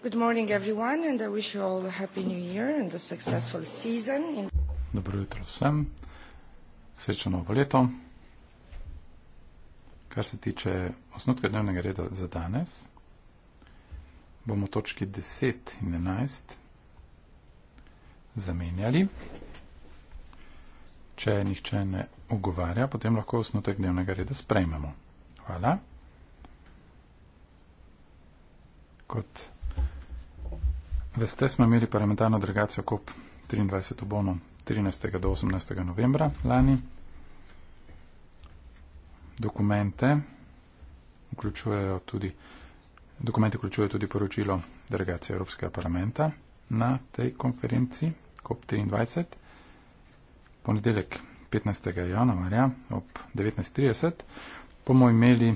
Good morning everyone and I wish you all a happy new year and a successful season. In... Dobro jutro vsem. Srečno novo leto. Kar se tiče osnutka dnevnega reda za danes, bomo točki 10 in 11 zamenjali. Če nihče ne ugovarja, potem lahko osnutek dnevnega reda sprejmemo. Hvala. Kot Veste, smo imeli parlamentarno delegacijo COP23 v Bonu 13. do 18. novembra lani. Dokumente vključujejo tudi, dokumente vključujejo tudi poročilo delegacije Evropskega parlamenta na tej konferenci COP23. Ponedeljek 15. januarja ob 19.30 bomo imeli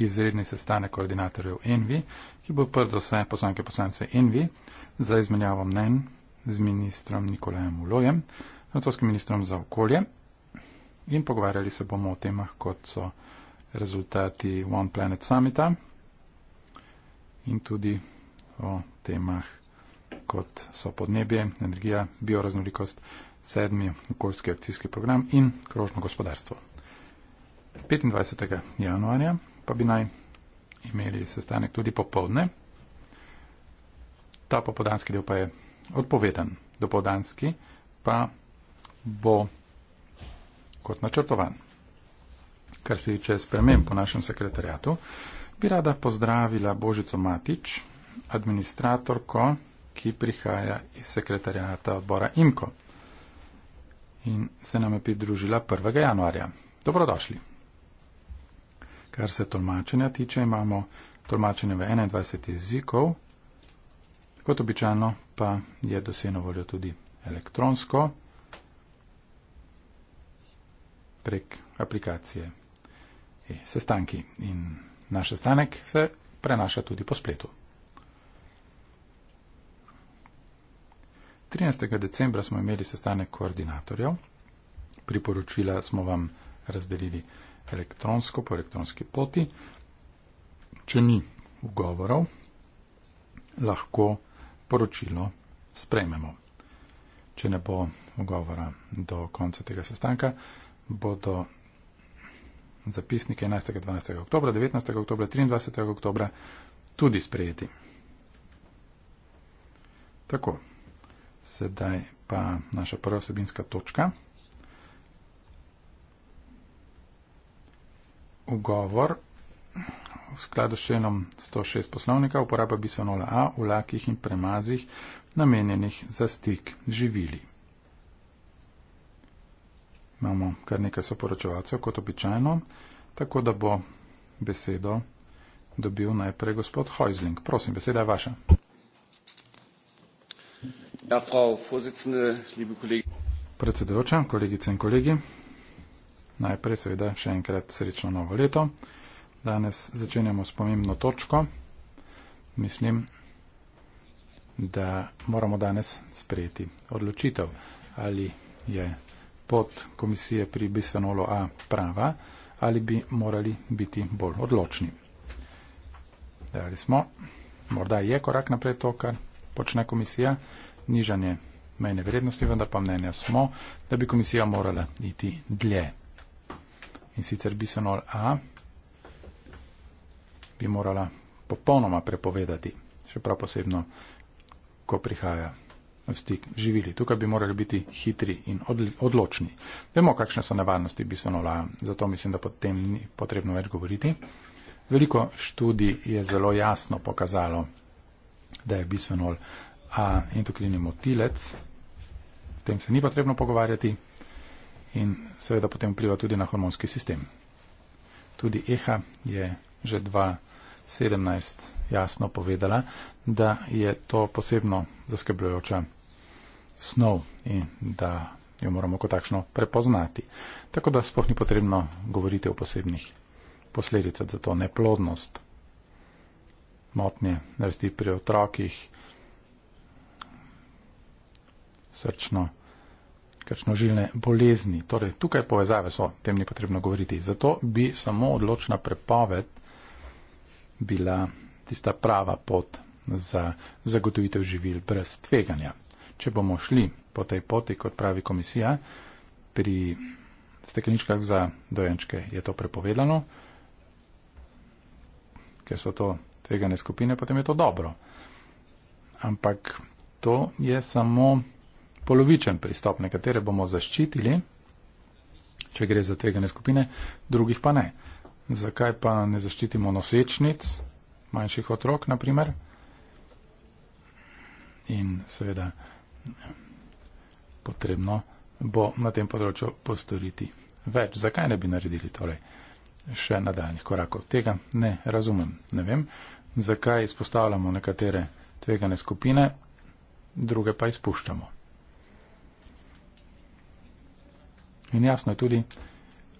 izredni sestanek koordinatorjev Envi, ki bo prd za vse poslanke poslance Envi za izmenjavo mnen z ministrom Nikolajem Ulojem, francoskim ministrom za okolje. In pogovarjali se bomo o temah, kot so rezultati One Planet Summita in tudi o temah, kot so podnebje, energija, bioraznolikost, sedmi okoljski akcijski program in krožno gospodarstvo. 25. januarja pa bi naj imeli sestanek tudi popovdne. Ta popodanski del pa je odpovedan. Dopovdanski pa bo kot načrtovan. Kar se tiče sprememb po našem sekretarjatu, bi rada pozdravila Božico Matič, administratorko, ki prihaja iz sekretarjata odbora IMKO in se nam je pridružila 1. januarja. Dobrodošli. Kar se tolmačenja tiče, imamo tolmačenje v 21 jezikov, kot običajno pa je dosedno voljo tudi elektronsko prek aplikacije e, sestanki. In naš sestanek se prenaša tudi po spletu. 13. decembra smo imeli sestanek koordinatorjev. Priporočila smo vam razdelili elektronsko, po elektronski poti. Če ni ugovorov, lahko poročilo sprejmemo. Če ne bo ugovora do konca tega sestanka, bodo zapisnike 11. 12. oktober, 19. oktober, 23. oktober tudi sprejeti. Tako, sedaj pa naša prva osebinska točka. ugovor v skladu s členom 106 poslovnika uporaba bisonola A v lakih in premazih namenjenih za stik živili. Imamo kar nekaj soporočevalcev kot običajno, tako da bo besedo dobil najprej gospod Heusling. Prosim, beseda je vaša. Ja, Predsedujoča, kolegice in kolegi. Najprej seveda še enkrat srečno novo leto. Danes začenjamo s pomembno točko. Mislim, da moramo danes sprejeti odločitev, ali je pot komisije pri bisfenolu A prava, ali bi morali biti bolj odločni. Dali smo, morda je korak naprej to, kar počne komisija, nižanje mejne vrednosti, vendar pa mnenja smo, da bi komisija morala iti dlje. In sicer bisonol A bi morala popolnoma prepovedati, še prav posebno, ko prihaja v stik živili. Tukaj bi morali biti hitri in odločni. Vemo, kakšne so nevarnosti bisonola, zato mislim, da potem ni potrebno več govoriti. Veliko študij je zelo jasno pokazalo, da je bisonol A endokrini motilec, v tem se ni potrebno pogovarjati in seveda potem vpliva tudi na hormonski sistem. Tudi EHA je že 2017 jasno povedala, da je to posebno zaskrbljujoča snov in da jo moramo kot takšno prepoznati. Tako da sploh ni potrebno govoriti o posebnih posledicah za to neplodnost, motnje, rasti pri otrokih, srčno krčnožilne bolezni. Torej, tukaj povezave so, tem ni potrebno govoriti. Zato bi samo odločna prepoved bila tista prava pot za zagotovitev živil brez tveganja. Če bomo šli po tej poti, kot pravi komisija, pri stekleničkah za dojenčke je to prepovedano, ker so to tvegane skupine, potem je to dobro. Ampak to je samo polovičen pristop, nekatere bomo zaščitili, če gre za tvegane skupine, drugih pa ne. Zakaj pa ne zaščitimo nosečnic, manjših otrok naprimer? In seveda potrebno bo na tem področju postoriti več. Zakaj ne bi naredili torej še nadaljnih korakov? Tega ne razumem. Ne vem, zakaj izpostavljamo nekatere tvegane skupine, druge pa izpuščamo. In jasno je tudi,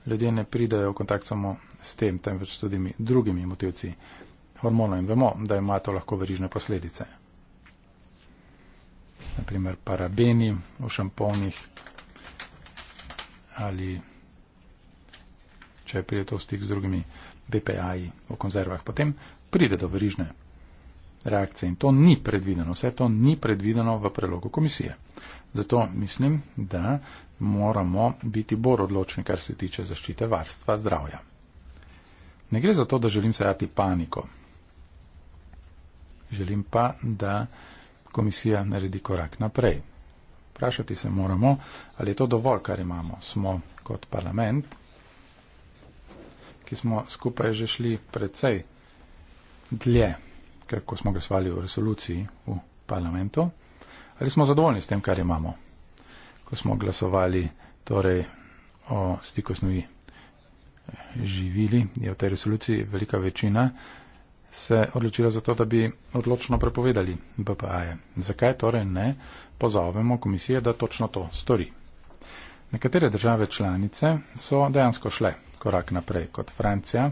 ljudje ne pridajo v kontakt samo s tem, temveč s tudi drugimi motivci hormonov in vemo, da ima to lahko verižne posledice. Naprimer parabeni v šamponih ali če pride to v stik z drugimi BPA-ji v konzervah, potem pride do verižne reakcije in to ni predvideno. Vse to ni predvideno v prelogu komisije. Zato mislim, da moramo biti bolj odločni, kar se tiče zaščite varstva zdravja. Ne gre za to, da želim sejati paniko. Želim pa, da komisija naredi korak naprej. Vprašati se moramo, ali je to dovolj, kar imamo. Smo kot parlament, ki smo skupaj že šli precej dlje, kako smo glasovali v resoluciji v parlamentu ali smo zadovoljni s tem, kar imamo, ko smo glasovali torej, o stiku snovi eh, živili, je v tej resoluciji velika večina se odločila za to, da bi odločno prepovedali BPA-je. Zakaj torej ne pozovemo komisije, da točno to stori? Nekatere države članice so dejansko šle korak naprej kot Francija,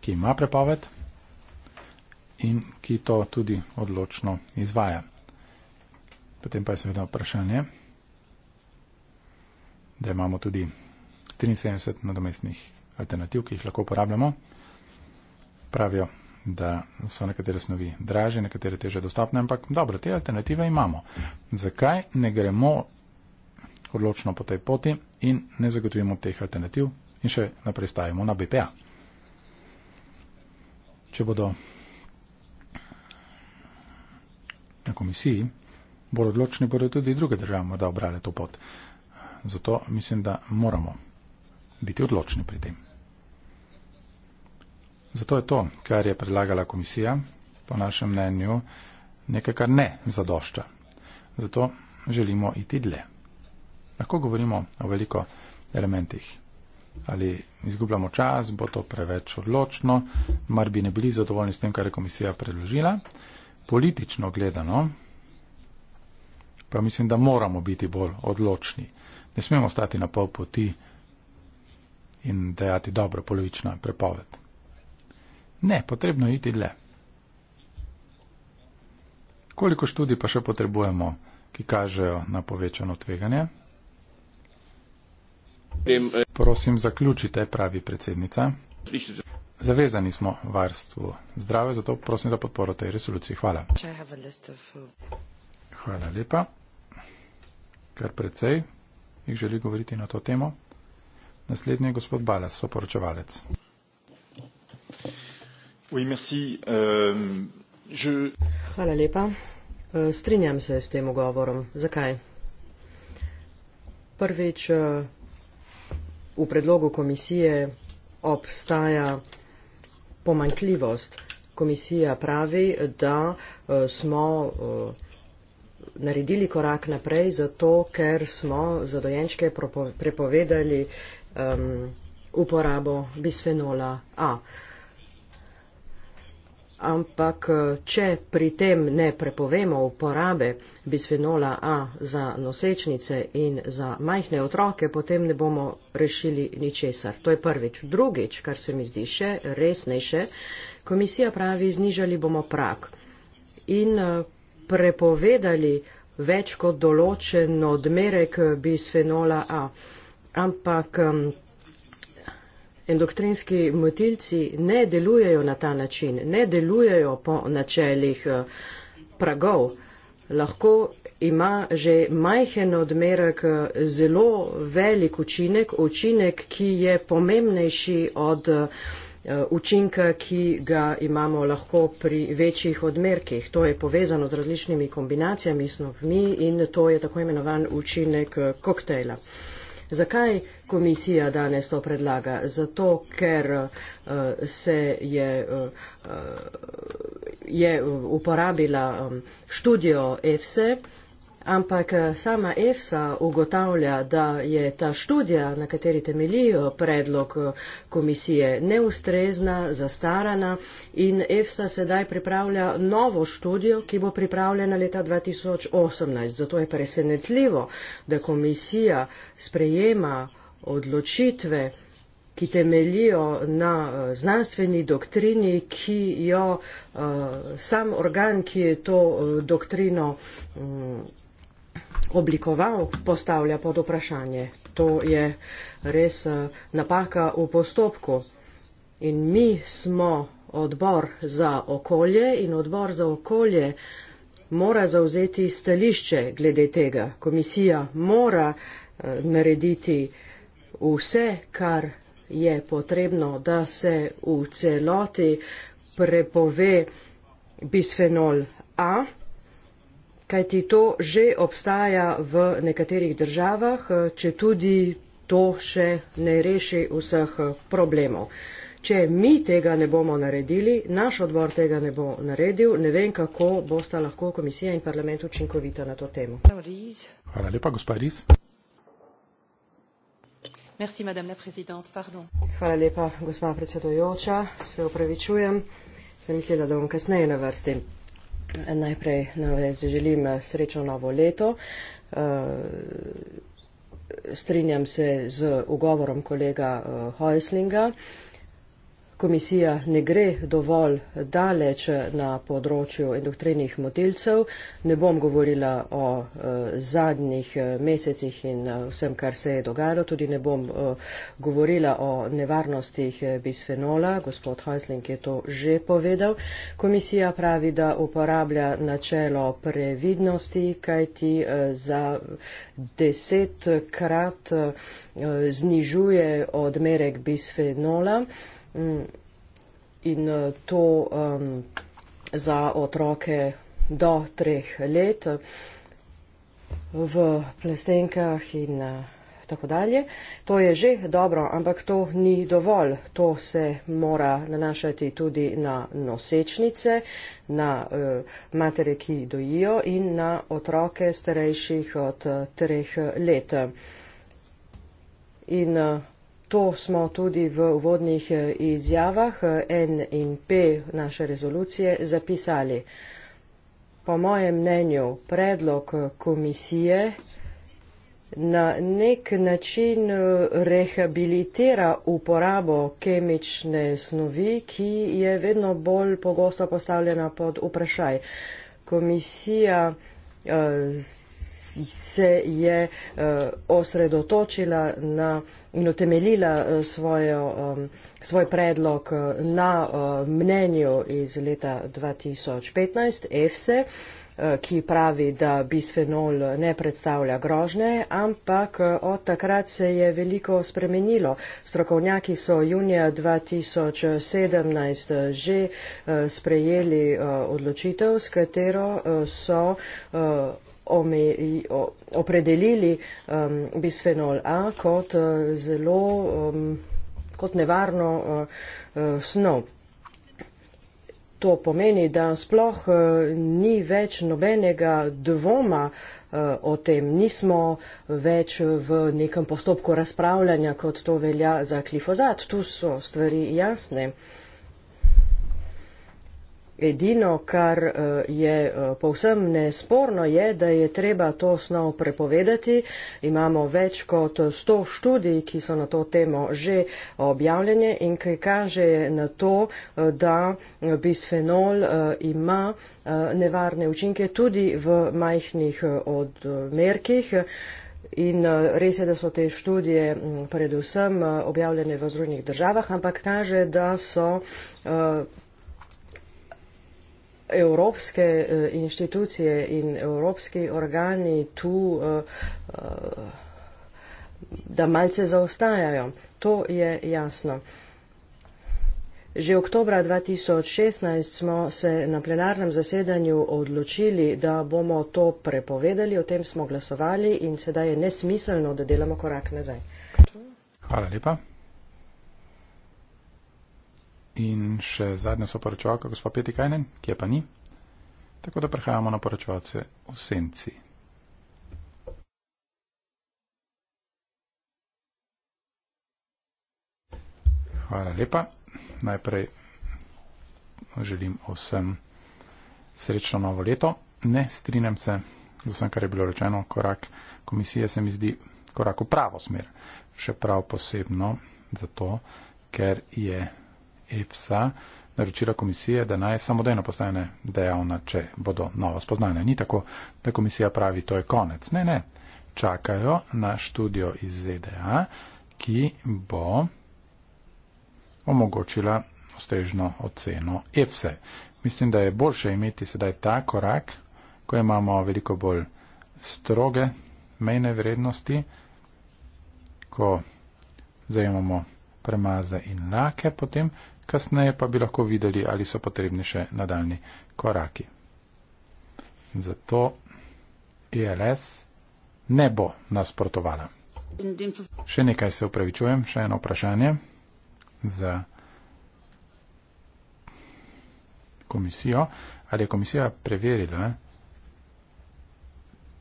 ki ima prepoved in ki to tudi odločno izvaja. Potem pa je seveda vprašanje, da imamo tudi 73 nadomestnih alternativ, ki jih lahko uporabljamo. Pravijo, da so nekatere snovi draže, nekatere teže dostopne, ampak dobro, te alternative imamo. Zakaj ne gremo odločno po tej poti in ne zagotovimo teh alternativ in še naprej stajamo na BPA? Če bodo na komisiji bolj odločni bodo tudi druge države, da obrale to pot. Zato mislim, da moramo biti odločni pri tem. Zato je to, kar je predlagala komisija, po našem mnenju, nekaj, kar ne zadošča. Zato želimo iti dlje. Lahko govorimo o veliko elementih. Ali izgubljamo čas, bo to preveč odločno, mar bi ne bili zadovoljni s tem, kar je komisija predložila. Politično gledano, pa mislim, da moramo biti bolj odločni. Ne smemo stati na pol poti in dejati dobro polovično prepoved. Ne, potrebno je iti dlje. Koliko študij pa še potrebujemo, ki kažejo na povečano tveganje? Prosim, zaključite, pravi predsednica. Zavezani smo varstvu zdrave, zato prosim za podporo tej resoluciji. Hvala. Uh, Hvala lepa kar precej jih želi govoriti na to temo. Naslednji je gospod Balas, soporočevalec. Euh, Hvala lepa. E, strinjam se s tem ogovorom. Zakaj? Prvič, e, v predlogu komisije obstaja pomankljivost. Komisija pravi, da e, smo naredili korak naprej, zato ker smo za dojenčke prepovedali um, uporabo bisfenola A. Ampak, eh, če pri tem ne prepovemo uporabe bisfenola A za nosečnice in za majhne otroke, potem ne bomo rešili ničesar. To je prvič. Drugič, kar se mi zdi še resnejše, komisija pravi, znižali bomo prak. In eh, prepovedali več kot določen odmerek bisfenola A. Ampak um, endokrinski motilci ne delujejo na ta način, ne delujejo po načelih uh, pragov. Lahko ima že majhen odmerek uh, zelo velik učinek, učinek, ki je pomembnejši od uh, Eh, učinka, ki ga imamo lahko pri večjih odmerkih. To je povezano z različnimi kombinacijami snovmi in to je tako imenovan učinek eh, koktejla. Zakaj komisija danes to predlaga? Zato, ker uh, se je, uh, je uporabila um, študijo EFSE, uh, Ampak eh, sama EFSA ugotavlja, da je ta študija, na kateri temelji predlog eh, komisije, neustrezna, zastarana in EFSA sedaj pripravlja novo študijo, ki bo pripravljena leta 2018. Zato je presenetljivo, da komisija sprejema odločitve ki temelijo na eh, znanstveni doktrini, ki jo uh, sam organ, ki je to uh, doktrino um, oblikoval, postavlja pod vprašanje. To je res eh, napaka v postopku. In mi smo odbor za okolje in odbor za okolje mora zauzeti stališče glede tega. Komisija mora eh, narediti vse, kar je potrebno, da se v celoti prepove bisfenol A kajti to že obstaja v nekaterih državah, eh, če tudi to še ne reši vseh eh, problemov. Če mi tega ne bomo naredili, naš odbor tega ne bo naredil, ne vem, kako bosta lahko komisija in parlament učinkovita na to temo. Hvala lepa, gospa Riz. Merci, Hvala lepa, gospa predsedujoča. Se upravičujem. Sem mislila, da bom kasneje na vrsti. Najprej želim eh, srečno novo leto. Eh, strinjam se z ugovorom kolega eh, Hojslinga. Komisija ne gre dovolj daleč na področju endoktrinih motilcev. Ne bom govorila o uh, zadnjih uh, mesecih in uh, vsem, kar se je dogajalo. Tudi ne bom uh, govorila o nevarnostih uh, bisfenola. Gospod Hansling je to že povedal. Komisija pravi, da uporablja načelo previdnosti, kajti uh, za desetkrat uh, znižuje odmerek bisfenola. Mm. In eh, to um, za otroke do treh let v plestenkah in eh, tako dalje. To je že dobro, ampak to ni dovolj. To se mora nanašati tudi na nosečnice, na uh, matere, ki dojijo in na otroke starejših od treh let. In uh, To smo tudi v uvodnih eh, izjavah eh, N in P naše rezolucije zapisali. Po mojem mnenju predlog eh, komisije na nek način rehabilitira uporabo kemične snovi, ki je vedno bolj pogosto postavljena pod vprašaj. Komisija se je eh, osredotočila na in utemeljila eh, svojo, svoj predlog eh, na mnenju iz leta 2015 EFSE ki pravi, da bisfenol ne predstavlja grožne, ampak od takrat se je veliko spremenilo. Strokovnjaki so junija 2017 že sprejeli odločitev, s katero so omeji, opredelili um, bisfenol A kot uh, zelo um, kot nevarno uh, uh, snov. To pomeni, da sploh uh, ni več nobenega dvoma uh, o tem. Nismo več v nekem postopku razpravljanja, kot to velja za glifozat. Tu so stvari jasne. Edino, kar eh, je eh, povsem nesporno, je, da je treba to snov prepovedati. Imamo več kot 100 študij, ki so na to temo že objavljene in ki kaže na to, eh, da bisfenol ima nevarne učinke tudi v majhnih odmerkih. In res je, da so te študije mm, predvsem objavljene v združenih državah, ampak kaže, da so evropske eh, inštitucije in evropski organi tu, eh, eh, da malce zaostajajo. To je jasno. Že oktobra 2016 smo se na plenarnem zasedanju odločili, da bomo to prepovedali, o tem smo glasovali in sedaj je nesmiselno, da delamo korak nazaj. Hvala lepa in še zadnja so poročevalka, gospa Peti Kajnen, ki je pa ni. Tako da prehajamo na poročevalce v senci. Hvala lepa. Najprej želim vsem srečno novo leto. Ne strinjam se z vsem, kar je bilo rečeno. Korak komisije se mi zdi korak v pravo smer. Še prav posebno zato, ker je EFSA naročila komisije, da naj samodejno postane dejavna, če bodo nova spoznanja. Ni tako, da komisija pravi, to je konec. Ne, ne. Čakajo na študijo iz ZDA, ki bo omogočila ustrežno oceno EFSA. Mislim, da je boljše imeti sedaj ta korak, ko imamo veliko bolj stroge mejne vrednosti, ko zajemamo premaze in lake, potem kasneje pa bi lahko videli, ali so potrebni še nadaljni koraki. Zato ILS e ne bo nasprotovala. Še nekaj se upravičujem, še eno vprašanje za komisijo. Ali je komisija preverila,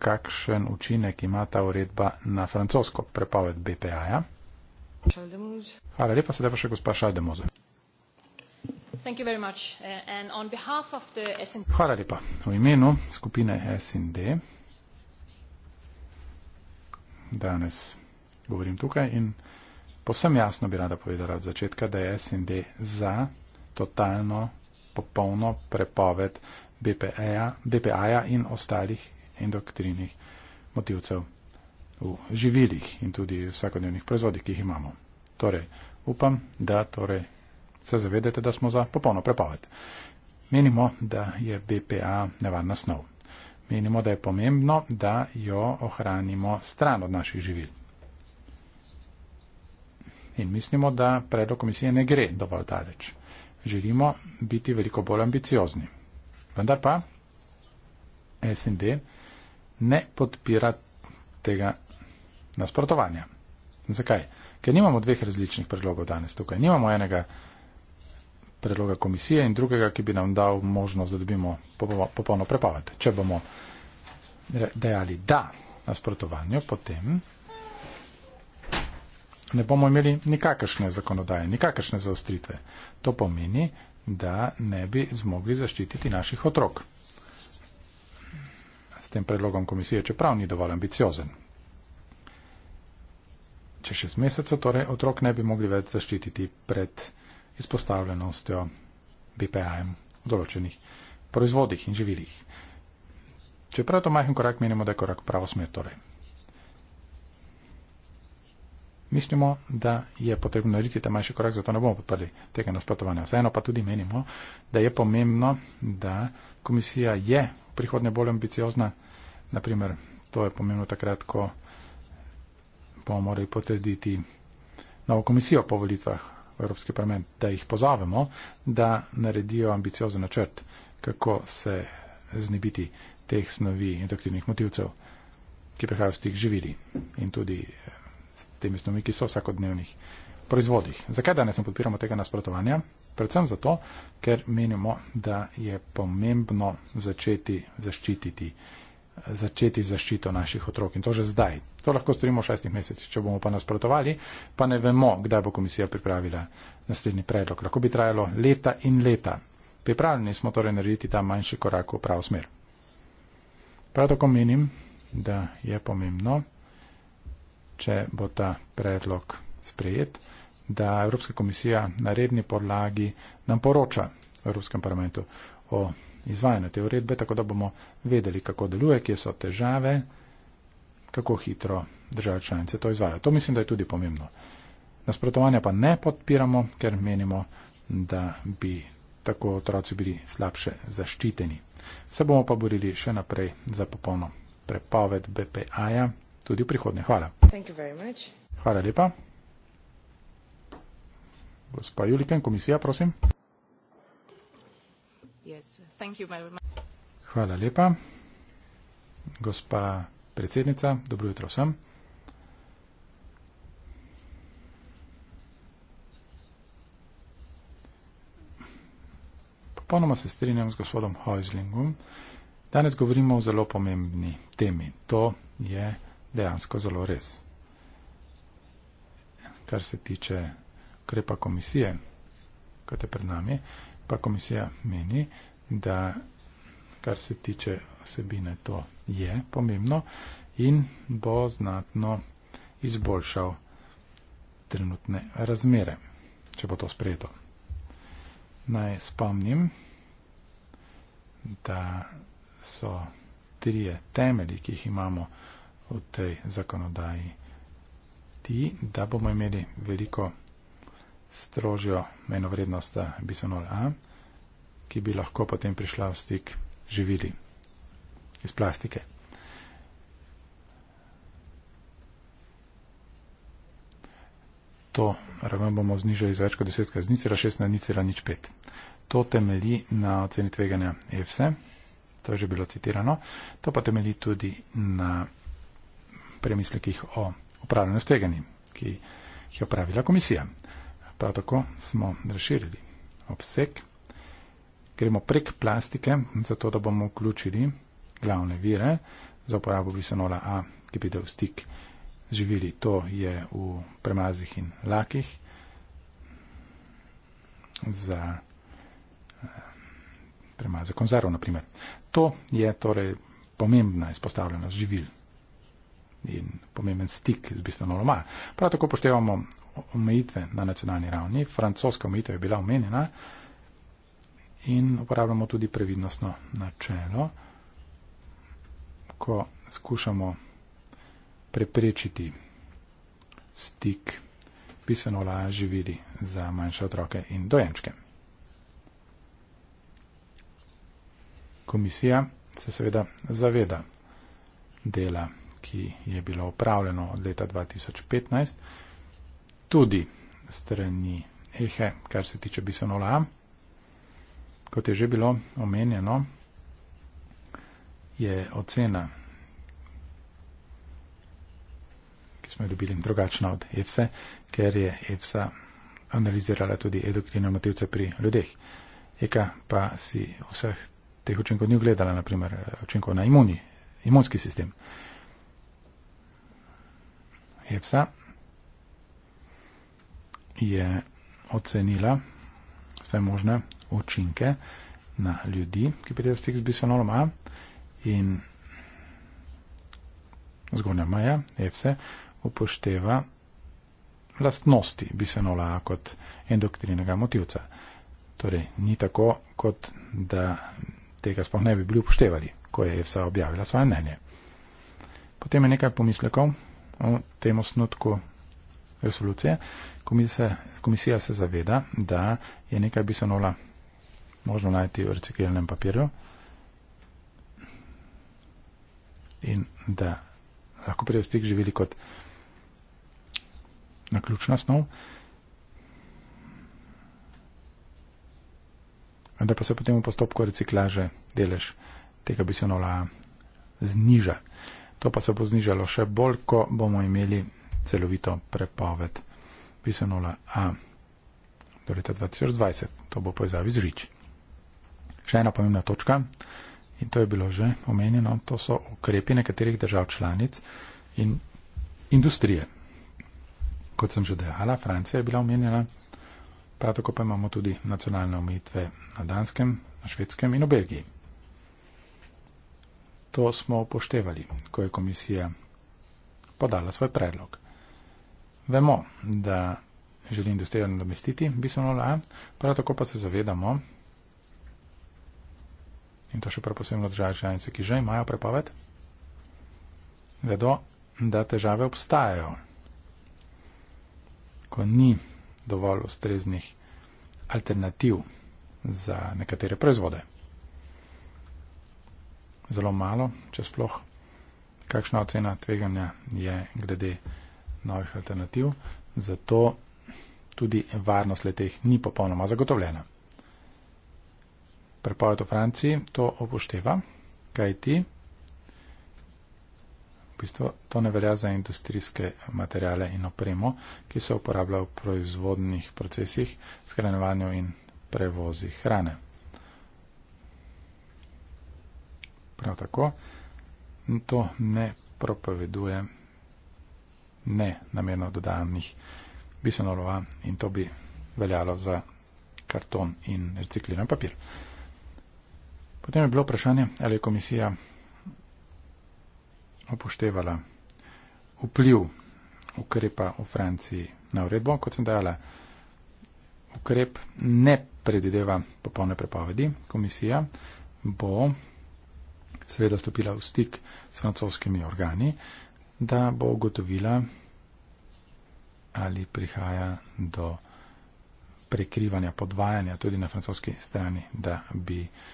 kakšen učinek ima ta uredba na francosko prepoved BPA? -ja? Hvala lepa, sedaj pa še gospa Šaldemoze. Uh, Hvala lepa. V imenu skupine SND danes govorim tukaj in posem jasno bi rada povedala od začetka, da je SND za totalno, popolno prepoved BPA-ja BPA in ostalih endoktrinih motivcev v živilih in tudi v vsakodnevnih proizvodih, ki jih imamo. Torej, upam, da torej se zavedate, da smo za popolno prepoved. Menimo, da je BPA nevarna snov. Menimo, da je pomembno, da jo ohranimo stran od naših živil. In mislimo, da predlog komisije ne gre dovolj daleč. Želimo biti veliko bolj ambiciozni. Vendar pa SND ne podpira tega nasprotovanja. Zakaj? Ker nimamo dveh različnih predlogov danes tukaj. Nimamo enega predloga komisije in drugega, ki bi nam dal možnost, da dobimo popolno prepoved. Če bomo dejali da na sprotovanju, potem ne bomo imeli nikakršne zakonodaje, nikakršne zaostritve. To pomeni, da ne bi zmogli zaščititi naših otrok s tem predlogom komisije, čeprav ni dovolj ambiciozen. Če šest mesecev, torej otrok ne bi mogli več zaščititi pred izpostavljenostjo BPA-jem v določenih proizvodih in živilih. Čeprav to majhen korak menimo, da je korak v pravo smer. Torej. Mislimo, da je potrebno narediti ta manjši korak, zato ne bomo podprli tega nasprotovanja. Vseeno pa tudi menimo, da je pomembno, da komisija je v prihodnje bolj ambiciozna. Naprimer, to je pomembno takrat, ko bomo morali potrediti novo komisijo po volitvah Evropski parlament, da jih pozovemo, da naredijo ambiciozen načrt, kako se znebiti teh snovi in aktivnih motivcev, ki prihajajo z tih živili in tudi eh, s temi snovi, ki so v vsakodnevnih proizvodih. Zakaj danes ne podpiramo tega nasprotovanja? Predvsem zato, ker menimo, da je pomembno začeti zaščititi, začeti zaščito naših otrok in to že zdaj, To lahko storimo v šestih mesecih, če bomo pa nasprotovali, pa ne vemo, kdaj bo komisija pripravila naslednji predlog. Lahko bi trajalo leta in leta. Pripravljeni smo torej narediti ta manjši korak v prav smer. Prav tako menim, da je pomembno, če bo ta predlog sprejet, da Evropska komisija na redni podlagi nam poroča v Evropskem parlamentu o izvajanju te uredbe, tako da bomo vedeli, kako deluje, kje so težave kako hitro države članice to izvajo. To mislim, da je tudi pomembno. Nasprotovanja pa ne podpiramo, ker menimo, da bi tako otroci bili slabše zaščiteni. Se bomo pa borili še naprej za popolno prepoved BPA-ja tudi v prihodnje. Hvala. Hvala lepa. Gospa Juliken, komisija, prosim. Yes, you, Hvala lepa. Gospa predsednica, dobro jutro vsem. Popolnoma se strinjam z gospodom Hojzlingom. Danes govorimo o zelo pomembni temi. To je dejansko zelo res. Kar se tiče krepa komisije, kot je pred nami, pa komisija meni, da kar se tiče osebine to je pomembno in bo znatno izboljšal trenutne razmere, če bo to sprejeto. Naj spomnim, da so trije temelji, ki jih imamo v tej zakonodaji, ti, da bomo imeli veliko strožjo menovrednost bisonol A, ki bi lahko potem prišla v stik živili iz plastike. To raven bomo znižali z več kot 10 kaznic, 6 na 05. To temelji na oceni tveganja EFSE, to je že bilo citirano, to pa temelji tudi na premislekih o upravljanju s tveganji, ki jih je opravila komisija. Prav tako smo razširili obseg, gremo prek plastike, zato da bomo vključili glavne vire za uporabo bisonola A, ki pride v stik z živili. To je v premazih in lakih za eh, premaze konzervo, naprimer. To je torej pomembna izpostavljenost živil in pomemben stik z bisonolom A. Prav tako poštevamo omejitve na nacionalni ravni. Francoska omejitev je bila omenjena. In uporabljamo tudi previdnostno načelo ko skušamo preprečiti stik pisano lažji vidi za manjše otroke in dojenčke. Komisija se seveda zaveda dela, ki je bilo upravljeno od leta 2015, tudi strani Ehe, kar se tiče bisonola, kot je že bilo omenjeno je ocena, ki smo jo dobili drugačna od EFSA, ker je EFSA analizirala tudi endokrine motivce pri ljudeh. EKA pa si vseh teh učinkov ni ogledala, naprimer učinkov na imuni, imunski sistem. EFSA je ocenila vse možne učinke na ljudi, ki pridejo v stik z bisonolom A, in zgornja meja, EFSE, upošteva lastnosti bisfenola A kot endokrinega motivca. Torej, ni tako, kot da tega sploh ne bi bili upoštevali, ko je EFSA objavila svoje mnenje. Potem je nekaj pomislekov o tem osnutku resolucije. Komisija, komisija se zaveda, da je nekaj bisfenola možno najti v recikliranem papirju, in da lahko pridejo v stik živeli kot naključna snov. Vendar pa se potem v postopku reciklaže delež tega bisonola zniža. To pa se bo znižalo še bolj, ko bomo imeli celovito prepoved bisonola A do leta 2020. To bo povezavi z rič. Še ena pomembna točka. In to je bilo že omenjeno, to so ukrepi nekaterih držav članic in industrije. Kot sem že dejala, Francija je bila omenjena, prav tako pa imamo tudi nacionalne omejitve na Danskem, na Švedskem in v Belgiji. To smo upoštevali, ko je komisija podala svoj predlog. Vemo, da želi industrijo nadomestiti bisonola, prav tako pa se zavedamo, in to še prav posebno države članice, ki že imajo prepoved, vedo, da težave obstajajo, ko ni dovolj ustreznih alternativ za nekatere proizvode. Zelo malo, če sploh, kakšna ocena tveganja je glede novih alternativ, zato tudi varnost le teh ni popolnoma zagotovljena prepoved v Franciji, to obošteva, kaj ti. V bistvu to ne velja za industrijske materijale in opremo, ki se uporablja v proizvodnih procesih, skranjevanju in prevozi hrane. Prav tako to ne propoveduje ne namerno dodanih bisonolova in to bi veljalo za karton in recikliran papir. Potem je bilo vprašanje, ali je komisija upoštevala vpliv ukrepa v Franciji na uredbo, kot sem dejala. Ukrep ne predideva popolne prepovedi. Komisija bo seveda stopila v stik s francoskimi organi, da bo ugotovila, ali prihaja do prekrivanja, podvajanja tudi na francoski strani, da bi uh,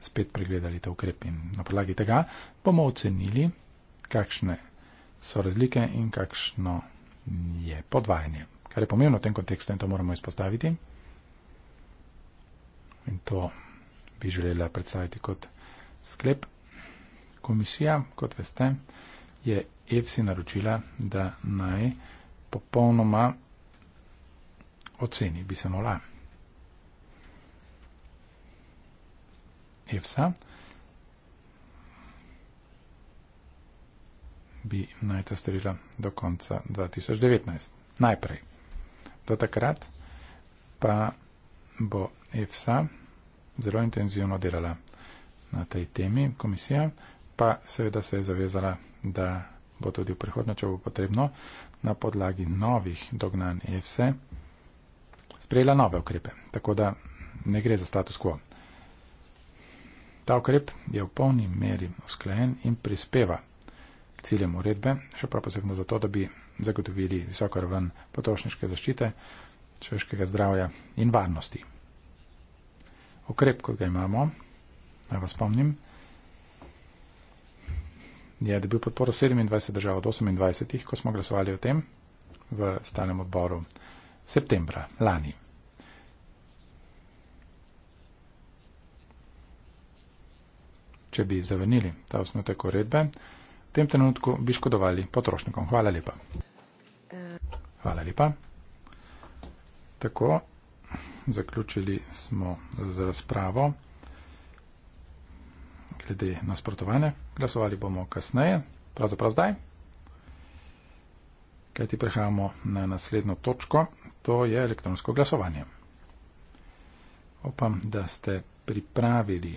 spet pregledali te ukrepe in na podlagi tega bomo ocenili, kakšne so razlike in kakšno je podvajanje. Kar je pomembno v tem kontekstu in to moramo izpostaviti. In to bi želela predstaviti kot sklep. Komisija, kot veste, je EFSI naročila, da naj popolnoma oceni bisanola. EFSA. Bi naj to storila do konca 2019. Najprej. Do takrat pa bo EFSA zelo intenzivno delala na tej temi, komisija, pa seveda se je zavezala, da bo tudi v prihodnje, če bo potrebno, na podlagi novih dognanj EFSA sprejela nove ukrepe. Tako da ne gre za status quo. Ta ukrep je v polni meri usklajen in prispeva k ciljem uredbe, še prav posebno zato, da bi zagotovili visoko raven potrošniške zaščite, človeškega zdravja in varnosti. Ukrep, kot ga imamo, naj vas spomnim, je dobil podporo 27 držav od 28, ko smo glasovali o tem v stalnem odboru septembra lani. če bi zavrnili ta osnutek uredbe, v tem trenutku bi škodovali potrošnikom. Hvala lepa. Hvala lepa. Tako, zaključili smo z razpravo glede nasprotovanja. Glasovali bomo kasneje, pravzaprav zdaj. Kajti prehajamo na naslednjo točko, to je elektronsko glasovanje. Upam, da ste pripravili.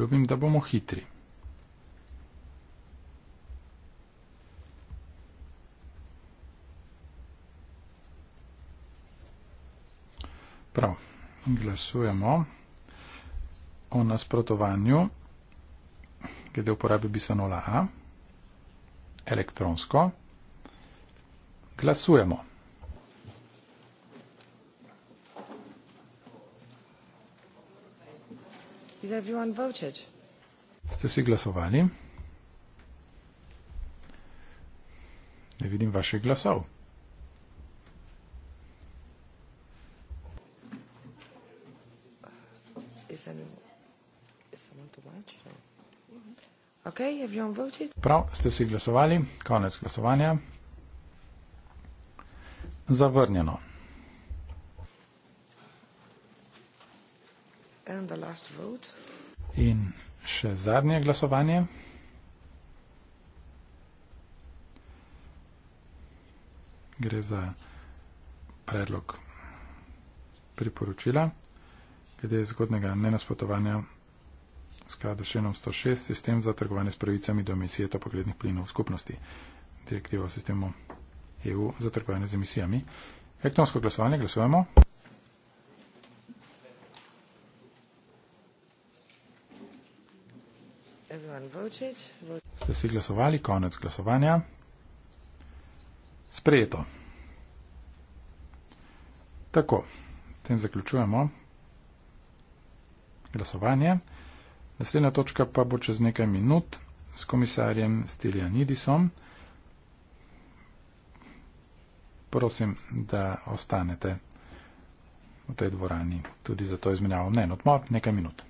Ljubim, da bomo hitri. Prav, glasujemo o nasprotovanju, glede uporabe bisanola A, elektronsko. Glasujemo. Is everyone voted? Ste vsi glasovali? Ne vidim vaših glasov. Prav, ste vsi glasovali, konec glasovanja. Zavrnjeno. In še zadnje glasovanje. Gre za predlog priporočila, glede zgodnega nenasprotovanja skladu s členom 106 sistem za trgovanje s pravicami do emisije topoglednih plinov v skupnosti, direktivo o sistemu EU za trgovanje z emisijami. Elektronsko glasovanje glasujemo. Kovačič. Ste si glasovali? Konec glasovanja. Sprejeto. Tako, tem zaključujemo glasovanje. Naslednja točka pa bo čez nekaj minut s komisarjem Stiljanidisom. Prosim, da ostanete v tej dvorani tudi za to izmenjavo mnen odmor nekaj minut.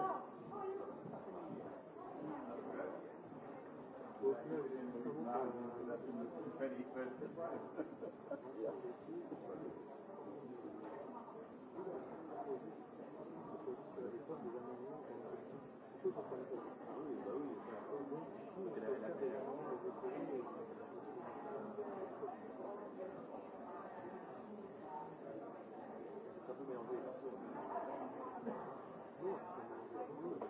Gracias. Comment est-ce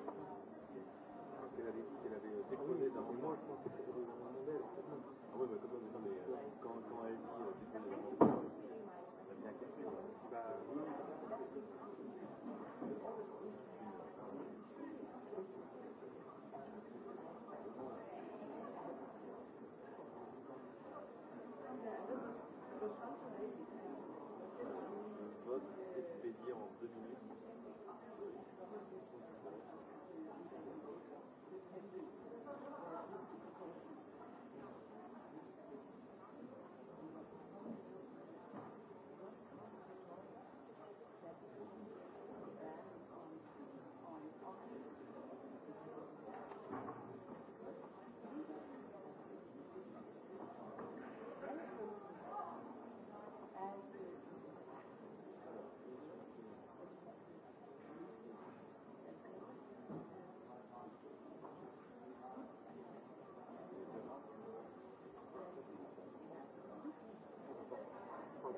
que vous avez dit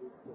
Thank you.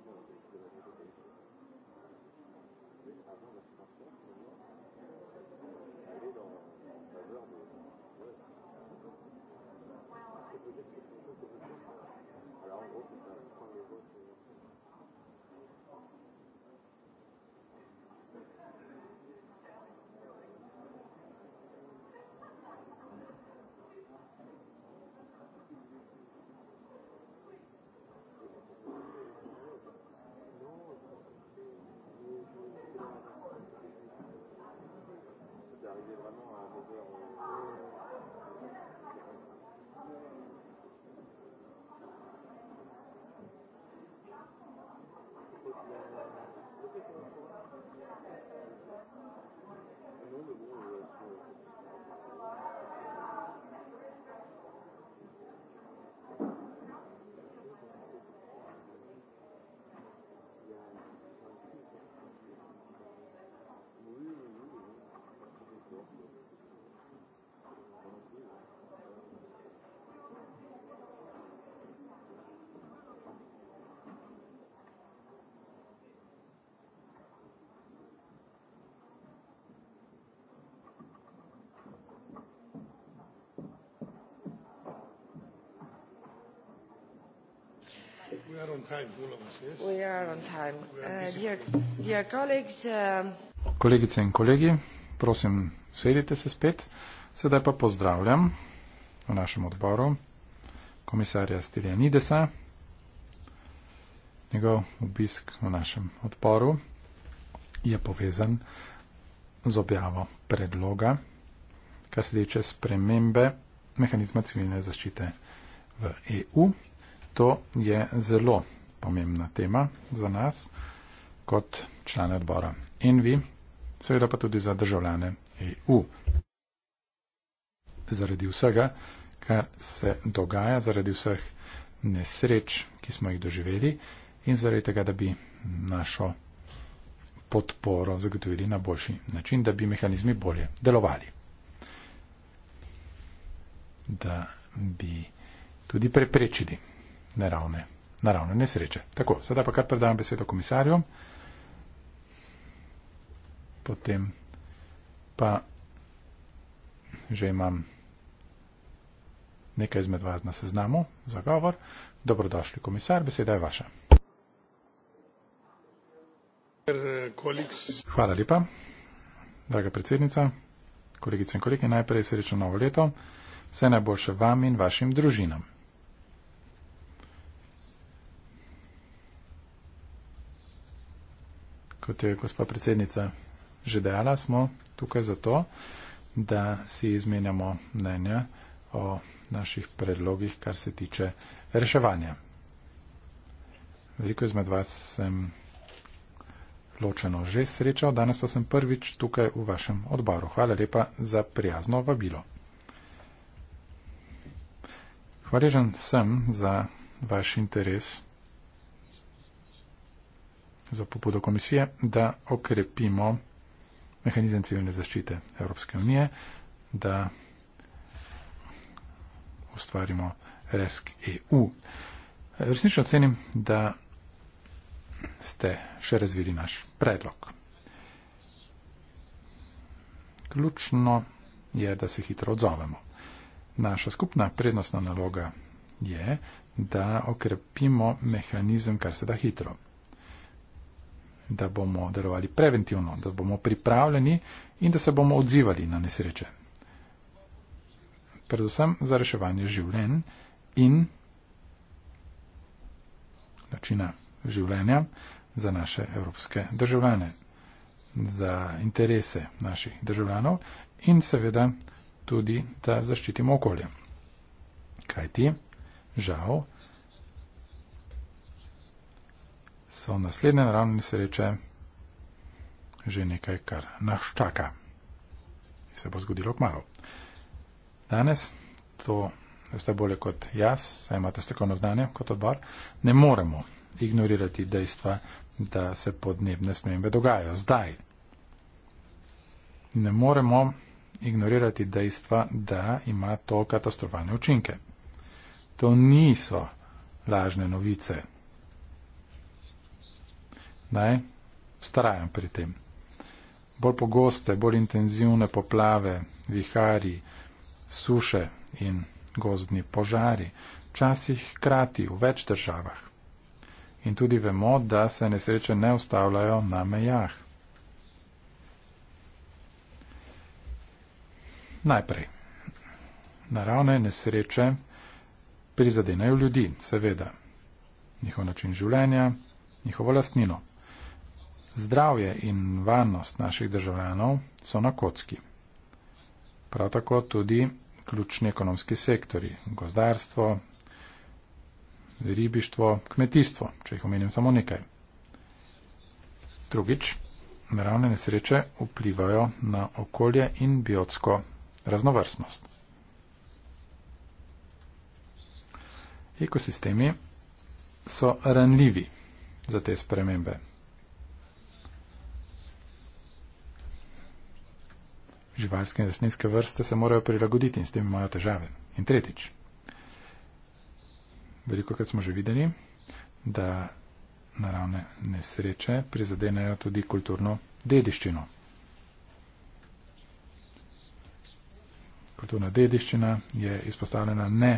We are on time, all of us, yes? We are on time. Uh, dear, dear colleagues, um... Kolegice in kolegi, prosim, sedite se spet. Sedaj pa pozdravljam v našem odboru komisarja Stiljanidesa, njegov obisk v našem odporu je povezan z objavo predloga, kar se tiče spremembe mehanizma civilne zaščite v EU. To je zelo pomembna tema za nas kot člane odbora in vi, seveda pa tudi za državljane EU. Zaradi vsega, kar se dogaja, zaradi vseh nesreč, ki smo jih doživeli in zaradi tega, da bi našo podporo zagotovili na boljši način, da bi mehanizmi bolje delovali. Da bi tudi preprečili naravne, naravne nesreče. Tako, sedaj pa kar predajam besedo komisarju, potem pa že imam nekaj izmed vas na seznamu za govor. Dobrodošli, komisar, beseda je vaša. Hvala lepa, draga predsednica, kolegice in kolege, najprej srečno novo leto, vse najboljše vam in vašim družinam. kot je gospa predsednica že dejala, smo tukaj zato, da si izmenjamo mnenja o naših predlogih, kar se tiče reševanja. Veliko izmed vas sem ločeno že srečal, danes pa sem prvič tukaj v vašem odboru. Hvala lepa za prijazno vabilo. Hvaležen sem za vaš interes za pobudo komisije, da okrepimo mehanizem civilne zaščite Evropske unije, da ustvarimo RESK EU. Resnično cenim, da ste še razvili naš predlog. Ključno je, da se hitro odzovemo. Naša skupna prednostna naloga je, da okrepimo mehanizem kar se da hitro da bomo delovali preventivno, da bomo pripravljeni in da se bomo odzivali na nesreče. Predvsem za reševanje življenj in načina življenja za naše evropske državljane, za interese naših državljanov in seveda tudi, da zaščitimo okolje. Kaj ti? Žal, so naslednje naravne nesreče že nekaj, kar nas čaka. In se bo zgodilo kmalo. Danes to veste bolje kot jaz, saj imate strokovno znanje kot odbor, ne moremo ignorirati dejstva, da se podnebne spremembe dogajajo zdaj. Ne moremo ignorirati dejstva, da ima to katastrofalne učinke. To niso lažne novice ne, starajam pri tem. Bolj pogoste, bolj intenzivne poplave, viharji, suše in gozdni požari, včasih krati v več državah. In tudi vemo, da se nesreče ne ustavljajo na mejah. Najprej. Naravne nesreče prizadenejo ljudi, seveda. Njihov način življenja, njihovo lastnino. Zdravje in varnost naših državljanov so na kocki. Prav tako tudi ključni ekonomski sektori, gozdarstvo, ribištvo, kmetijstvo, če jih omenim samo nekaj. Drugič, naravne nesreče vplivajo na okolje in biotsko raznovrstnost. Ekosistemi so ranljivi za te spremembe. živalske in rastlinske vrste se morajo prilagoditi in s tem imajo težave. In tretjič, veliko krat smo že videli, da naravne nesreče prizadenejo tudi kulturno dediščino. Kulturna dediščina je izpostavljena ne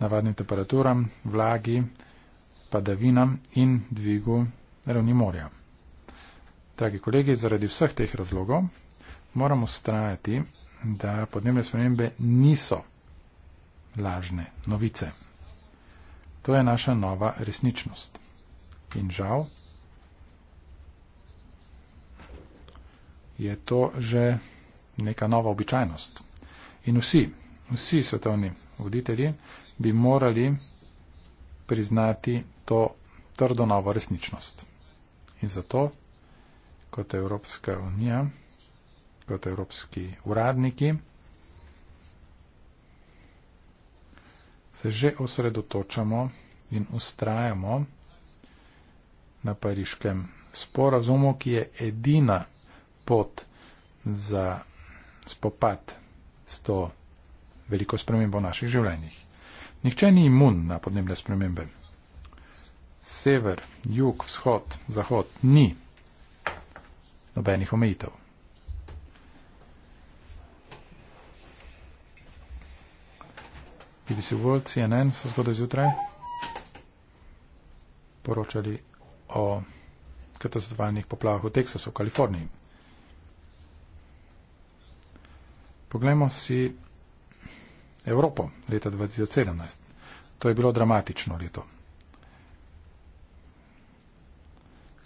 navadnim temperaturam, vlagi, padavinam in dvigu ravni morja. Dragi kolegi, zaradi vseh teh razlogov moramo strajati, da podnebne spremembe niso lažne novice. To je naša nova resničnost. In žal je to že neka nova običajnost. In vsi, vsi svetovni voditelji bi morali priznati to trdo novo resničnost. In zato kot Evropska unija kot evropski uradniki, se že osredotočamo in ustrajamo na pariškem sporazumu, ki je edina pot za spopad s to veliko spremembo v naših življenjih. Nihče ni imun na podnebne spremembe. Sever, jug, vzhod, zahod ni nobenih omejitev. BBC World, CNN so zgodaj zjutraj poročali o katastrofalnih poplavah v Teksasu v Kaliforniji. Poglejmo si Evropo leta 2017. To je bilo dramatično leto.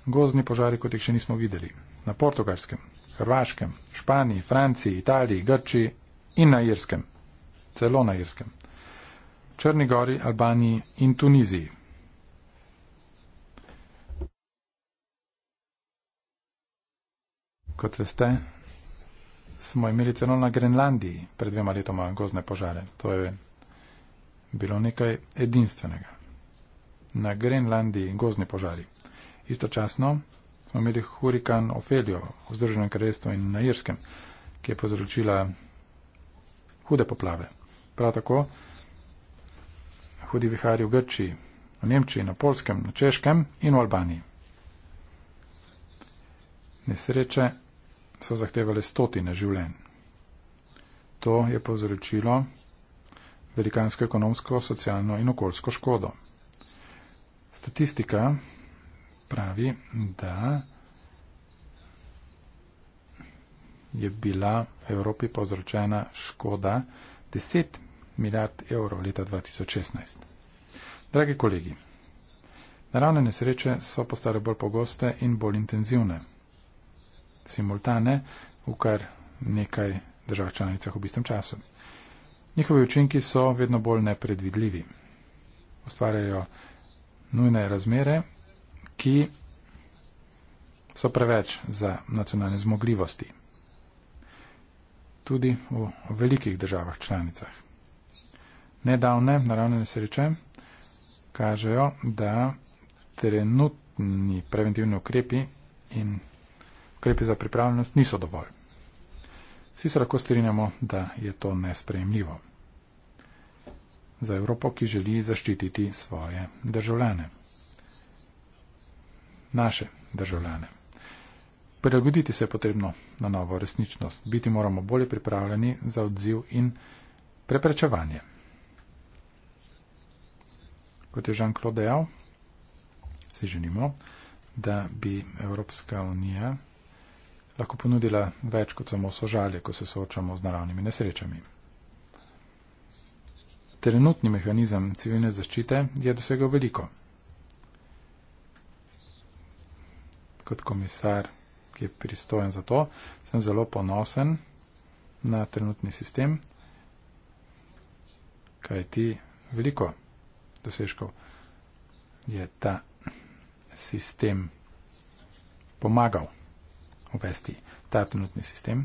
Gozni požari, kot jih še nismo videli. Na portugalskem, hrvaškem, španiji, franciji, italiji, grči in na irskem. Celo na irskem. Črni gori, Albaniji in Tuniziji. Kot veste, smo imeli celo na Grenlandiji pred dvema letoma gozne požare. To je bilo nekaj edinstvenega. Na Grenlandiji gozni požari. Istočasno smo imeli hurikan Ofelijo v Združenem kraljestvu in na Irskem, ki je povzročila hude poplave. Prav tako hudi vihari v Grčiji, v Nemčiji, na Polskem, na Češkem in v Albaniji. Nesreče so zahtevali stotine življenj. To je povzročilo velikansko ekonomsko, socialno in okoljsko škodo. Statistika pravi, da je bila v Evropi povzročena škoda 10 milijard evrov leta 2016. Dragi kolegi, naravne nesreče so postale bolj pogoste in bolj intenzivne. Simultane v kar nekaj držav članicah v bistvem času. Njihovi učinki so vedno bolj nepredvidljivi. Ustvarjajo nujne razmere, ki so preveč za nacionalne zmogljivosti. Tudi v velikih državah članicah. Nedavne naravne nesreče kažejo, da trenutni preventivni ukrepi in ukrepi za pripravljenost niso dovolj. Vsi se lahko strinjamo, da je to nespremljivo za Evropo, ki želi zaščititi svoje državljane. Naše državljane. Prilagoditi se je potrebno na novo resničnost. Biti moramo bolje pripravljeni za odziv in preprečevanje kot je Jean-Claude dejal, si želimo, da bi Evropska unija lahko ponudila več kot samo sožalje, ko se soočamo z naravnimi nesrečami. Trenutni mehanizem civilne zaščite je dosegal veliko. Kot komisar, ki je pristojen za to, sem zelo ponosen na trenutni sistem, kaj ti veliko dosežkov, je ta sistem pomagal uvesti ta trenutni sistem,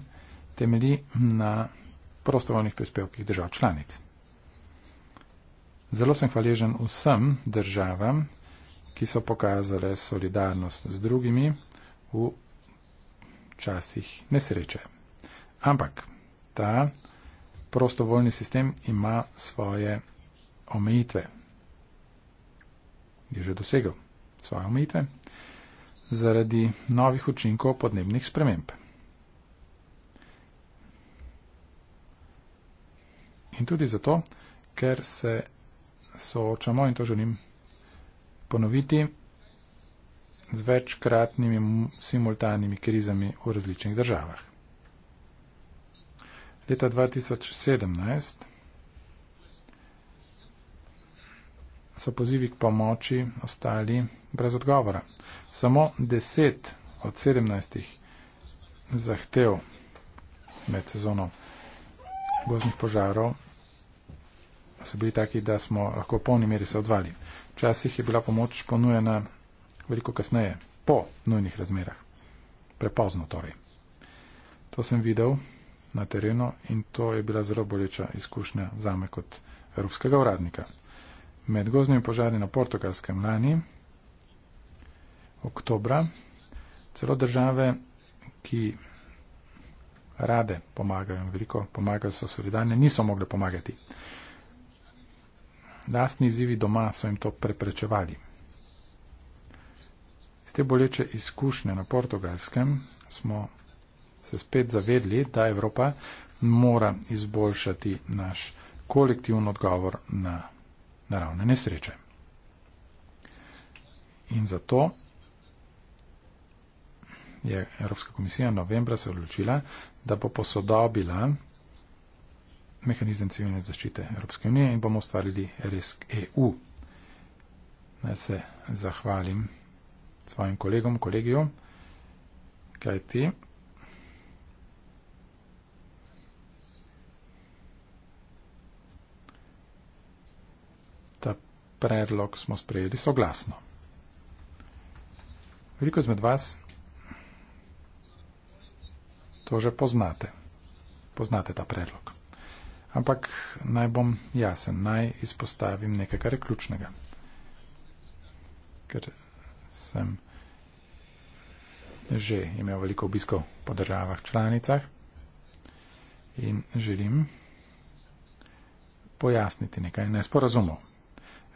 temelji na prostovoljnih prispevkih držav članic. Zelo sem hvaležen vsem državam, ki so pokazale solidarnost z drugimi v časih nesreče. Ampak ta prostovoljni sistem ima svoje omejitve je že dosegel svoje omejitve zaradi novih učinkov podnebnih sprememb. In tudi zato, ker se soočamo, in to želim ponoviti, z večkratnimi simultanimi krizami v različnih državah. Leta 2017 so pozivi k pomoči ostali brez odgovora. Samo 10 od 17 zahtev med sezono gozdnih požarov so bili taki, da smo lahko v polni meri se odvali. Včasih je bila pomoč ponujena veliko kasneje, po nujnih razmerah. Prepozno torej. To sem videl na terenu in to je bila zelo boleča izkušnja zame kot evropskega uradnika. Med gozdnimi požari na portugalskem lani, oktobra, celo države, ki rade pomagajo, veliko pomagajo, so solidarne, niso mogli pomagati. Lastni izzivi doma so jim to preprečevali. Z te boleče izkušnje na portugalskem smo se spet zavedli, da Evropa mora izboljšati naš kolektivni odgovor na naravne nesreče. In zato je Evropska komisija novembra se odločila, da bo posodobila mehanizem civilne zaščite Evropske unije in bomo ustvarili RSK EU. Naj se zahvalim svojim kolegom, kolegijo, kaj ti predlog smo sprejeli soglasno. Veliko izmed vas to že poznate. Poznate ta predlog. Ampak naj bom jasen, naj izpostavim nekaj, kar je ključnega. Ker sem že imel veliko obiskov po državah članicah in želim pojasniti nekaj nesporazumov.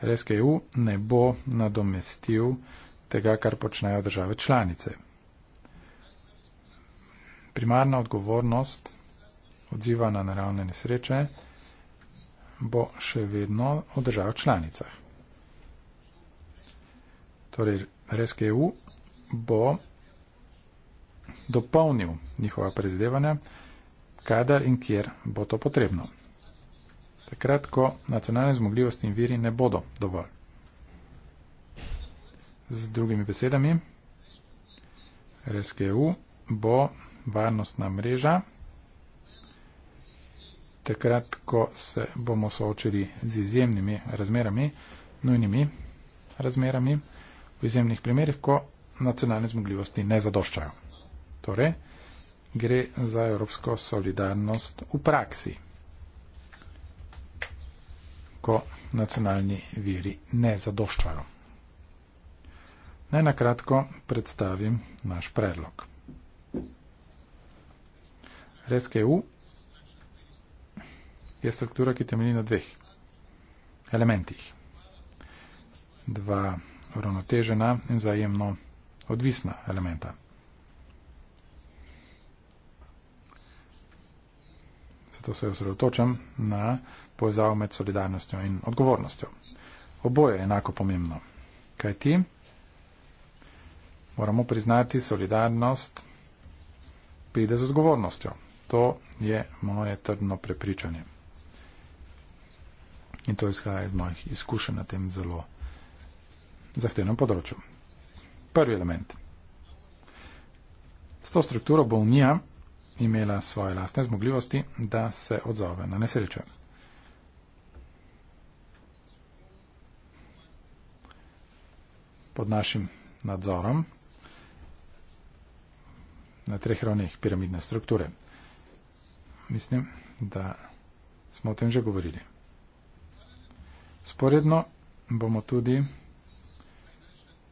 RSKU e ne bo nadomestil tega, kar počnejo države članice. Primarna odgovornost odziva na naravne nesreče bo še vedno v držav članicah. Torej, RSKU e bo dopolnil njihova prezidevanja, kadar in kjer bo to potrebno takrat, ko nacionalne zmogljivosti in viri ne bodo dovolj. Z drugimi besedami, RSGU bo varnostna mreža, takrat, ko se bomo soočili z izjemnimi razmerami, nujnimi razmerami, v izjemnih primerih, ko nacionalne zmogljivosti ne zadoščajo. Torej, gre za evropsko solidarnost v praksi ko nacionalni viri ne zadoščajo. Naj nakratko predstavim naš predlog. RESK-EU je struktura, ki temelji na dveh elementih. Dva uravnotežena in vzajemno odvisna elementa. Zato se osredotočam na vzajemno povezav med solidarnostjo in odgovornostjo. Oboje je enako pomembno. Kaj ti? Moramo priznati, solidarnost pride z odgovornostjo. To je moje trdno prepričanje. In to izhaja iz mojih izkušenj na tem zelo zahtevnem področju. Prvi element. S to strukturo bo Unija imela svoje lastne zmogljivosti, da se odzove na nesreče. pod našim nadzorom na treh ravneh piramidne strukture. Mislim, da smo o tem že govorili. Sporedno bomo tudi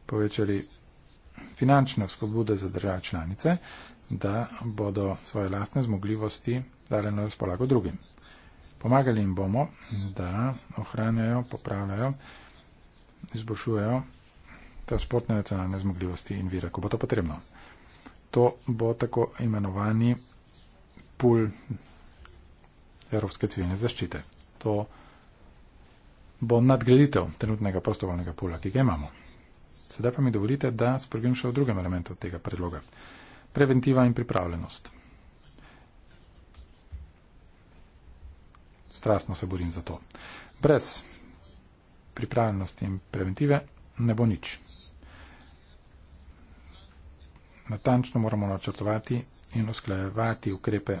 povečali finančno spodbude za države članice, da bodo svoje lastne zmogljivosti dali na razpolago drugim. Pomagali jim bomo, da ohranjajo, popravljajo, izboljšujejo transportne nacionalne zmogljivosti in vire, ko bo to potrebno. To bo tako imenovani pul Evropske civilne zaščite. To bo nadgraditev trenutnega prostovoljnega pula, ki ga imamo. Sedaj pa mi dovolite, da spregovorim še o drugem elementu tega predloga. Preventiva in pripravljenost. Strastno se borim za to. Brez pripravljenosti in preventive ne bo nič natančno moramo načrtovati in usklajevati ukrepe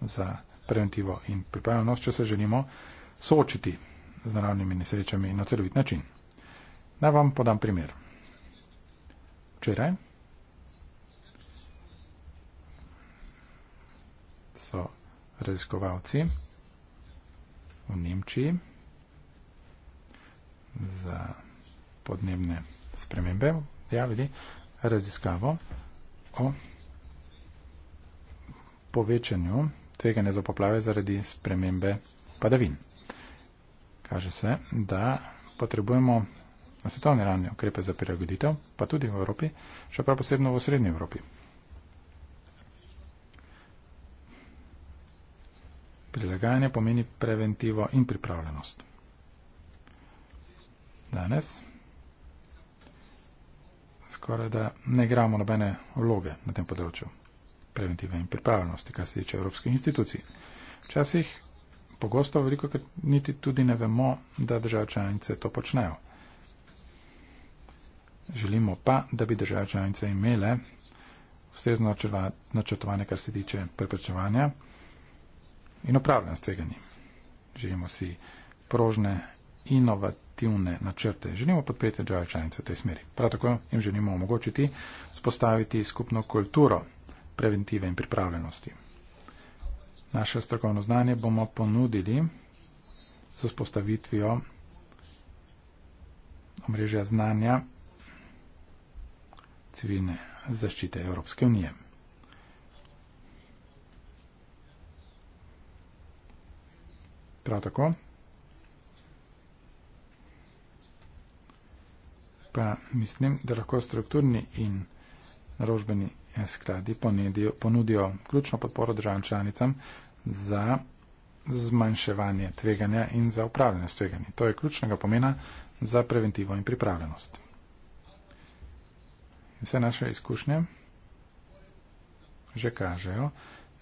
za preventivo in pripravljenost, če se želimo soočiti z naravnimi nesrečami na celovit način. Naj vam podam primer. Včeraj so raziskovalci v Nemčiji za podnebne spremembe objavili raziskavo, o povečanju tveganja za poplave zaradi spremembe padavin. Kaže se, da potrebujemo na svetovni ravni ukrepe za prilagoditev, pa tudi v Evropi, še prav posebno v srednji Evropi. Prilagajanje pomeni preventivo in pripravljenost. Danes skoraj da ne igramo nobene vloge na tem področju preventive in pripravljenosti, kar se tiče evropskih institucij. Včasih pogosto veliko, ker niti tudi ne vemo, da države članice to počnejo. Želimo pa, da bi države članice imele ustrezno načrtovanje, kar se tiče preprečevanja in upravljanja s tveganji. Želimo si prožne inovat, aktivne načrte. Želimo podpreti države članice v tej smeri. Prav tako jim želimo omogočiti spostaviti skupno kulturo preventive in pripravljenosti. Naše strokovno znanje bomo ponudili s spostavitvijo omrežja znanja civilne zaščite Evropske unije. Prav tako pa mislim, da lahko strukturni in naložbeni eh, skladi ponedijo, ponudijo ključno podporo državam članicam za zmanjševanje tveganja in za upravljanje s tveganji. To je ključnega pomena za preventivo in pripravljenost. Vse naše izkušnje že kažejo,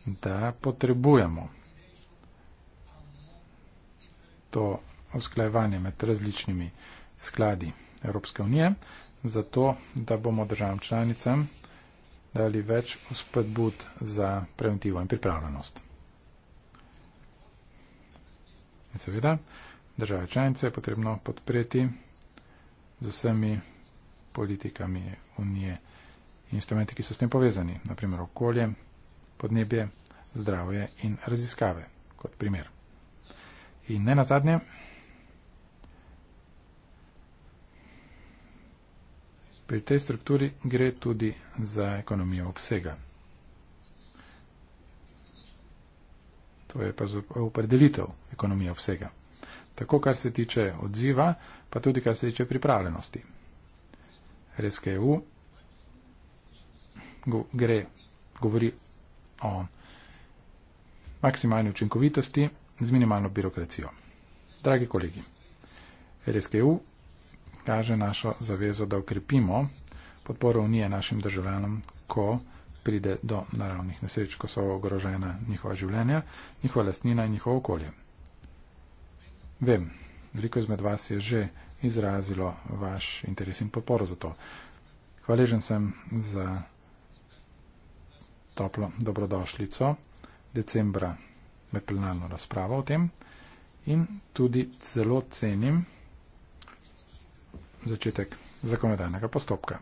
da potrebujemo to usklajevanje med različnimi skladi Evropske unije, zato da bomo državam članicam dali več spodbud za preventivo in pripravljenost. In seveda, države članice je potrebno podpreti z vsemi politikami unije in instrumenti, ki so s tem povezani, naprimer okolje, podnebje, zdravje in raziskave, kot primer. In ne nazadnje, Pri tej strukturi gre tudi za ekonomijo obsega. To je pravzaprav opredelitev ekonomije obsega. Tako, kar se tiče odziva, pa tudi, kar se tiče pripravljenosti. RSKU gre, govori o maksimalni učinkovitosti z minimalno birokracijo. Dragi kolegi, RSKU kaže našo zavezo, da ukrepimo podporo Unije našim državljanom, ko pride do naravnih nesreč, ko so ogrožena njihova življenja, njihova lastnina in njihovo okolje. Vem, veliko izmed vas je že izrazilo vaš interes in podporo za to. Hvaležen sem za toplo dobrodošlico decembra med plenarno razpravo o tem in tudi zelo cenim, začetek zakonodajnega postopka.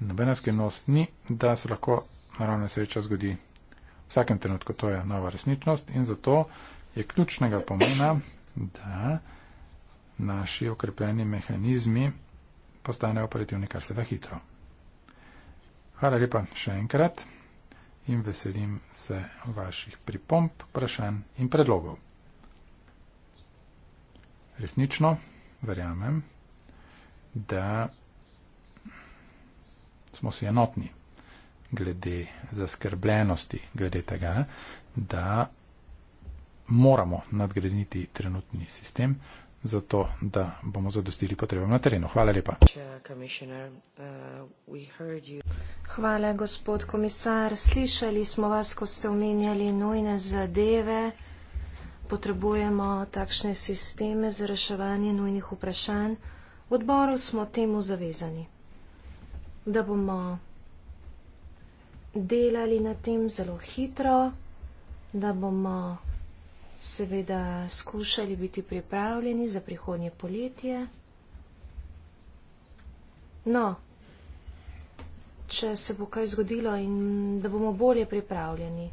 Nobena skrivnost ni, da se lahko naravna sreča zgodi v vsakem trenutku. To je nova resničnost in zato je ključnega pomena, da naši okrepljeni mehanizmi postanejo operativni kar se da hitro. Hvala lepa še enkrat in veselim se vaših pripomp, vprašanj in predlogov. Resnično, verjamem da smo si enotni glede zaskrbljenosti, glede tega, da moramo nadgraditi trenutni sistem, zato da bomo zadostili potrebam na terenu. Hvala lepa. Hvala, gospod komisar. Slišali smo vas, ko ste omenjali nujne zadeve. Potrebujemo takšne sisteme za reševanje nujnih vprašanj odboru smo temu zavezani, da bomo delali na tem zelo hitro, da bomo seveda skušali biti pripravljeni za prihodnje poletje. No, če se bo kaj zgodilo in da bomo bolje pripravljeni.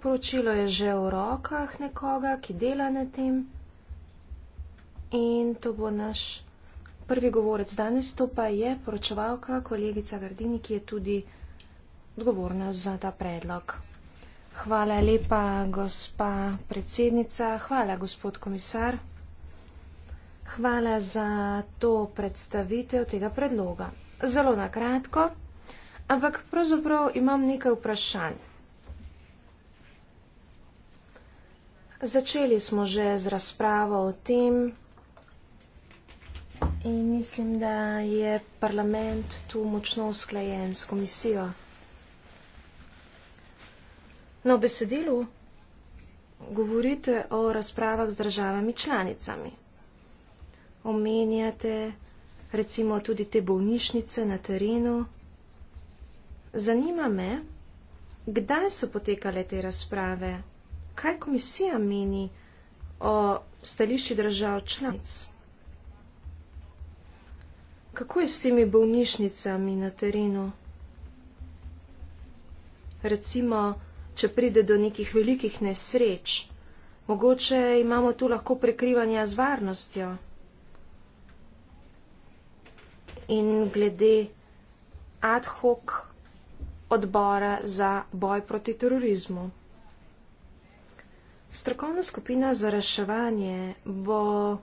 Poročilo je že v rokah nekoga, ki dela na tem. In to bo naš prvi govorec danes, to pa je poročevalka kolegica Gardini, ki je tudi odgovorna za ta predlog. Hvala lepa, gospa predsednica, hvala, gospod komisar. Hvala za to predstavitev tega predloga. Zelo nakratko, ampak pravzaprav imam nekaj vprašanj. Začeli smo že z razpravo o tem in mislim, da je parlament tu močno usklajen s komisijo. No, besedilu govorite o razpravah z državami članicami. Omenjate recimo tudi te bolnišnice na terenu. Zanima me, kdaj so potekale te razprave? kaj komisija meni o stališči držav članic? Kako je s temi bolnišnicami na terenu? Recimo, če pride do nekih velikih nesreč, mogoče imamo tu lahko prekrivanja z varnostjo. In glede ad hoc odbora za boj proti terorizmu strokovna skupina za reševanje bo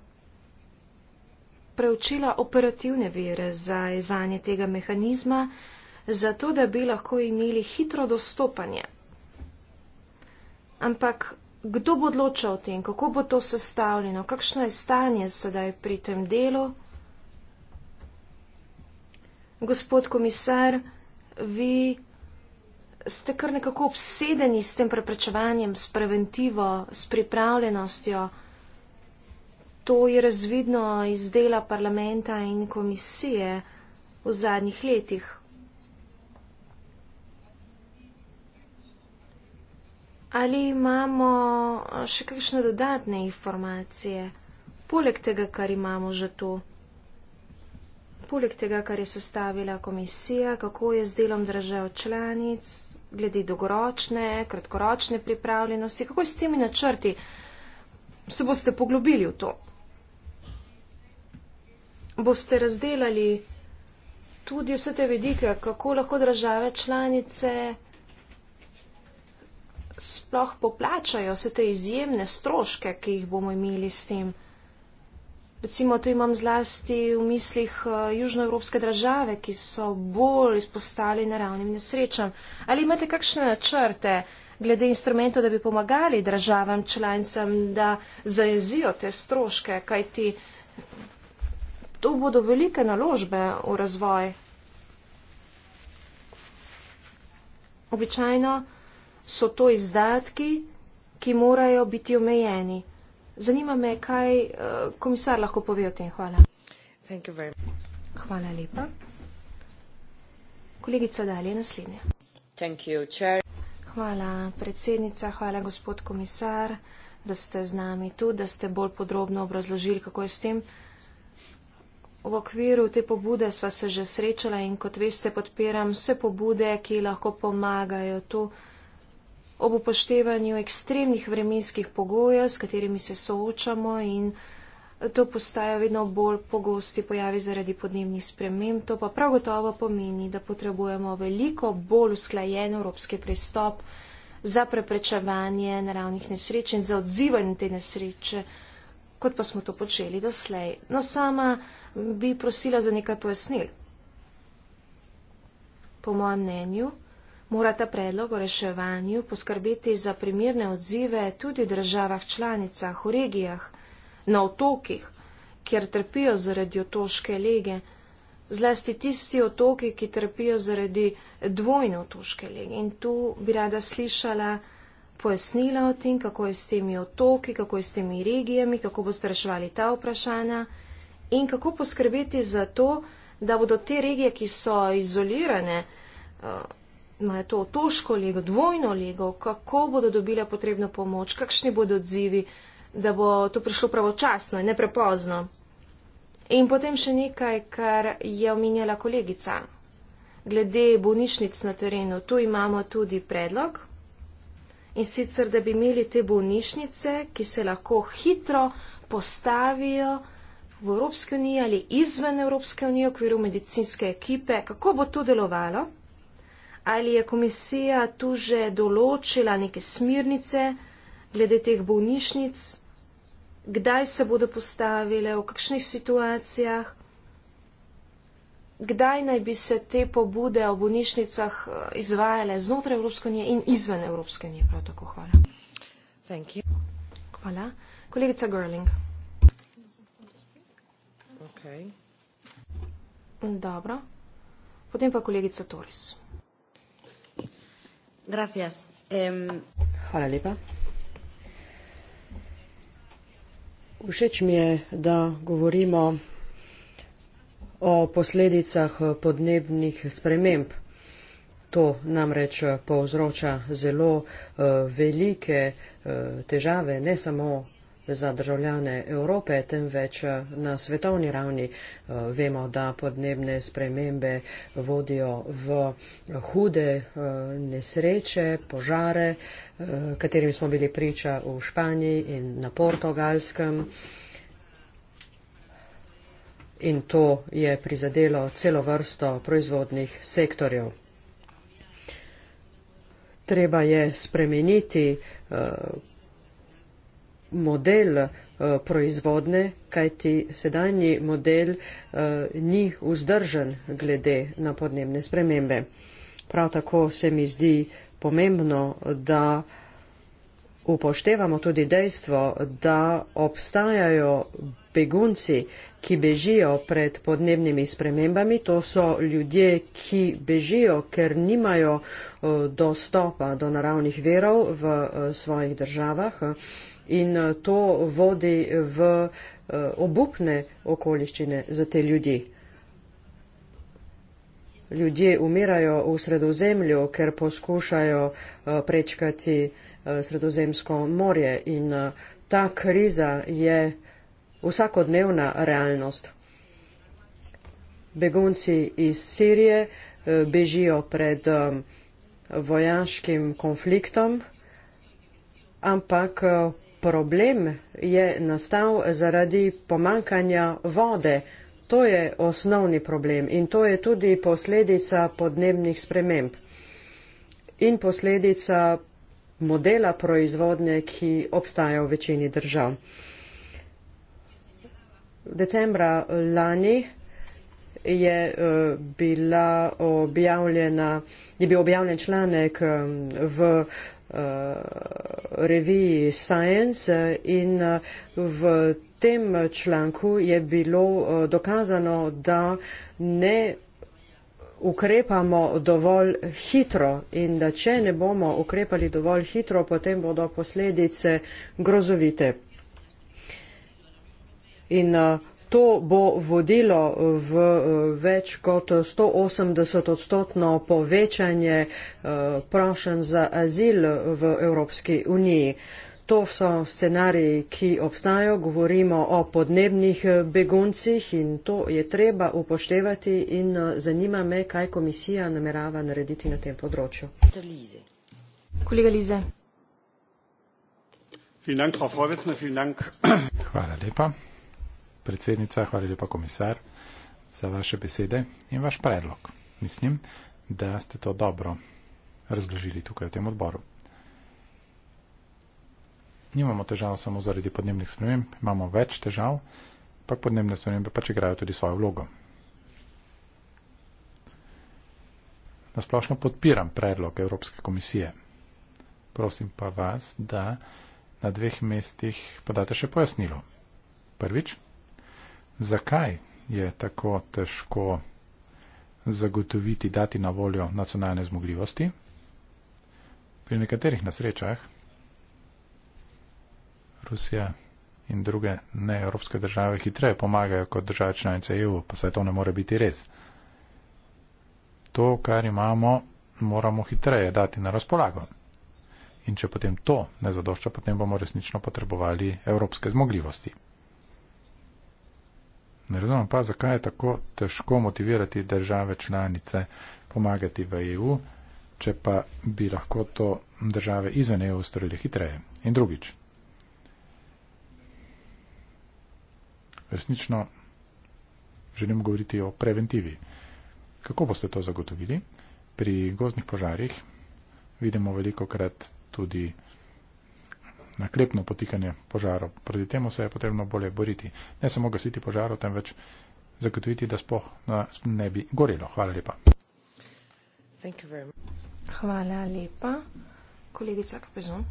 preučila operativne vere za izvajanje tega mehanizma, zato da bi lahko imeli hitro dostopanje. Ampak kdo bo odločal o tem, kako bo to sestavljeno, kakšno je stanje sedaj pri tem delu? Gospod komisar, vi ste kar nekako obsedeni s tem preprečevanjem, s preventivo, s pripravljenostjo. To je razvidno iz dela parlamenta in komisije v zadnjih letih. Ali imamo še kakšne dodatne informacije, poleg tega, kar imamo že tu, poleg tega, kar je sestavila komisija, kako je z delom držav članic, glede dolgoročne, kratkoročne pripravljenosti, kako je s temi načrti? Se boste poglobili v to? Boste razdelali tudi vse te vidike, kako lahko države članice sploh poplačajo vse te izjemne stroške, ki jih bomo imeli s tem? Recimo, tu imam zlasti v mislih eh, južnoevropske države, ki so bolj izpostavili naravnim nesrečam. Ali imate kakšne načrte glede instrumentov, da bi pomagali državam članicam, da zajezijo te stroške, kajti to bodo velike naložbe v razvoj? Običajno so to izdatki, ki morajo biti omejeni. Zanima me, kaj eh, komisar lahko pove o tem. Hvala. Hvala lepa. Kolegica dalje, naslednja. Hvala predsednica, hvala gospod komisar, da ste z nami tu, da ste bolj podrobno obrazložili, kako je s tem. V okviru te pobude sva se že srečala in kot veste podpiram vse pobude, ki lahko pomagajo tu ob upoštevanju ekstremnih vremenskih pogojev, s katerimi se soočamo in to postaja vedno bolj pogosti pojavi zaradi podnebnih sprememb, to pa prav gotovo pomeni, da potrebujemo veliko bolj usklajen evropski pristop za preprečevanje naravnih nesreč in za odzivanje te nesreče, kot pa smo to počeli doslej. No, sama bi prosila za nekaj pojasnil. Po mojem mnenju, morata predlog o reševanju poskrbeti za primirne odzive tudi v državah članicah, v regijah, na otokih, kjer trpijo zaradi otoške lege, zlasti tisti otoki, ki trpijo zaradi dvojne otoške lege. In tu bi rada slišala pojasnila o tem, kako je s temi otoki, kako je s temi regijami, kako boste reševali ta vprašanja in kako poskrbeti za to, da bodo te regije, ki so izolirane, eh, imajo no, to otoško lego, dvojno lego, kako bodo dobile potrebno pomoč, kakšni bodo odzivi, da bo to prišlo pravočasno in ne prepozno. In potem še nekaj, kar je omenjala kolegica. Glede bolnišnic na terenu, tu imamo tudi predlog. In sicer, da bi imeli te bolnišnice, ki se lahko hitro postavijo v Evropski uniji ali izven Evropske unije v okviru medicinske ekipe, kako bo to delovalo ali je komisija tu že določila neke smirnice glede teh bolnišnic, kdaj se bodo postavile, v kakšnih situacijah, kdaj naj bi se te pobude o bolnišnicah eh, izvajale znotraj Evropske unije in izven Evropske unije. Prav tako hvala. Thank you. Hvala. Kolegica Görling. Okay. Dobro. Potem pa kolegica Toris. Gracias. Eh... Hvala lepa. Všeč mi je, da govorimo o posledicah podnebnih sprememb. To namreč povzroča zelo uh, velike uh, težave, ne samo za državljane Evrope, temveč eh, na svetovni ravni. Eh, vemo, da podnebne spremembe vodijo v eh, hude nesreče, požare, katerim smo bili priča v Španiji in na Portugalskem. In to je prizadelo celo vrsto proizvodnih sektorjev. Treba je spremeniti uh, model uh, proizvodne, kajti sedanji model uh, ni vzdržen glede na podnebne spremembe. Prav tako se mi zdi pomembno, da upoštevamo tudi dejstvo, da obstajajo begunci, ki bežijo pred podnebnimi spremembami. To so ljudje, ki bežijo, ker nimajo eh, dostopa do naravnih verov v svojih državah in eh, to vodi v eh, obupne okoliščine za te ljudi. Ljudje umirajo v sredozemlju, ker poskušajo eh, prečkati sredozemsko morje in ta kriza je vsakodnevna realnost. Begunci iz Sirije bežijo pred vojaškim konfliktom, ampak problem je nastal zaradi pomankanja vode. To je osnovni problem in to je tudi posledica podnebnih sprememb in posledica modela proizvodnje, ki obstaja v večini držav. Decembra lani je, eh, bila objavljena, je bil objavljen članek eh, v Eh, reviji Science eh, in eh, v tem članku je bilo dokazano, da ne ukrepamo dovolj hitro in da če ne bomo ukrepali dovolj hitro, potem bodo posledice grozovite. In To bo vodilo v več kot 180 odstotno povečanje eh, prošen za azil v Evropski uniji. To so scenariji, ki obstajajo. Govorimo o podnebnih eh, beguncih in to je treba upoštevati in eh, zanima me, kaj komisija namerava narediti na tem področju. Kolega Lize. Hvala lepa predsednica, hvala lepa komisar za vaše besede in vaš predlog. Mislim, da ste to dobro razložili tukaj v tem odboru. Nimamo težav samo zaradi podnebnih sprememb, imamo več težav, pa podnebne spremembe pač igrajo tudi svojo vlogo. Nasplošno podpiram predlog Evropske komisije. Prosim pa vas, da na dveh mestih podate še pojasnilo. Prvič, zakaj je tako težko zagotoviti, dati na voljo nacionalne zmogljivosti pri nekaterih nesrečah. Rusija in druge neevropske države hitreje pomagajo kot države članice EU, pa saj to ne more biti res. To, kar imamo, moramo hitreje dati na razpolago. In če potem to ne zadošča, potem bomo resnično potrebovali evropske zmogljivosti. Ne razumem pa, zakaj je tako težko motivirati države članice pomagati v EU, če pa bi lahko to države izven EU storili hitreje. In drugič. Resnično želim govoriti o preventivi. Kako boste to zagotovili? Pri gozdnih požarih vidimo veliko krat tudi naklepno potikanje požarov. Proti temu se je potrebno bolje boriti. Ne samo gasiti požarov, temveč zagotoviti, da spoh ne bi gorelo. Hvala lepa. Hvala lepa. Kolegica Kapezon.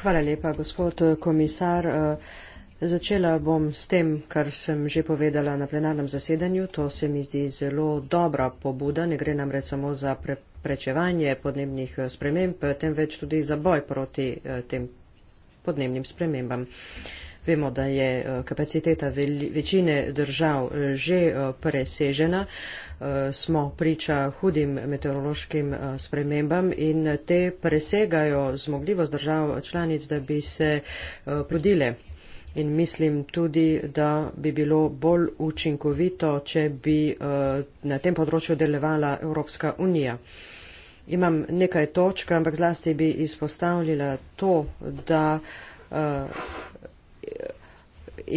Hvala lepa, gospod eh, komisar. Eh, začela bom s tem, kar sem že povedala na plenarnem zasedanju. To se mi zdi zelo dobra pobuda. Ne gre namreč samo za preprečevanje preprečevanje podnebnih eh, sprememb, eh, temveč tudi za boj proti eh, tem podnebnim spremembam. Vemo, da je kapaciteta večine držav že presežena, smo priča hudim meteorološkim spremembam in te presegajo zmogljivost držav članic, da bi se prodile. In mislim tudi, da bi bilo bolj učinkovito, če bi na tem področju delovala Evropska unija. Imam nekaj točk, ampak zlasti bi izpostavljala to, da uh,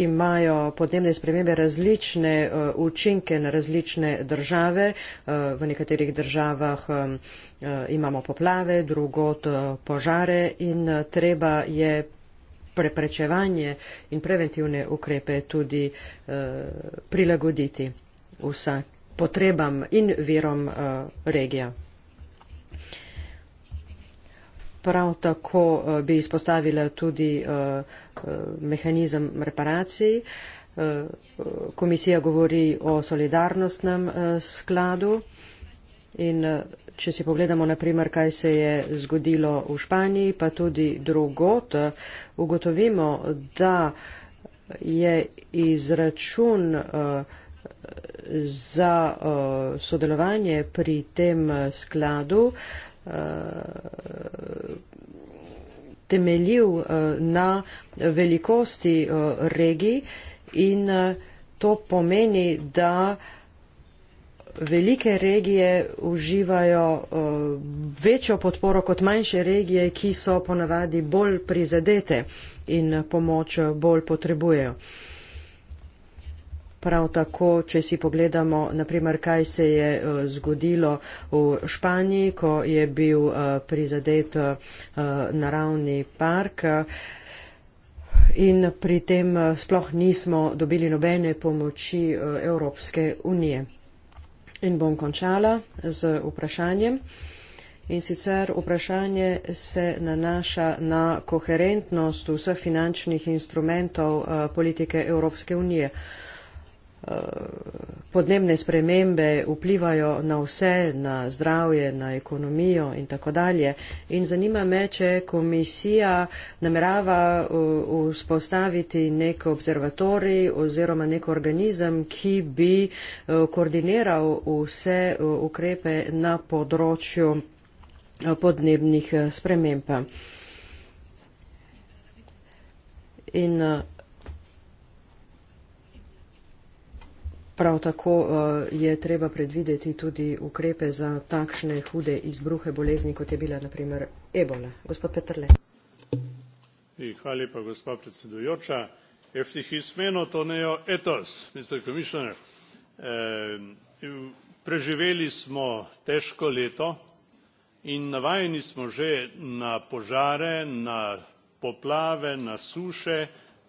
imajo podnebne spremembe različne uh, učinke na različne države. Uh, v nekaterih državah um, uh, imamo poplave, drugot uh, požare in uh, treba je preprečevanje in preventivne ukrepe tudi uh, prilagoditi vsak potrebam in verom uh, regija. Prav tako eh, bi izpostavila tudi eh, eh, mehanizem reparacij. Komisija govori o solidarnostnem skladu in če si pogledamo naprimer, kaj se je zgodilo v Španiji, pa tudi drugot, ugotovimo, da je izračun za sodelovanje pri tem skladu Eh, temeljil eh, na velikosti eh, regij in to pomeni, da velike regije uživajo večjo podporo kot manjše regije, ki so ponavadi bolj prizadete in pomoč bolj potrebujejo. Prav tako, če si pogledamo, naprimer, kaj se je eh, zgodilo v Španiji, ko je bil eh, prizadet eh, naravni park. In pri tem sploh nismo dobili nobene pomoči Evropske unije. In bom končala z vprašanjem. In sicer vprašanje se nanaša na koherentnost vseh finančnih instrumentov politike Evropske unije. Eh, podnebne spremembe vplivajo na vse, na zdravje, na ekonomijo in tako dalje. In zanima me, če komisija namerava eh, vzpostaviti nek observatorij oziroma nek organizem, ki bi eh, koordiniral vse ukrepe na področju podnebnih sprememb. In Prav tako uh, je treba predvideti tudi ukrepe za takšne hude izbruhe bolezni, kot je bila naprimer ebola. Gospod Petrle. Hvala lepa, gospod predsedujoča. Eftih izmeno to nejo etos, mr. komisioner. Eh, preživeli smo težko leto in navajeni smo že na požare, na poplave, na suše,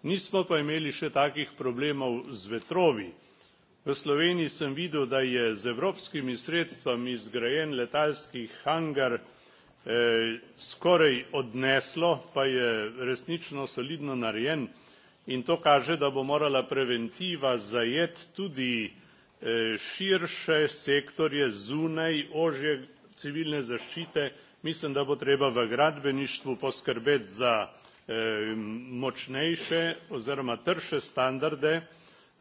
nismo pa imeli še takih problemov z vetrovi. V Sloveniji sem videl, da je z evropskimi sredstvami zgrajen letalski hangar eh, skoraj odneslo, pa je resnično solidno narejen in to kaže, da bo morala preventiva zajet tudi eh, širše sektorje zunaj ožje civilne zaščite. Mislim, da bo treba v gradbeništvu poskrbeti za eh, močnejše oziroma trše standarde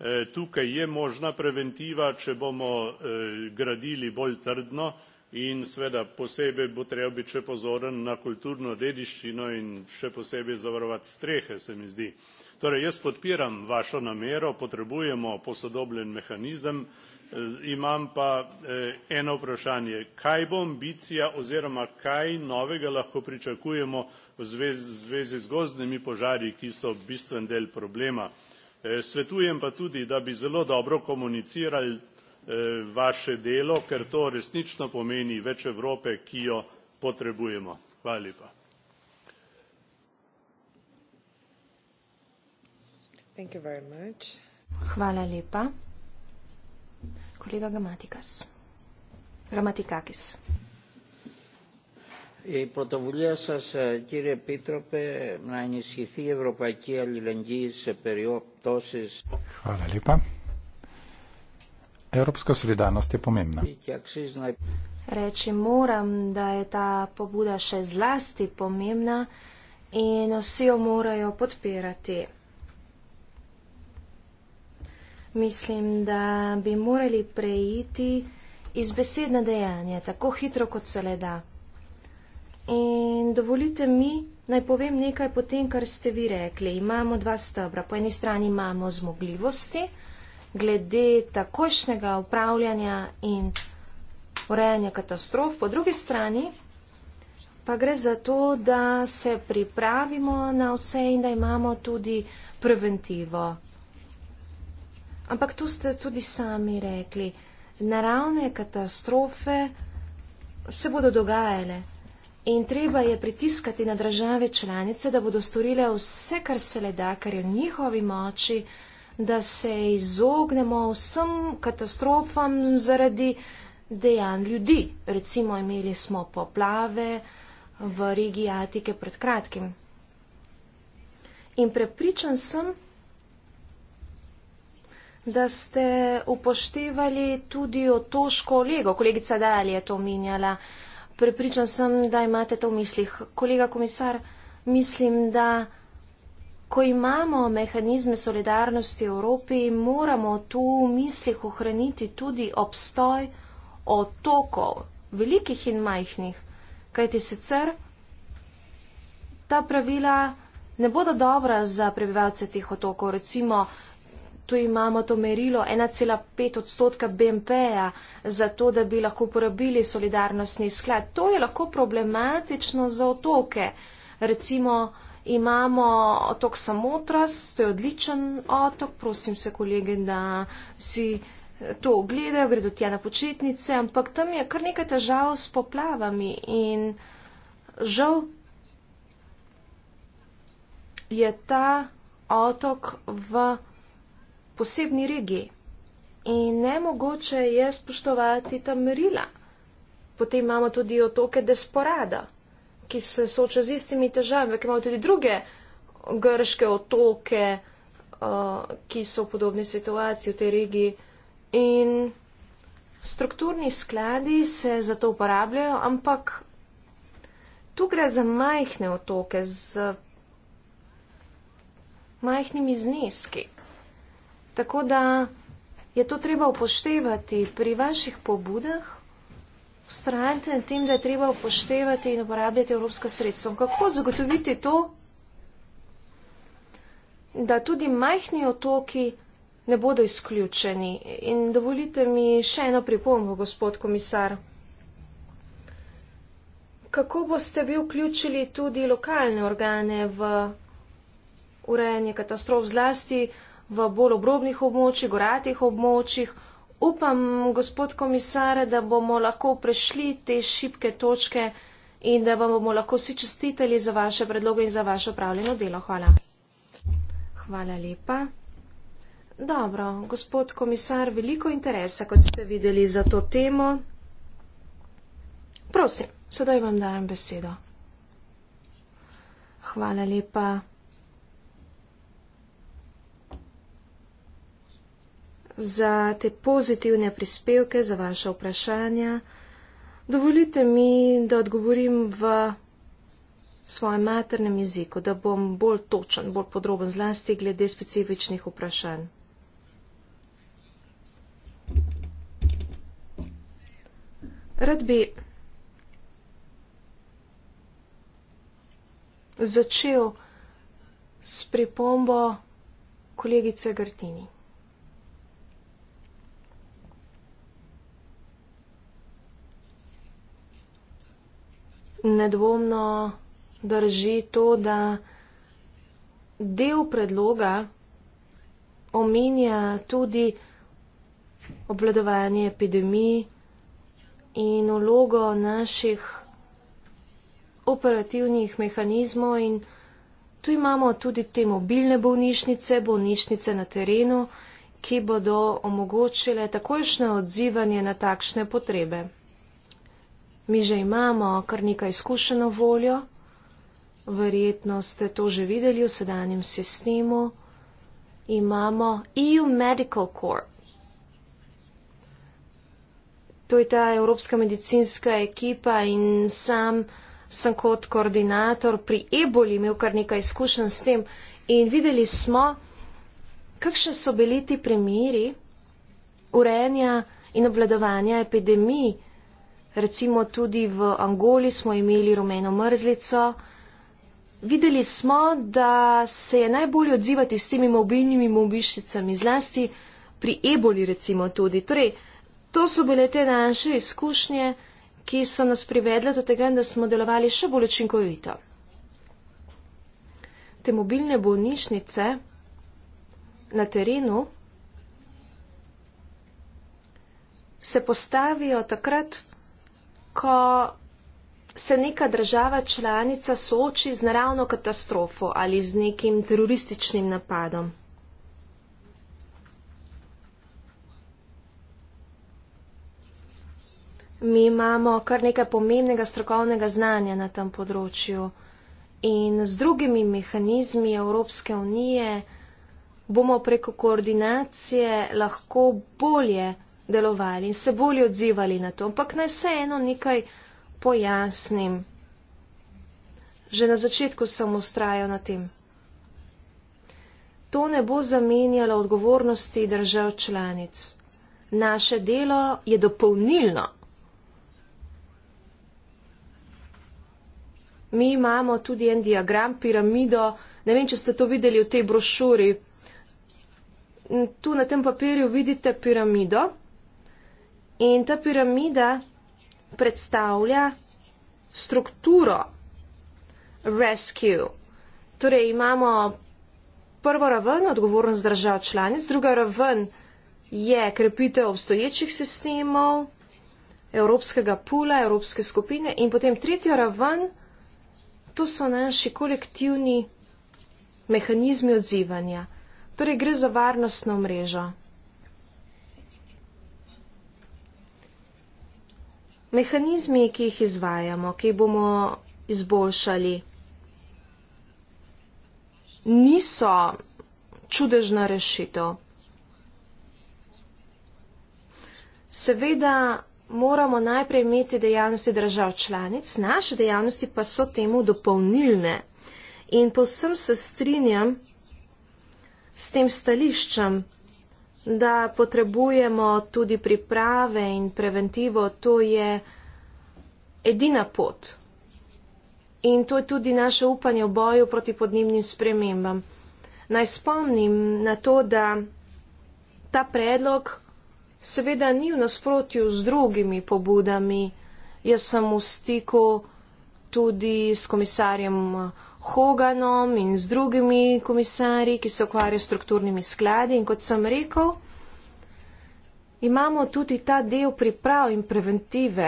E, tukaj je možna preventiva če bomo e, gradili bolj trdno in seveda posebej bo treba biti še pozoren na kulturno dediščino in še posebej zavarovati strehe se mi zdi. Torej jaz podpiram vašo namero potrebujemo posodobljen mehanizem e, imam pa eno vprašanje kaj bo ambicija oziroma kaj novega lahko pričakujemo v zvezi z gozdnimi požari ki so bistven del problema. Eh, svetujem pa tudi, da bi zelo dobro komunicirali eh, vaše delo, ker to resnično pomeni več Evrope, ki jo potrebujemo. Hvala lepa. Hvala lepa. Kolega Gramatikas. Gramatikakis. Η πρωτοβουλία σας, κύριε Επίτροπε, να ενισχυθεί η Ευρωπαϊκή Αλληλεγγύη σε περιοπτώσεις... Χαλά λίπα. Европска солидарност е поменна. Речи морам да е та побуда ше зласти поменна и но си ја морају подпирати. Мислим да би морали преити из беседна дејање, тако хитро кот се леда. да. In dovolite mi, naj povem nekaj po tem, kar ste vi rekli. Imamo dva stebra. Po eni strani imamo zmogljivosti glede takošnjega upravljanja in urejanja katastrof, po drugi strani pa gre za to, da se pripravimo na vse in da imamo tudi preventivo. Ampak tu ste tudi sami rekli, naravne katastrofe se bodo dogajale. In treba je pritiskati na države članice, da bodo storile vse, kar se le da, kar je v njihovi moči, da se izognemo vsem katastrofam zaradi dejanj ljudi. Recimo imeli smo poplave v regiji Atike pred kratkim. In prepričan sem, da ste upoštevali tudi otoško lego. Kolegica Dalija je to omenjala. Prepričan sem, da imate to v mislih. Kolega komisar, mislim, da ko imamo mehanizme solidarnosti v Evropi, moramo tu v mislih ohraniti tudi obstoj otokov, velikih in majhnih, kajti sicer ta pravila ne bodo dobra za prebivalce teh otokov. Recimo, tu imamo to merilo 1,5 odstotka BNP-ja za to, da bi lahko uporabili solidarnostni sklad. To je lahko problematično za otoke. Recimo imamo otok Samotras, to je odličen otok, prosim se kolege, da si eh, to ogledajo, gredo tja na počitnice, ampak tam je kar nekaj težav s poplavami in žal je ta otok v posebni regiji. In ne mogoče je spoštovati ta merila. Potem imamo tudi otoke Desporada, ki se soča z istimi težavami, ki imajo tudi druge grške otoke, uh, ki so v podobni situaciji v tej regiji. In strukturni skladi se za to uporabljajo, ampak tu gre za majhne otoke z majhnimi zneski. Tako da je to treba upoštevati pri vaših pobudah, ustrajati na tem, da je treba upoštevati in uporabljati evropska sredstva. Kako zagotoviti to, da tudi majhni otoki ne bodo izključeni? In dovolite mi še eno pripombo, gospod komisar. Kako boste vi vključili tudi lokalne organe v urejanje katastrof zlasti? v bolj obrobnih območjih, goratih območjih. Upam, gospod komisar, da bomo lahko prešli te šibke točke in da vam bomo lahko vsi čestiteli za vaše predloge in za vaše upravljeno delo. Hvala. Hvala lepa. Dobro, gospod komisar, veliko interesa, kot ste videli za to temo. Prosim, sedaj vam dajem besedo. Hvala lepa. za te pozitivne prispevke, za vaše vprašanja. Dovolite mi, da odgovorim v svojem maternem jeziku, da bom bolj točen, bolj podroben zlasti glede specifičnih vprašanj. Rad bi začel s pripombo kolegice Grtini. nedvomno drži to, da del predloga omenja tudi obvladovanje epidemij in vlogo naših operativnih mehanizmov in tu imamo tudi te mobilne bolnišnice, bolnišnice na terenu, ki bodo omogočile takojšnje odzivanje na takšne potrebe. Mi že imamo kar nekaj izkušeno voljo, verjetno ste to že videli v sedanjem sistemu. Imamo EU Medical Corps. To je ta evropska medicinska ekipa in sam sem kot koordinator pri eboli imel kar nekaj izkušenj s tem in videli smo, kakšne so bili ti primiri urejanja in obvladovanja epidemiji. Recimo tudi v Angoli smo imeli rumeno mrzlico. Videli smo, da se je najbolje odzivati s temi mobilnimi mobišicami, zlasti pri eboli recimo tudi. Torej, to so bile te naše izkušnje, ki so nas privedle do tega, da smo delovali še bolj učinkovito. Te mobilne bolnišnice na terenu se postavijo takrat, ko se neka država članica sooči z naravno katastrofo ali z nekim terorističnim napadom? Mi imamo kar nekaj pomembnega strokovnega znanja na tem področju in z drugimi mehanizmi Evropske unije bomo preko koordinacije lahko bolje delovali in se bolje odzivali na to, ampak naj vseeno nekaj pojasnim. Že na začetku sem ustrajal na tem. To ne bo zamenjalo odgovornosti držav članic. Naše delo je dopolnilno. Mi imamo tudi en diagram, piramido, ne vem, če ste to videli v tej brošuri. Tu na tem papirju vidite piramido, In ta piramida predstavlja strukturo rescue. Torej imamo prvo raven, odgovornost držav članic, druga raven je krepitev obstoječih sistemov, evropskega pula, evropske skupine in potem tretja raven, to so naši kolektivni mehanizmi odzivanja. Torej gre za varnostno mrežo. mehanizmi, ki jih izvajamo, ki jih bomo izboljšali, niso čudežna rešitev. Seveda moramo najprej imeti dejavnosti držav članic, naše dejavnosti pa so temu dopolnilne. In povsem se strinjam s tem stališčem, da potrebujemo tudi priprave in preventivo, to je edina pot. In to je tudi naše upanje v boju proti podnebnim spremembam. Naj spomnim na to, da ta predlog seveda ni v nasprotju z drugimi pobudami. Jaz sem v stiku tudi s komisarjem Hoganom in z drugimi komisarji, ki se ukvarjajo s strukturnimi skladi. In kot sem rekel, imamo tudi ta del priprav in preventive.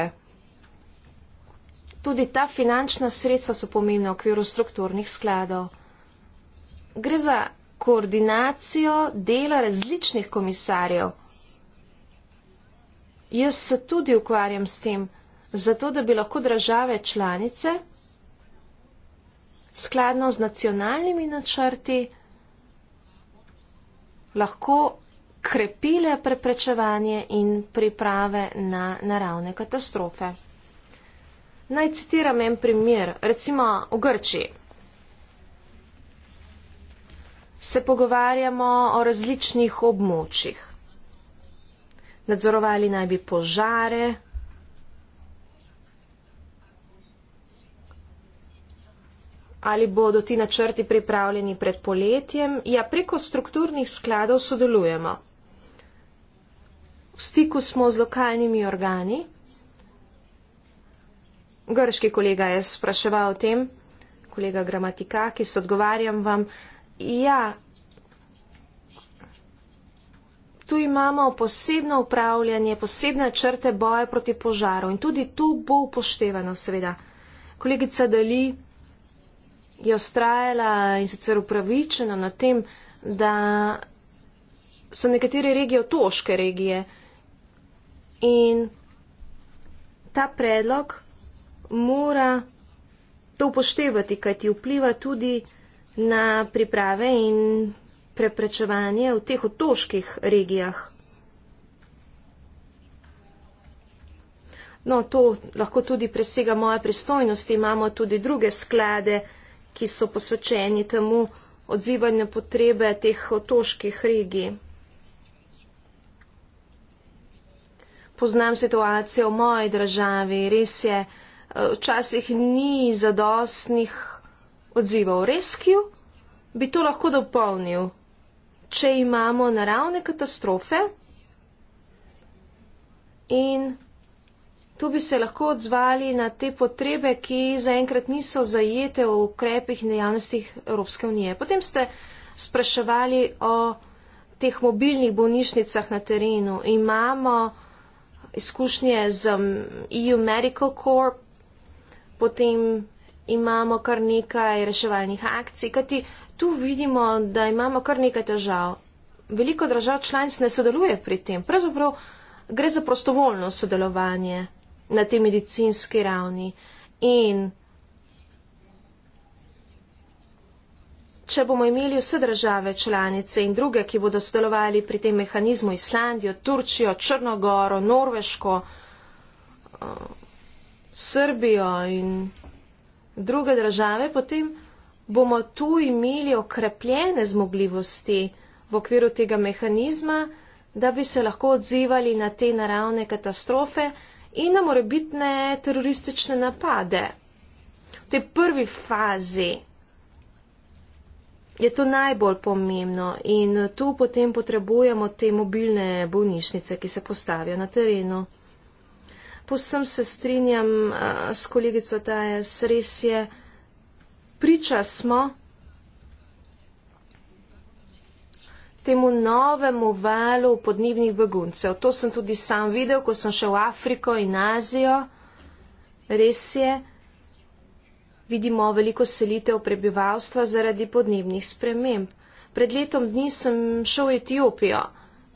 Tudi ta finančna sredstva so pomembna v okviru strukturnih skladov. Gre za koordinacijo dela različnih komisarjev. Jaz se tudi ukvarjam s tem, zato da bi lahko države članice skladno z nacionalnimi načrti lahko krepile preprečevanje in priprave na naravne katastrofe. Naj citiram en primer, recimo v Grčiji. Se pogovarjamo o različnih območjih. Nadzorovali naj bi požare, ali bodo ti načrti pripravljeni pred poletjem. Ja, preko strukturnih skladov sodelujemo. V stiku smo z lokalnimi organi. Grški kolega je spraševal o tem, kolega gramatika, ki se odgovarjam vam. Ja, tu imamo posebno upravljanje, posebne črte boje proti požaru in tudi to bo upoštevano, seveda. Kolegica Dali, je ustrajala in sicer upravičena na tem, da so nekatere regije otoške regije in ta predlog mora to upoštevati, kaj ti vpliva tudi na priprave in preprečevanje v teh otoških regijah. No, to lahko tudi presega moja pristojnost. Imamo tudi druge sklade, ki so posvečeni temu odzivanju potrebe teh otoških regij. Poznam situacijo v moji državi, res je, eh, včasih ni zadostnih odzivov. Reskiv bi to lahko dopolnil, če imamo naravne katastrofe in tu bi se lahko odzvali na te potrebe, ki zaenkrat niso zajete v ukrepih in dejavnostih Evropske unije. Potem ste spraševali o teh mobilnih bolnišnicah na terenu. Imamo izkušnje z um, EU Medical Corp, potem imamo kar nekaj reševalnih akcij, kajti tu vidimo, da imamo kar nekaj težav. Veliko držav članic ne sodeluje pri tem. Pravzaprav gre za prostovoljno sodelovanje na tej medicinski ravni. In če bomo imeli vse države članice in druge, ki bodo sodelovali pri tem mehanizmu Islandijo, Turčijo, Črnogoro, Norveško, eh, Srbijo in druge države, potem bomo tu imeli okrepljene zmogljivosti v okviru tega mehanizma, da bi se lahko odzivali na te naravne katastrofe in na morebitne teroristične napade. V tej prvi fazi je to najbolj pomembno in tu potem potrebujemo te mobilne bolnišnice, ki se postavijo na terenu. Posem se strinjam eh, s kolegico Tajas, res je, priča smo temu novemu valu podnebnih beguncev. To sem tudi sam videl, ko sem šel v Afriko in Azijo. Res je, vidimo veliko selitev prebivalstva zaradi podnebnih sprememb. Pred letom dni sem šel v Etiopijo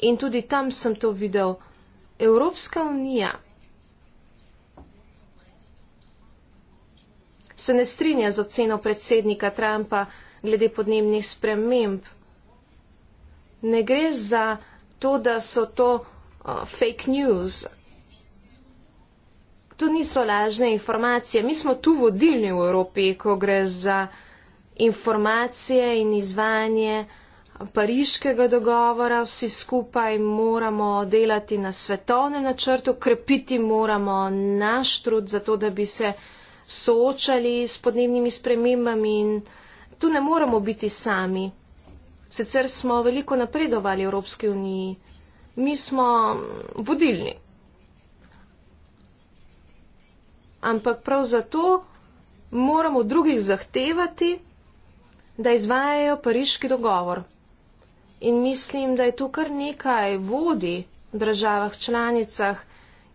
in tudi tam sem to videl. Evropska unija se ne strinja z oceno predsednika Trumpa glede podnebnih sprememb ne gre za to, da so to uh, fake news. To niso lažne informacije. Mi smo tu vodilni v Evropi, ko gre za informacije in izvanje pariškega dogovora. Vsi skupaj moramo delati na svetovnem načrtu, krepiti moramo naš trud za to, da bi se soočali s podnebnimi spremembami in tu ne moramo biti sami. Sicer smo veliko napredovali v Evropski uniji, mi smo vodilni. Ampak prav zato moramo od drugih zahtevati, da izvajajo pariški dogovor. In mislim, da je tu kar nekaj vodi v državah članicah,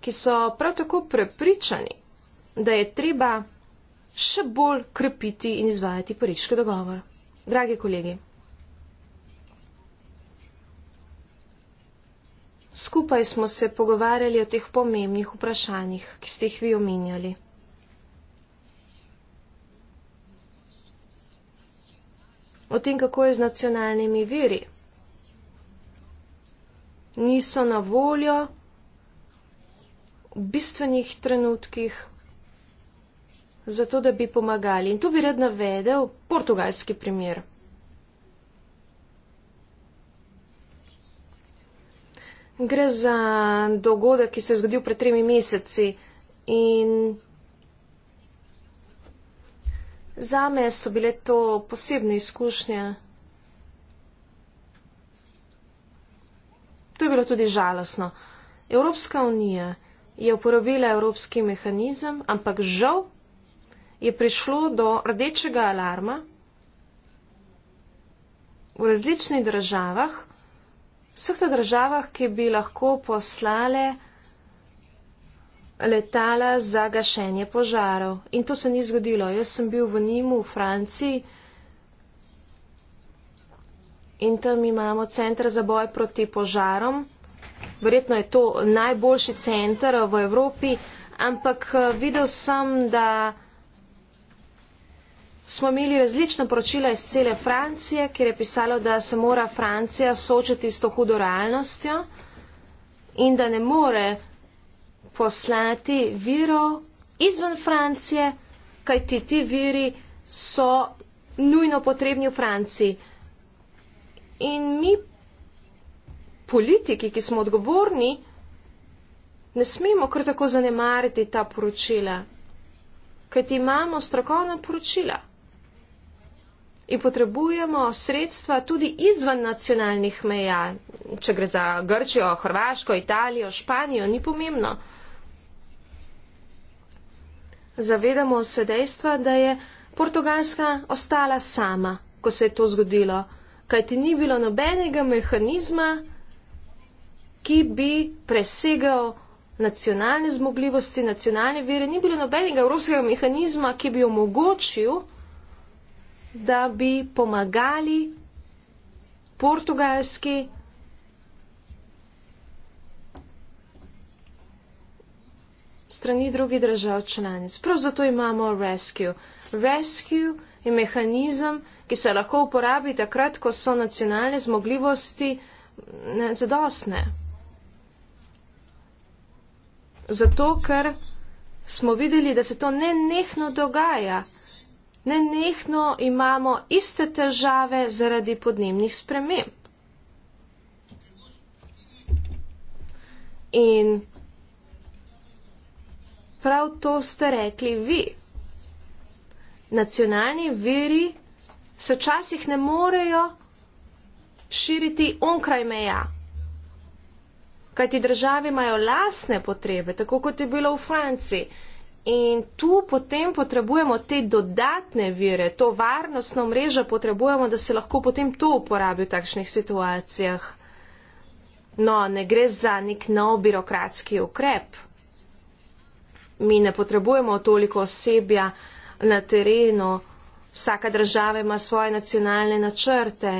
ki so prav tako prepričani, da je treba še bolj krepiti in izvajati pariški dogovor. Dragi kolegi. Skupaj smo se pogovarjali o teh pomembnih vprašanjih, ki ste jih vi omenjali. O tem, kako je z nacionalnimi viri. Niso na voljo v bistvenih trenutkih, zato da bi pomagali. In tu bi rad navedel portugalski primer. Gre za dogodek, ki se je zgodil pred tremi meseci in za me so bile to posebne izkušnje. To je bilo tudi žalostno. Evropska unija je uporabila evropski mehanizem, ampak žal je prišlo do rdečega alarma v različnih državah vseh teh državah, ki bi lahko poslale letala za gašenje požarov. In to se ni zgodilo. Jaz sem bil v Nimu, v Franciji in tam imamo centr za boj proti požarom. Verjetno je to najboljši centr v Evropi, ampak eh, videl sem, da smo imeli različna poročila iz cele Francije, kjer je pisalo, da se mora Francija soočiti s to hudo realnostjo in da ne more poslati virov izven Francije, kajti ti viri so nujno potrebni v Franciji. In mi, politiki, ki smo odgovorni, ne smemo kar tako zanemariti ta poročila, kajti imamo strokovna poročila in potrebujemo sredstva tudi izven nacionalnih meja, če gre za Grčijo, Hrvaško, Italijo, Španijo, ni pomembno. Zavedamo se dejstva, da je Portugalska ostala sama, ko se je to zgodilo, kajti ni bilo nobenega mehanizma, ki bi presegal nacionalne zmogljivosti, nacionalne vire, ni bilo nobenega evropskega mehanizma, ki bi omogočil, da bi pomagali portugalski strani drugih držav članic. Prav zato imamo rescue. Rescue je mehanizem, ki se lahko uporabi takrat, ko so nacionalne zmogljivosti mm, zadosne. Zato, ker smo videli, da se to ne nehno dogaja ne nehno imamo iste težave zaradi podnebnih sprememb. In prav to ste rekli vi. Nacionalni veri se včasih ne morejo širiti onkraj meja, kajti države imajo lasne potrebe, tako kot je bilo v Franciji. In tu potem potrebujemo te dodatne vire, to varnostno mrežo potrebujemo, da se lahko potem to uporabi v takšnih situacijah. No, ne gre za nek nov birokratski ukrep. Mi ne potrebujemo toliko osebja na terenu. Vsaka država ima svoje nacionalne načrte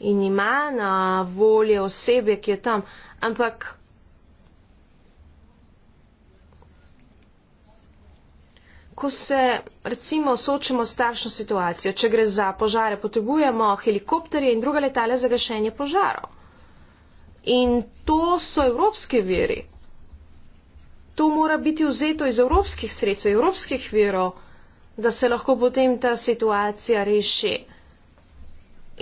in ima na volje osebje, ki je tam. Ampak Ko se recimo soočamo s takšno situacijo, če gre za požare, potrebujemo helikopterje in druga letala za gašenje požarov. In to so evropski viri. To mora biti vzeto iz evropskih sredstev, evropskih virov, da se lahko potem ta situacija reši.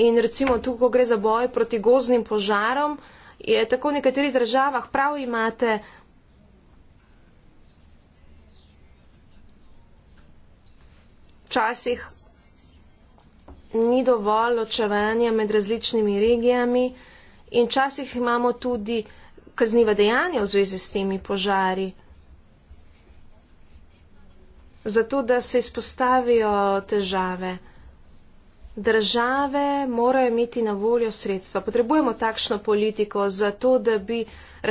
In recimo tu, ko gre za boj proti gozdnim požarom, je tako v nekaterih državah prav imate včasih ni dovolj ločevanja med različnimi regijami in včasih imamo tudi kazniva dejanja v zvezi s temi požari. Zato, da se izpostavijo težave. Države morajo imeti na voljo sredstva. Potrebujemo takšno politiko, zato da bi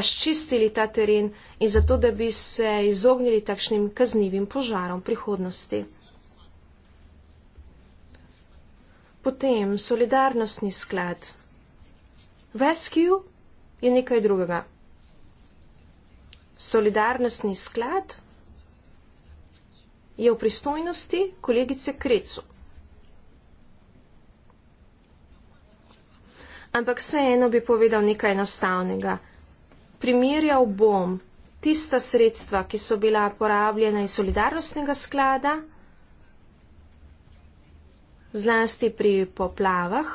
razčistili ta teren in zato da bi se izognili takšnim kaznivim požarom prihodnosti. Potem solidarnostni sklad. Rescue je nekaj drugega. Solidarnostni sklad je v pristojnosti kolegice Krecu. Ampak vseeno bi povedal nekaj enostavnega. Primerjal bom tista sredstva, ki so bila porabljena iz solidarnostnega sklada zlasti pri poplavah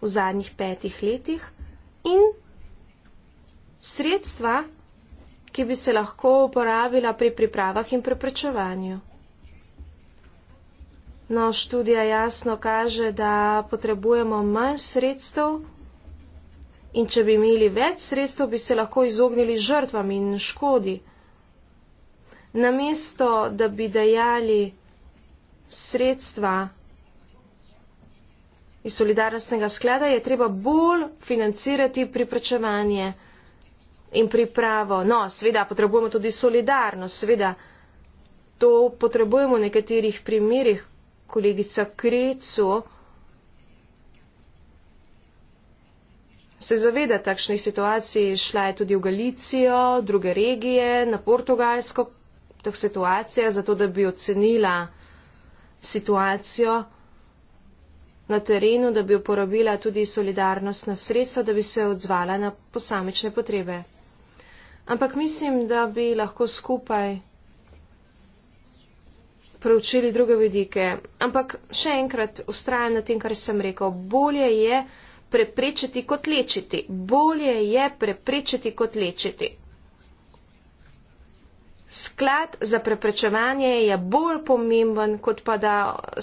v zadnjih petih letih in sredstva, ki bi se lahko uporabila pri pripravah in preprečevanju. No, študija jasno kaže, da potrebujemo manj sredstev in če bi imeli več sredstev, bi se lahko izognili žrtvam in škodi. Namesto, da bi dajali sredstva iz solidarnostnega sklada je treba bolj financirati priprečevanje in pripravo. No, seveda potrebujemo tudi solidarnost, seveda to potrebujemo v nekaterih primerjih, kolegica Krecu. Se zaveda takšnih situacij, šla je tudi v Galicijo, druge regije, na Portugalsko, teh situacijah, zato da bi ocenila situacijo na terenu, da bi uporabila tudi solidarnostna sredstva, da bi se odzvala na posamične potrebe. Ampak mislim, da bi lahko skupaj preučili druge vidike. Ampak še enkrat ustrajam na tem, kar sem rekel. Bolje je preprečiti kot lečiti. Bolje je preprečiti kot lečiti sklad za preprečevanje je bolj pomemben, kot pa da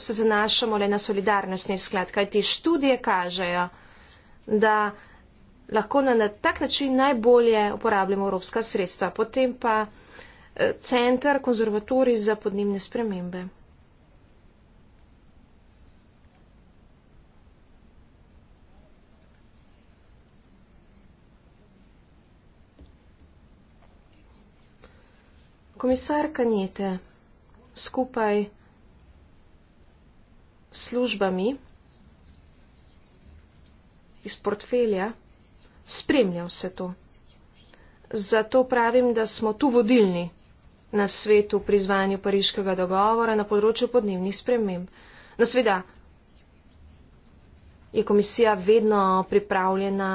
se zanašamo le na solidarnostni sklad, kajti študije kažejo, da lahko na tak način najbolje uporabljamo evropska sredstva. Potem pa eh, center konzervatori za podnebne spremembe. komisarka Njete skupaj s službami iz portfelja spremlja vse to. Zato pravim, da smo tu vodilni na svetu pri izvanju pariškega dogovora na področju podnebnih sprememb. No, sveda, je komisija vedno pripravljena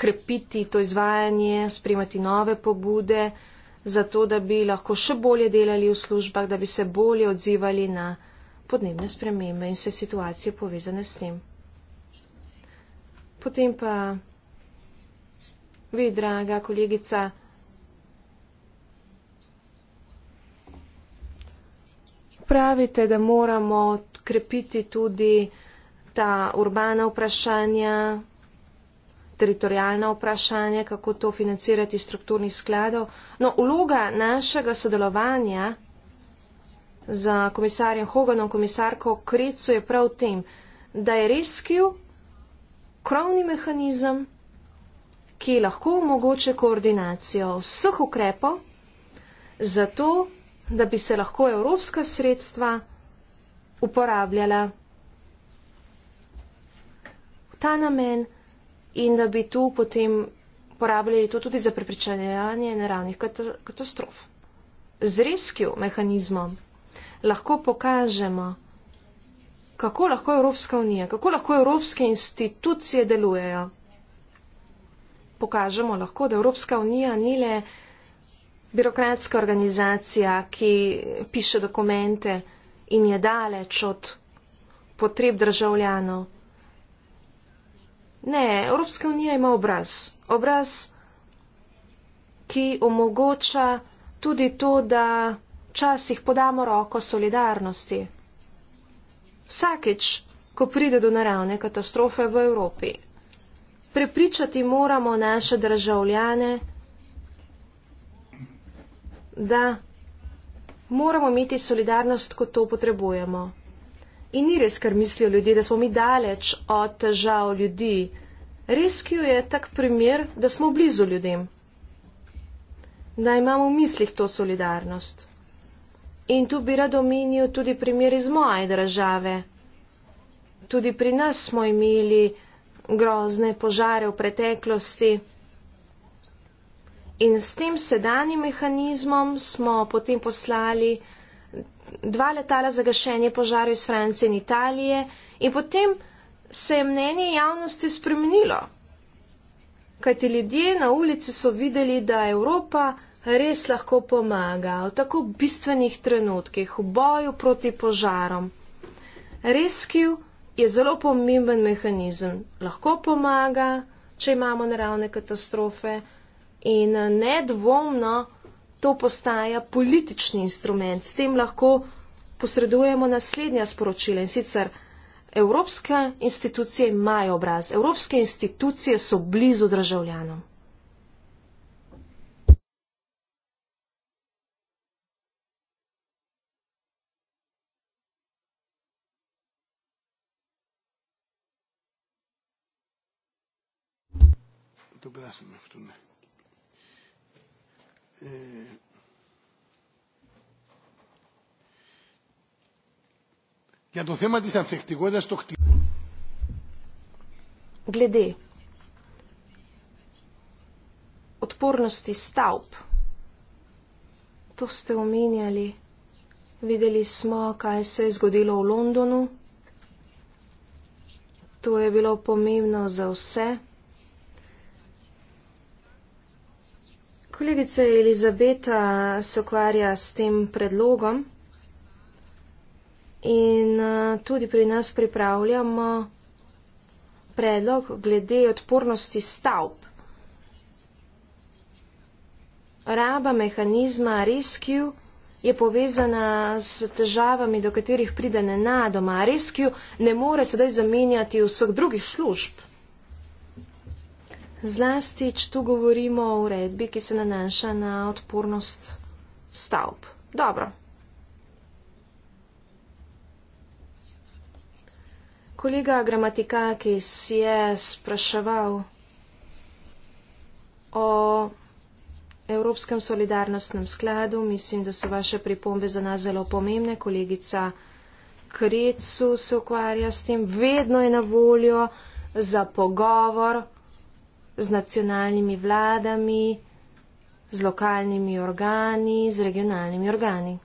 krepiti to izvajanje, spremati nove pobude zato da bi lahko še bolje delali v službah, da bi se bolje odzivali na podnebne spremembe in vse situacije povezane s tem. Potem pa vi, draga kolegica, pravite, da moramo krepiti tudi ta urbana vprašanja, teritorijalna vprašanja, kako to financirati iz strukturnih skladov. No, uloga našega sodelovanja z komisarjem Hoganom, komisarko Krecu je prav v tem, da je reskiv krovni mehanizem, ki lahko omogoče koordinacijo vseh ukrepov, zato da bi se lahko evropska sredstva uporabljala. Ta namen in da bi tu potem porabljali to tudi za prepričanje naravnih katastrof. Z reskjo mehanizmom lahko pokažemo, kako lahko Evropska unija, kako lahko evropske institucije delujejo. Pokažemo lahko, da Evropska unija ni le birokratska organizacija, ki piše dokumente in je daleč od potreb državljanov, Ne, Evropska unija ima obraz. Obraz, ki omogoča tudi to, da včasih podamo roko solidarnosti. Vsakič, ko pride do naravne katastrofe v Evropi, prepričati moramo naše državljane, da moramo imeti solidarnost, ko to potrebujemo. In ni res, kar mislijo ljudje, da smo mi daleč od težav ljudi. Res, ki jo je tak primer, da smo blizu ljudem. Da imamo v mislih to solidarnost. In tu bi rad omenil tudi primer iz moje države. Tudi pri nas smo imeli grozne požare v preteklosti. In s tem sedanjim mehanizmom smo potem poslali dva letala za gašenje požarov iz Francije in Italije in potem se je mnenje javnosti spremenilo. Kajti ljudje na ulici so videli, da Evropa res lahko pomaga v tako bistvenih trenutkih, v boju proti požarom. Rescue je zelo pomemben mehanizem. Lahko pomaga, če imamo naravne katastrofe in eh, nedvomno to postaja politični instrument. S tem lahko posredujemo naslednja sporočila in sicer evropske institucije imajo obraz, evropske institucije so blizu državljanom. Dobro, da sem jih tu ne. Για το θέμα της ανθεκτικότητας το χτυπήσω. Glede odpornosti stavb, to ste omenjali, videli smo, kaj se je zgodilo v Londonu, to je bilo pomembno za vse. Kolegica Elizabeta se ukvarja s tem predlogom in eh, tudi pri nas pripravljamo predlog glede odpornosti stavb. Raba mehanizma Rescue je povezana s težavami, do katerih pride nenadoma. Rescue ne more sedaj zamenjati vseh drugih služb. Zlasti, če tu govorimo o uredbi, ki se nanaša na odpornost stavb. Dobro. Kolega Gramatikakis je spraševal o Evropskem solidarnostnem skladu. Mislim, da so vaše pripombe za nas zelo pomembne. Kolegica Krecu se ukvarja s tem. Vedno je na voljo za pogovor z nacionalnimi vladami, z lokalnimi organi, z regionalnimi organi.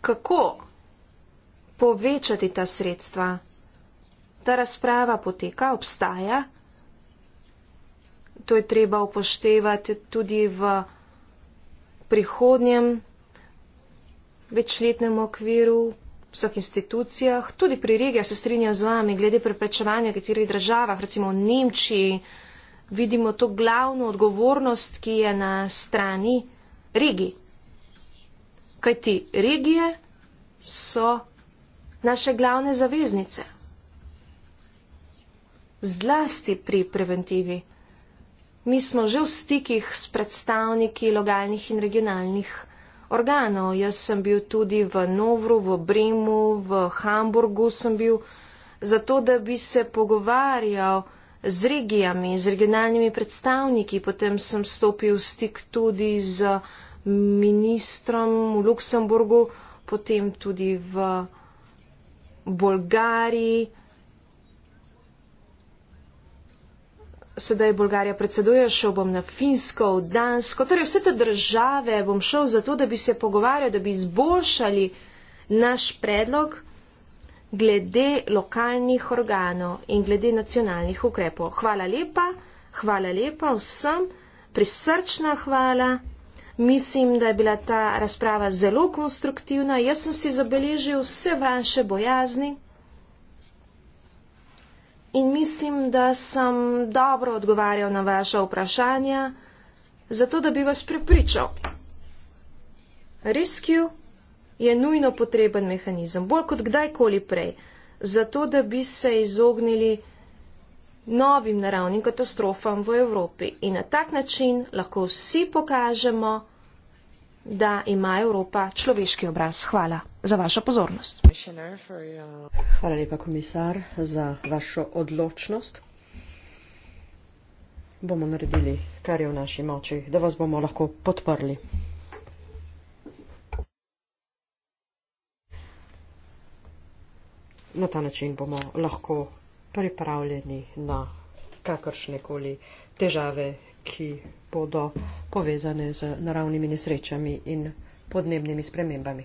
Kako povečati ta sredstva? Ta razprava poteka, obstaja. To je treba upoštevati tudi v prihodnjem večletnem okviru, vseh institucijah, tudi pri regiji, se strinjam z vami, glede preprečevanja, v katerih državah, recimo v Nemčiji, vidimo to glavno odgovornost, ki je na strani regij. Kaj ti regije so naše glavne zaveznice. Zlasti pri preventivi. Mi smo že v stikih s predstavniki lokalnih in regionalnih regij organov. Jaz sem bil tudi v Novru, v Bremu, v Hamburgu sem bil, zato da bi se pogovarjal z regijami, z regionalnimi predstavniki. Potem sem stopil v stik tudi z ministrom v Luksemburgu, potem tudi v Bolgariji. sedaj Bolgarija predseduje, šel bom na Finsko, v Dansko, torej vse te države bom šel zato, da bi se pogovarjal, da bi izboljšali naš predlog glede lokalnih organov in glede nacionalnih ukrepov. Hvala lepa, hvala lepa vsem, prisrčna hvala. Mislim, da je bila ta razprava zelo konstruktivna. Jaz sem si zabeležil vse vaše bojazni in mislim, da sem dobro odgovarjal na vaše vprašanje, zato da bi vas prepričal. Rescue je nujno potreben mehanizem, bolj kot kdajkoli prej, zato da bi se izognili novim naravnim katastrofam v Evropi. In na tak način lahko vsi pokažemo, da ima Evropa človeški obraz. Hvala za vašo pozornost. Hvala lepa, komisar, za vašo odločnost. Bomo naredili, kar je v naši moči, da vas bomo lahko podprli. Na ta način bomo lahko pripravljeni na kakršne koli težave, ki bodo povezane z naravnimi nesrečami in podnebnimi spremembami.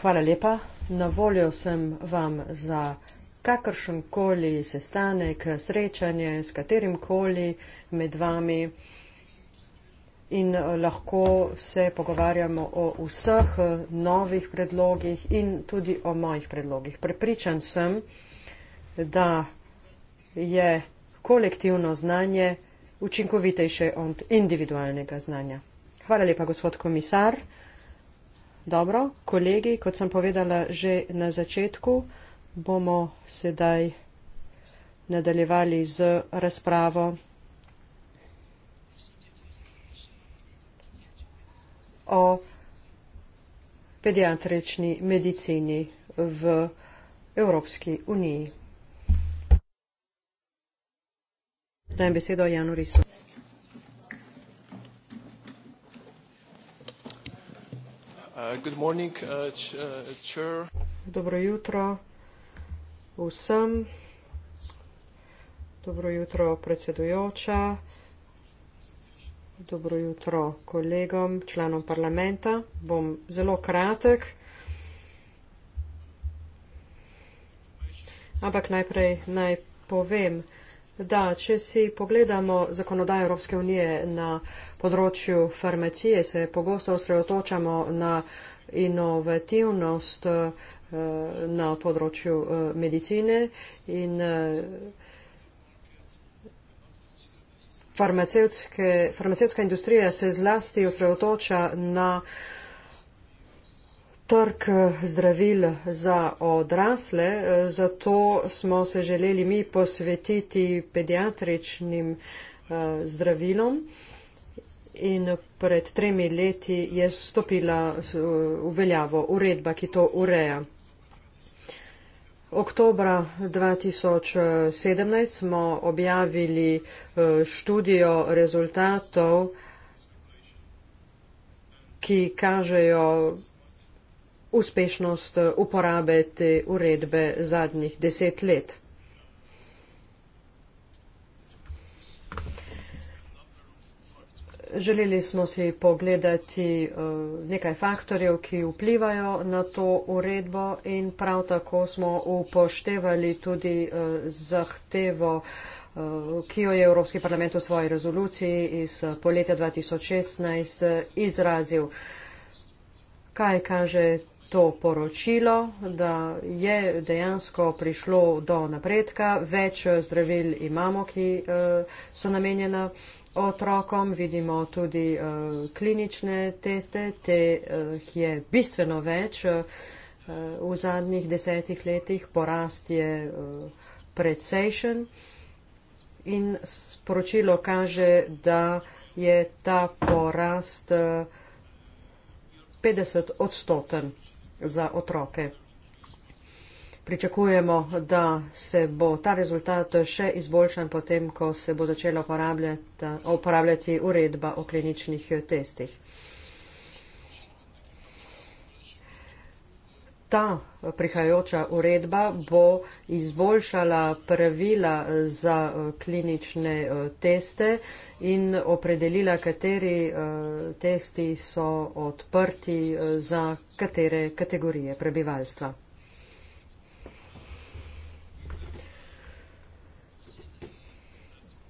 Hvala lepa. Na voljo sem vam za kakršenkoli sestanek, srečanje s katerimkoli med vami in eh, lahko se pogovarjamo o vseh eh, novih predlogih in tudi o mojih predlogih. Prepričan sem, da je kolektivno znanje učinkovitejše od individualnega znanja. Hvala lepa, gospod komisar. Dobro, kolegi, kot sem povedala že na začetku, bomo sedaj nadaljevali z razpravo. o pediatrični medicini v Evropski uniji. Dajem besedo Janu Risu. Uh, uh, uh, Dobro jutro vsem. Dobro jutro predsedujoča. Dobro jutro kolegom, članom parlamenta. Bom zelo kratek. Ampak najprej naj povem, Da, če si pogledamo zakonodajo Evropske unije na področju farmacije, se pogosto osredotočamo na inovativnost eh, na področju eh, medicine in eh, farmacevtska industrija se zlasti osredotoča na trg eh, zdravil za odrasle, eh, zato smo se želeli mi posvetiti pediatričnim eh, zdravilom. In pred tremi leti je stopila v veljavo uredba, ki to ureja. Oktobra 2017 smo objavili študijo rezultatov, ki kažejo uspešnost eh, uporabe te uredbe zadnjih deset let. Želeli smo si pogledati eh, nekaj faktorjev, ki vplivajo na to uredbo in prav tako smo upoštevali tudi eh, zahtevo, ki jo je Evropski parlament v svoji rezoluciji iz poletja 2016 izrazil. Kaj kaže to poročilo, da je dejansko prišlo do napredka, več eh, zdravil imamo, ki eh, so namenjena otrokom, vidimo tudi eh, klinične teste, teh je bistveno več v zadnjih desetih letih, porast je precejšen in poročilo kaže, da je ta porast 50 odstoten za otroke. Pričakujemo, da se bo ta rezultat še izboljšan potem, ko se bo začela uporabljati, uporabljati uredba o kliničnih testih. ta prihajajoča uredba bo izboljšala pravila za eh, klinične eh, teste in opredelila, kateri eh, testi so odprti za katere kategorije prebivalstva.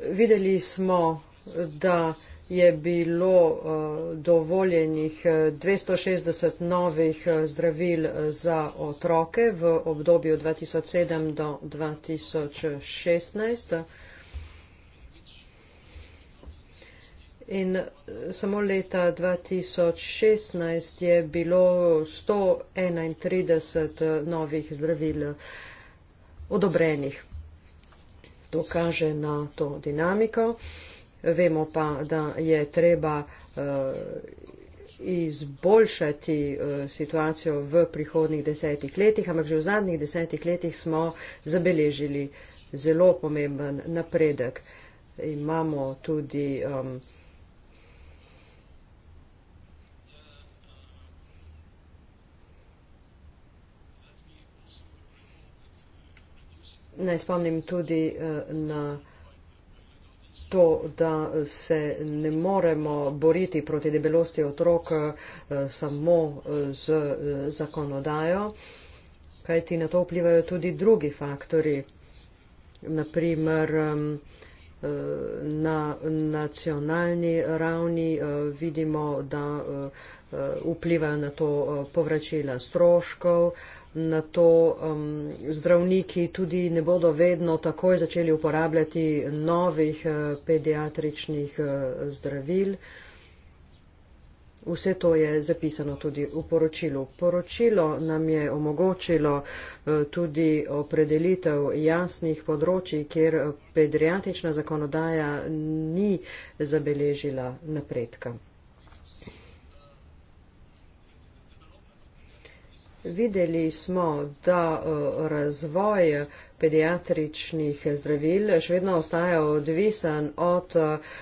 Videli smo, da je bilo eh, dovoljenih 260 eh, novih eh, zdravil za otroke v obdobju 2007 do 2016. In samo leta 2016 je bilo 131 novih zdravil odobrenih. To kaže na to dinamiko vemo pa, da je treba eh, izboljšati eh, situacijo v prihodnih desetih letih, ampak že v zadnjih desetih letih smo zabeležili zelo pomemben napredek. Imamo tudi um, Naj spomnim tudi uh, na to, da se ne moremo boriti proti debelosti otrok eh, samo eh, z eh, zakonodajo, kaj ti na to vplivajo tudi drugi faktori, naprimer na nacionalni ravni vidimo, da vplivajo na to povračila stroškov, na to um, zdravniki tudi ne bodo vedno takoj začeli uporabljati novih uh, pediatričnih uh, zdravil. Vse to je zapisano tudi v poročilu. Poročilo nam je omogočilo uh, tudi opredelitev jasnih področji, kjer pediatrična zakonodaja ni zabeležila napredka. Videli smo, da eh, razvoj pediatričnih zdravil še vedno ostaja odvisen od eh,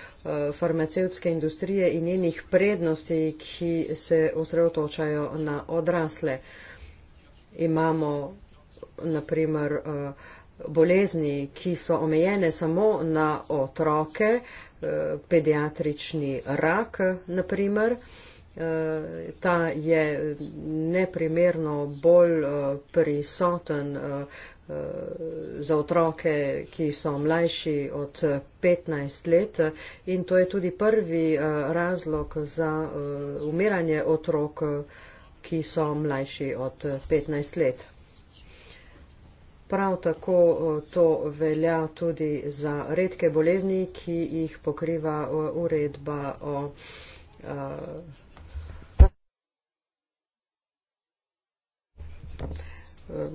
farmacevtske industrije in njenih prednosti, ki se osredotočajo na odrasle. Imamo naprimer eh, bolezni, ki so omejene samo na otroke, pediatrični rak, naprimer. Eh, ta je eh, neprimerno bolj eh, prisoten za otroke, ki so mlajši od 15 let in to je tudi prvi razlog za umiranje otrok, ki so mlajši od 15 let. Prav tako to velja tudi za redke bolezni, ki jih pokriva uredba o Eh,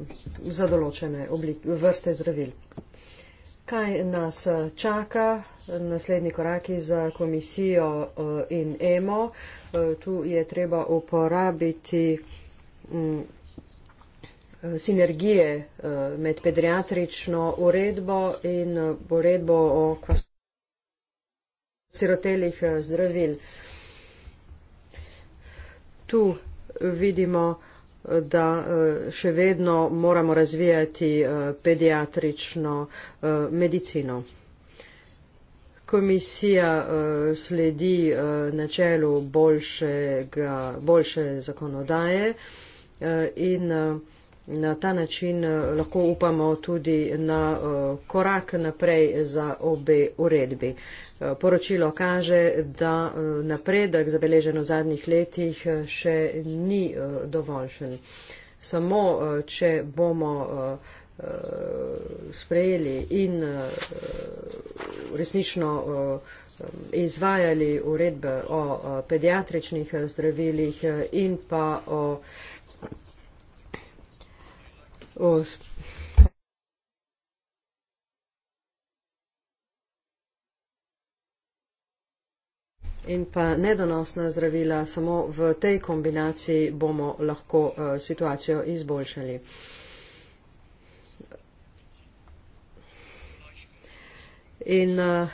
za določene oblik, vrste zdravil. Kaj nas eh, čaka, naslednji koraki za komisijo eh, in EMO? Tu je treba uporabiti mm, sinergije med pediatrično uredbo in uredbo o sirotelih zdravil. Tu vidimo, da eh, še vedno moramo razvijati eh, pediatrično eh, medicino. Komisija sledi načelu boljšega, boljše zakonodaje in na ta način lahko upamo tudi na korak naprej za obe uredbi. Eh, poročilo kaže, da eh, napredek zabeležen v zadnjih letih eh, še ni dovoljšen. Samo, če bomo sprejeli in resnično izvajali uredbe o pediatričnih zdravilih in pa o, o in pa nedonosna zdravila, samo v tej kombinaciji bomo lahko eh, situacijo izboljšali. In eh,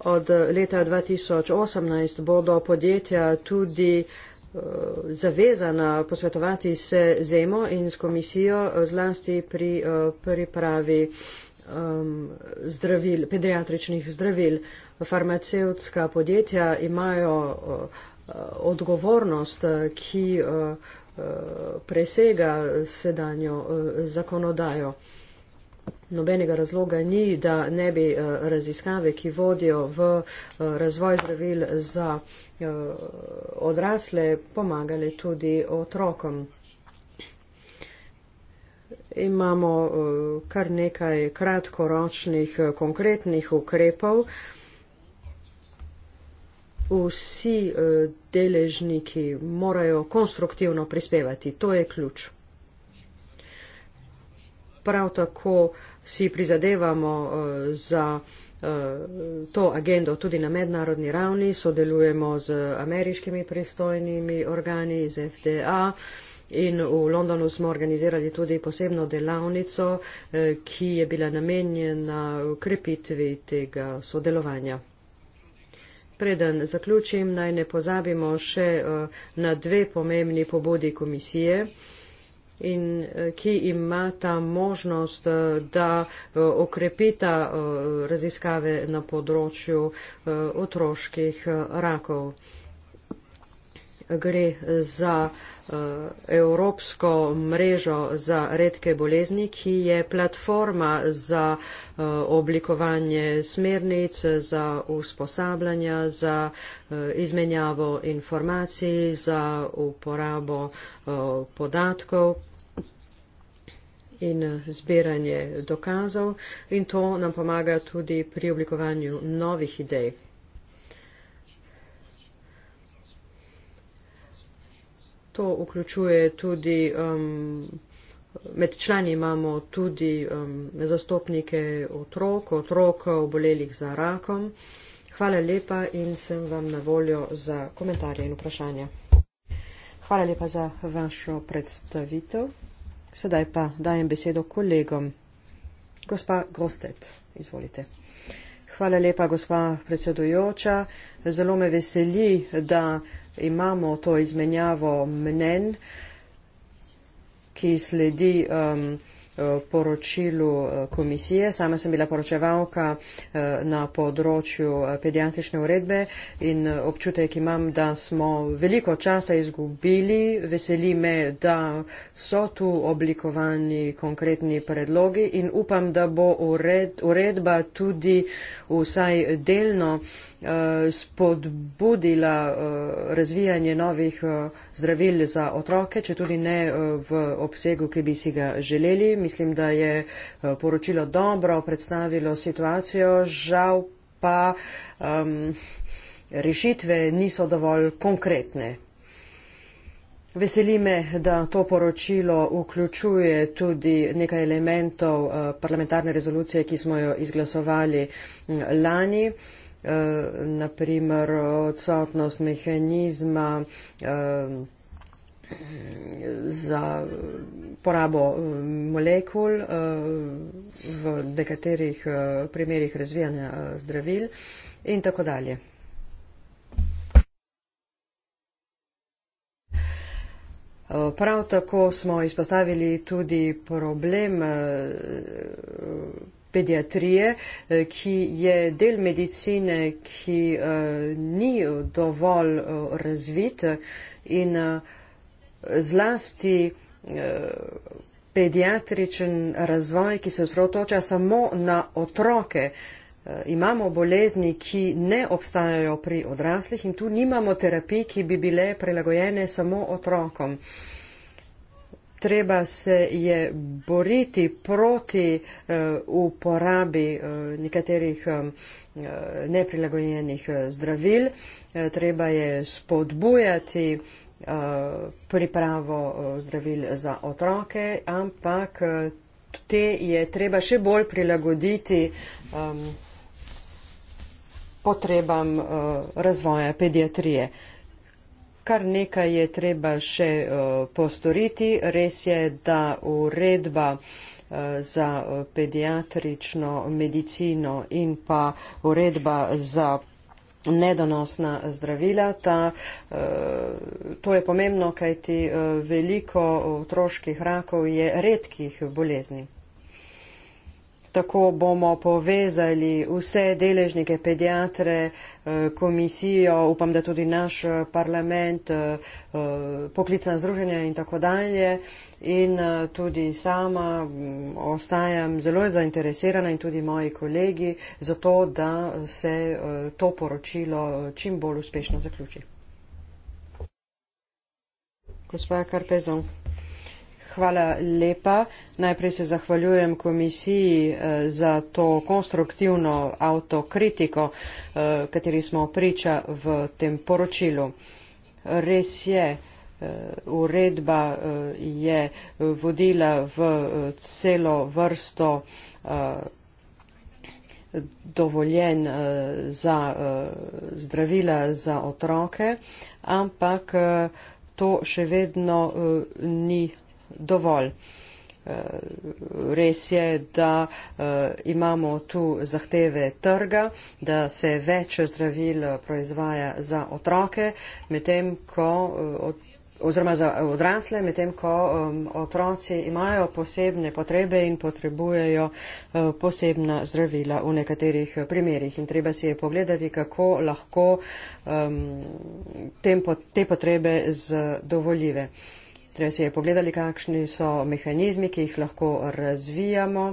od leta 2018 bodo podjetja tudi eh, zavezana posvetovati se z EMO in s komisijo zlasti pri pripravi um, zdravil, pediatričnih zdravil. Farmacevtska podjetja imajo uh, uh odgovornost, uh, ki uh, uh, presega sedanjo uh, zakonodajo. Nobenega razloga ni, da ne bi uh, raziskave, ki vodijo v uh, razvoj zdravil za uh, odrasle, pomagali tudi otrokom imamo eh, kar nekaj kratkoročnih eh, konkretnih ukrepov. Vsi eh, deležniki morajo konstruktivno prispevati, to je ključ. Prav tako si prizadevamo za to agendo tudi na mednarodni ravni, sodelujemo z ameriškimi pristojnimi organi, z FDA. In v Londonu smo organizirali tudi posebno delavnico, eh, ki je bila namenjena ukrepitvi tega sodelovanja. Preden zaključim, naj ne pozabimo še eh, na dve pomembni pobudi komisije in eh, ki ima ta možnost, da okrepita raziskave na področju otroških rakov gre za eh, Evropsko mrežo za redke bolezni, ki je platforma za eh, oblikovanje smernic, za usposabljanja, za eh, izmenjavo informacij, za uporabo podatkov in zbiranje dokazov in to nam pomaga tudi pri oblikovanju novih idej. to vključuje tudi, um, med člani imamo tudi um, zastopnike otrok, otrok obolelih za rakom. Hvala lepa in sem vam na voljo za komentarje in vprašanja. Hvala lepa za vašo predstavitev. Sedaj pa dajem besedo kolegom. Gospa Grostet, izvolite. Hvala lepa, gospa predsedujoča. Zelo me veseli, da imamo to izmenjavo mnen, ki sledi um, uh, poročilu uh, komisije. Sama sem bila poročevalka uh, na področju pediatrične uredbe in občutek imam, da smo veliko časa izgubili. Veseli me, da so tu oblikovani konkretni predlogi in upam, da bo ured, uredba tudi vsaj delno uh, Eh, spodbudila eh, razvijanje novih eh, zdravil za otroke, če tudi ne v obsegu, ki bi si ga želeli. Mislim, da je poročilo dobro predstavilo situacijo, žal pa um, rešitve niso dovolj konkretne. Veseli me, da to poročilo vključuje tudi nekaj elementov parlamentarne rezolucije, ki smo jo izglasovali mm, lani. Eh, naprimer odsotnost mehanizma eh, za porabo eh, molekul v nekaterih primerjih razvijanja zdravil in tako dalje. Prav tako smo izpostavili tudi problem pédiatrie qui eh, est des médecine qui euh, ni d'envol euh, resvite in eh, zlasti euh, pédiatrichen razvoj qui se rotoča samo na otroke eh, imamo bolezni, ki ne obstajajo pri odraslih in tu nimamo terapij, ki bi bile prilagojene samo otrokom. Uh, treba se je boriti proti uh, uporabi uh, nekaterih uh, neprilagojenih zdravil, uh, treba je spodbujati uh, pripravo uh, zdravil za otroke, ampak uh, te je treba še bolj prilagoditi um, potrebam uh, razvoja pediatrije. Uh, kar nekaj je treba še uh, postoriti. Res je, da uredba eh, za eh, pediatrično medicino in pa uredba za nedonosna zdravila. Ta, to je pomembno, kajti veliko otroških rakov je redkih bolezni. Tako bomo povezali vse deležnike, pediatre, eh, komisijo, upam, da tudi naš eh, parlament, eh, poklicna združenja in tako dalje. In tudi sama mm, ostajam zelo zainteresirana in tudi moji kolegi za to, da se to poročilo čim bolj uspešno zaključi. Gospa Karpezon. Hvala lepa. Najprej se zahvaljujem komisiji eh, za to konstruktivno avtokritiko, eh, kateri smo priča v tem poročilu. Res je, eh, uredba je vodila v celo vrsto dovoljen za zdravila za otroke, ampak to še vedno ni dovolj. Eh, res je, da eh, imamo tu zahteve trga, da se več zdravil eh, proizvaja za otroke, medtem ko oziroma za odrasle, medtem ko um, otroci imajo posebne potrebe in potrebujejo uh, posebna zdravila v nekaterih primerjih. In treba si je pogledati, kako lahko um, tem, te potrebe zadovoljive. Uh, Treba si je pogledati, kakšni so mehanizmi, ki jih lahko razvijamo.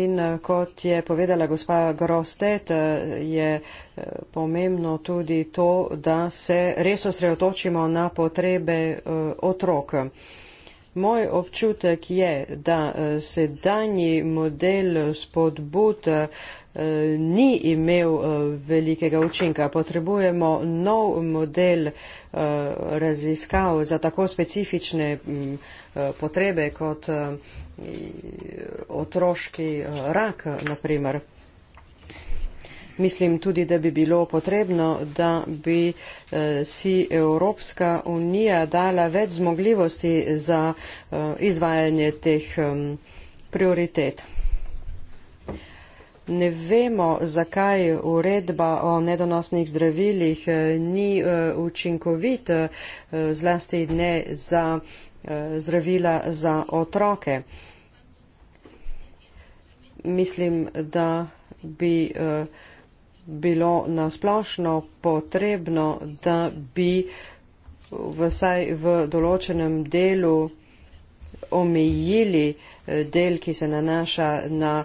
In eh, kot je povedala gospa Grostet, eh, je eh, pomembno tudi to, da se res osredotočimo na potrebe otrok. Moj občutek je, da sedanji model spodbud Eh, ni imel eh, velikega učinka. Potrebujemo nov model eh, raziskav za tako specifične mm, potrebe kot otroški rak, naprimer. Mislim tudi, da bi bilo potrebno, da bi si Evropska unija dala več zmogljivosti za izvajanje teh mm, prioritet. Ne vemo, zakaj uredba o nedonosnih zdravilih eh, ni eh, učinkovit, eh, zlasti ne za zdravila za otroke. Mislim, da bi bilo nasplošno potrebno, da bi vsaj v določenem delu omejili del, ki se nanaša na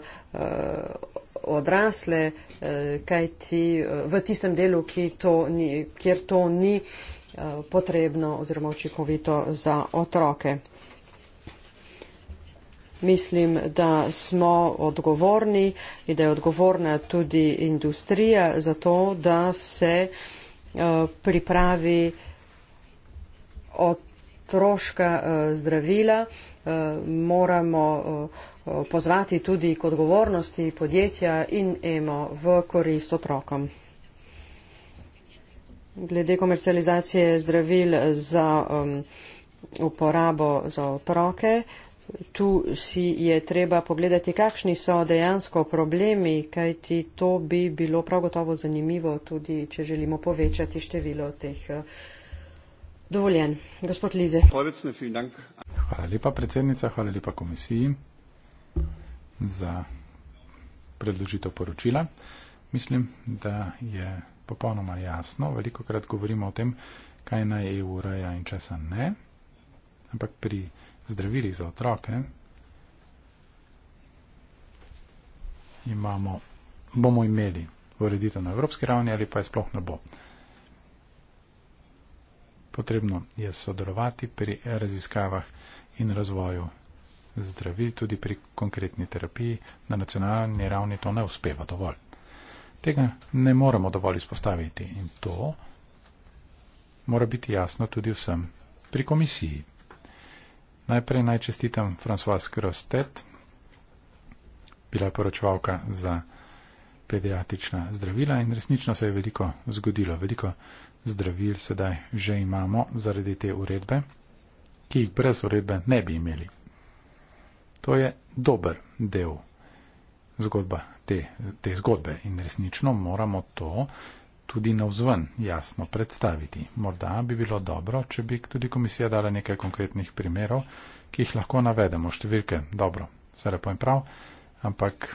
odrasle, eh, kaj ti eh, v tistem delu, to ni, kjer to ni eh, potrebno oziroma očikovito za otroke. Mislim, da smo odgovorni in da je odgovorna tudi industrija za to, da se pripravi otroška zdravila. Moramo pozvati tudi k odgovornosti podjetja in emo v korist otrokom. Glede komercializacije zdravil za um, uporabo za otroke, tu si je treba pogledati, kakšni so dejansko problemi, kajti to bi bilo prav gotovo zanimivo, tudi če želimo povečati število teh uh, dovoljen. Gospod Lize. Hvala lepa predsednica, hvala lepa komisiji za predložitev poročila. Mislim, da je popolnoma jasno, veliko krat govorimo o tem, kaj naj EU ureja in česa ne, ampak pri zdravilih za otroke imamo, bomo imeli ureditev na evropski ravni ali pa je sploh ne bo. Potrebno je sodelovati pri raziskavah in razvoju zdravil, tudi pri konkretni terapiji, na nacionalni ravni to ne uspeva dovolj. Tega ne moramo dovolj izpostaviti in to mora biti jasno tudi vsem pri komisiji. Najprej naj čestitam François Krostet, bila je poročevalka za pediatrična zdravila in resnično se je veliko zgodilo. Veliko zdravil sedaj že imamo zaradi te uredbe, ki jih brez uredbe ne bi imeli. To je dober del zgodba, te, te zgodbe in resnično moramo to tudi navzven jasno predstaviti. Morda bi bilo dobro, če bi tudi komisija dala nekaj konkretnih primerov, ki jih lahko navedemo. Številke, dobro, vse lepo in prav, ampak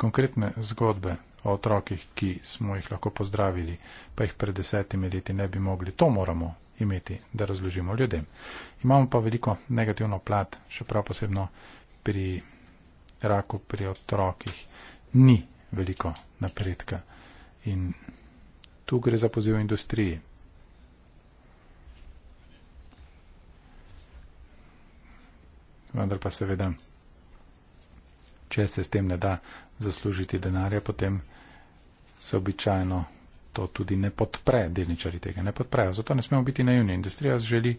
konkretne zgodbe o otrokih, ki smo jih lahko pozdravili, pa jih pred desetimi leti ne bi mogli, to moramo imeti, da razložimo ljudem. Imamo pa veliko negativno plat, še prav posebno pri raku, pri otrokih. Ni veliko napredka. In tu gre za poziv industriji. Vendar pa seveda, če se s tem ne da zaslužiti denarja, potem se običajno to tudi ne podpre, delničari tega ne podprejo. Zato ne smemo biti naivni. Industrija želi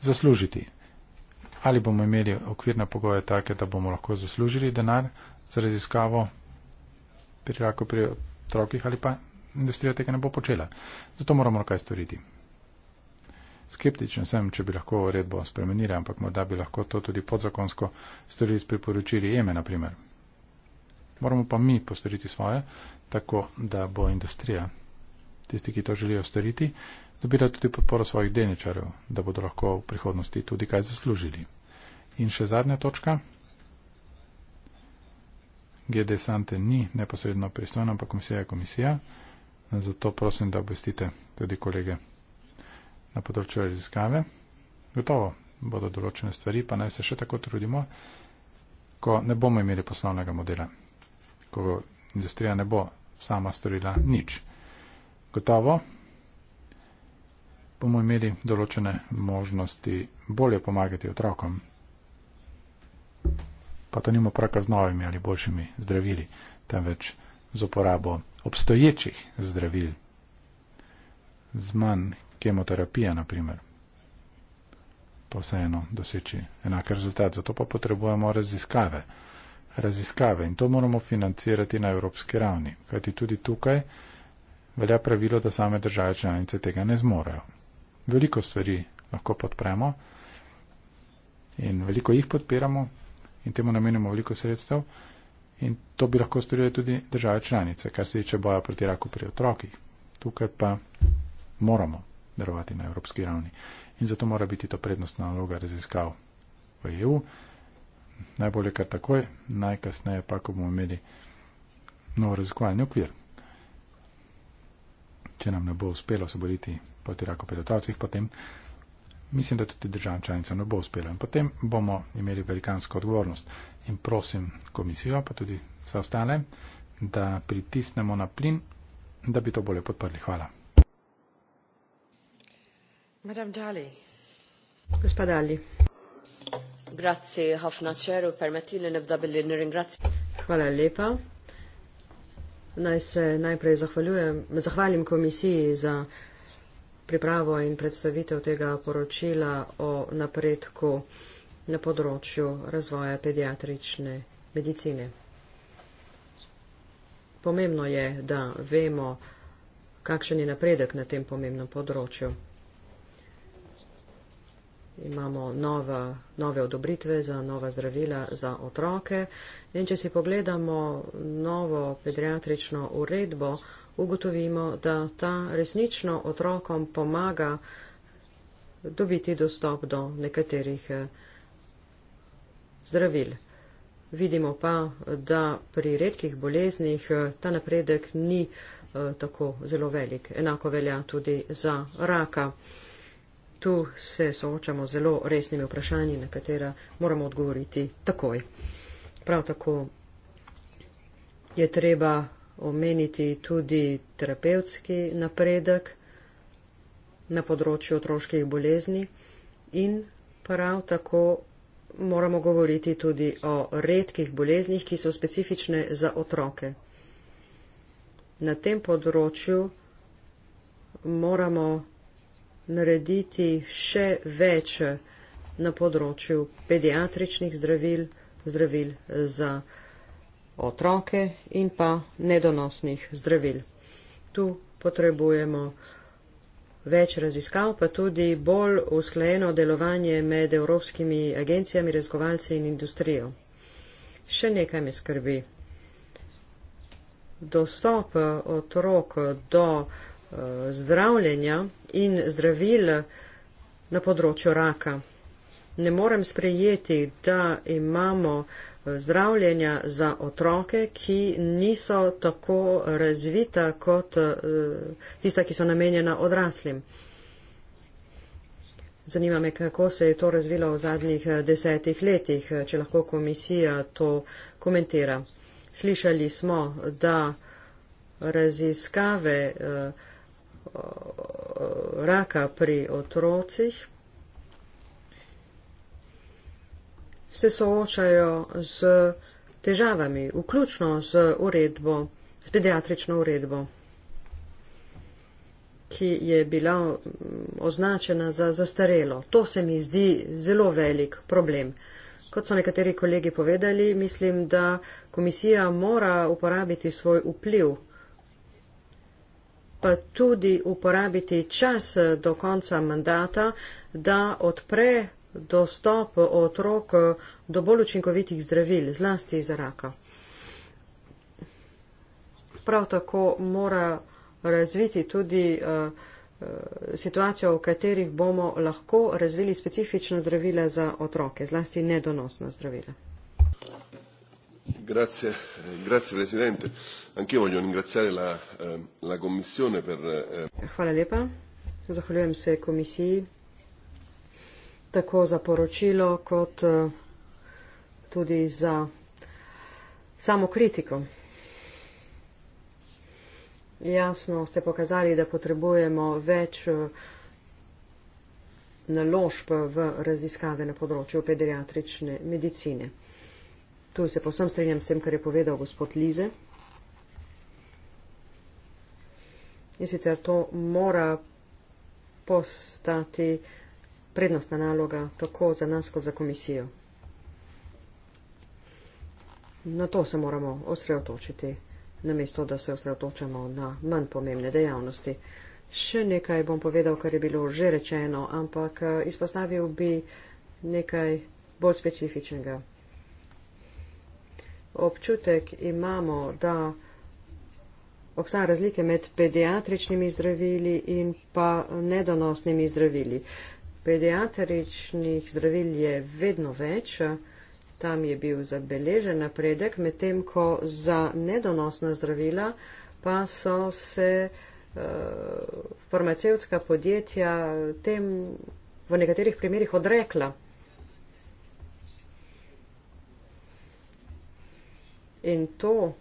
zaslužiti. Ali bomo imeli okvirne pogoje take, da bomo lahko zaslužili denar za raziskavo pri raku pri otrokih ali pa industrija tega ne bo počela. Zato moramo kaj storiti. Skeptičen sem, če bi lahko uredbo spremenili, ampak morda bi lahko to tudi podzakonsko storili s priporočili EME, na primer. Moramo pa mi postoriti svoje, tako da bo industrija tisti, ki to želijo storiti, dobila tudi podporo svojih delničarjev, da bodo lahko v prihodnosti tudi kaj zaslužili. In še zadnja točka. GD Sante ni neposredno pristojna, ampak komisija je komisija. Zato prosim, da obvestite tudi kolege na področju raziskave. Gotovo bodo določene stvari, pa naj se še tako trudimo, ko ne bomo imeli poslovnega modela, ko industrija ne bo sama storila nič. Gotovo bomo imeli določene možnosti bolje pomagati otrokom, pa to nimo praka z novimi ali boljšimi zdravili, temveč z uporabo obstoječih zdravil, z manj kemoterapije naprimer, pa vseeno doseči enak rezultat. Zato pa potrebujemo raziskave. Raziskave in to moramo financirati na evropski ravni, kajti tudi tukaj velja pravilo, da same države članice tega ne zmorejo. Veliko stvari lahko podpremo in veliko jih podpiramo in temu namenimo veliko sredstev in to bi lahko storile tudi države članice, kar se tiče boja proti raku pri otrokih. Tukaj pa moramo darovati na evropski ravni in zato mora biti to prednostna naloga raziskav v EU. Najbolje kar takoj, najkasneje pa, ko bomo imeli nov raziskovalni okvir če nam ne bo uspelo se boriti proti raku pri otrocih, potem mislim, da tudi državam članicam ne bo uspelo. In potem bomo imeli velikansko odgovornost. In prosim komisijo, pa tudi vse ostale, da pritisnemo na plin, da bi to bolje podprli. Hvala. Hvala lepa. Naj se najprej zahvalim komisiji za pripravo in predstavitev tega poročila o napredku na področju razvoja pediatrične medicine. Pomembno je, da vemo, kakšen je napredek na tem pomembnem področju imamo nova, nove odobritve za nova zdravila za otroke. In če si pogledamo novo pediatrično uredbo, ugotovimo, da ta resnično otrokom pomaga dobiti dostop do nekaterih eh, zdravil. Vidimo pa, da pri redkih boleznih eh, ta napredek ni eh, tako zelo velik. Enako velja tudi za raka tu se soočamo zelo resnimi vprašanji, na katera moramo odgovoriti takoj. Prav tako je treba omeniti tudi terapevtski napredek na področju otroških bolezni in prav tako moramo govoriti tudi o redkih boleznih, ki so specifične za otroke. Na tem področju moramo narediti še več na področju pediatričnih zdravil, zdravil za otroke in pa nedonosnih zdravil. Tu potrebujemo več raziskav, pa tudi bolj usklajeno delovanje med evropskimi agencijami, razgovalci in industrijo. Še nekaj me skrbi. Dostop otrok do eh, zdravljenja in zdravil na področju raka. Ne morem sprejeti, da imamo eh, zdravljenja za otroke, ki niso tako razvita kot eh, tista, ki so namenjena odraslim. Zanima me, kako se je to razvilo v zadnjih eh, desetih letih, če lahko komisija to komentira. Slišali smo, da raziskave uh, Eh, raka pri otrocih, se soočajo z težavami, vključno z uredbo, z pediatrično uredbo, ki je bila mm, označena za zastarelo. To se mi zdi zelo velik problem. Kot so nekateri kolegi povedali, mislim, da komisija mora uporabiti svoj vpliv pa tudi uporabiti čas do konca mandata, da odpre dostop otrok do bolj učinkovitih zdravil, zlasti iz raka. Prav tako mora razviti tudi uh, situacijo, v katerih bomo lahko razvili specifična zdravila za otroke, zlasti nedonosna zdravila. Grazie, eh, grazie Presidente. Anch'io voglio ringraziare la, ehm, la Commissione per. Eh, Hvala lepa. Zahvaljujem se Komisiji tako za poročilo kot eh, tudi za samo kritiko. Jasno ste pokazali, da potrebujemo več naložb v raziskave na področju pediatrične medicine. Tu se posem strinjam s tem, kar je povedal gospod Lize. In sicer to mora postati prednostna naloga tako za nas kot za komisijo. Na to se moramo osredotočiti, namesto da se osredotočamo na manj pomembne dejavnosti. Še nekaj bom povedal, kar je bilo že rečeno, ampak eh, izpostavil bi nekaj bolj specifičnega občutek imamo, da obstaja razlike med pediatričnimi zdravili in pa nedonosnimi zdravili. Pediatričnih zdravil je vedno več, tam je bil zabeležen napredek, medtem ko za nedonosna zdravila pa so se uh, farmacevtska podjetja tem v nekaterih primerjih odrekla. In to.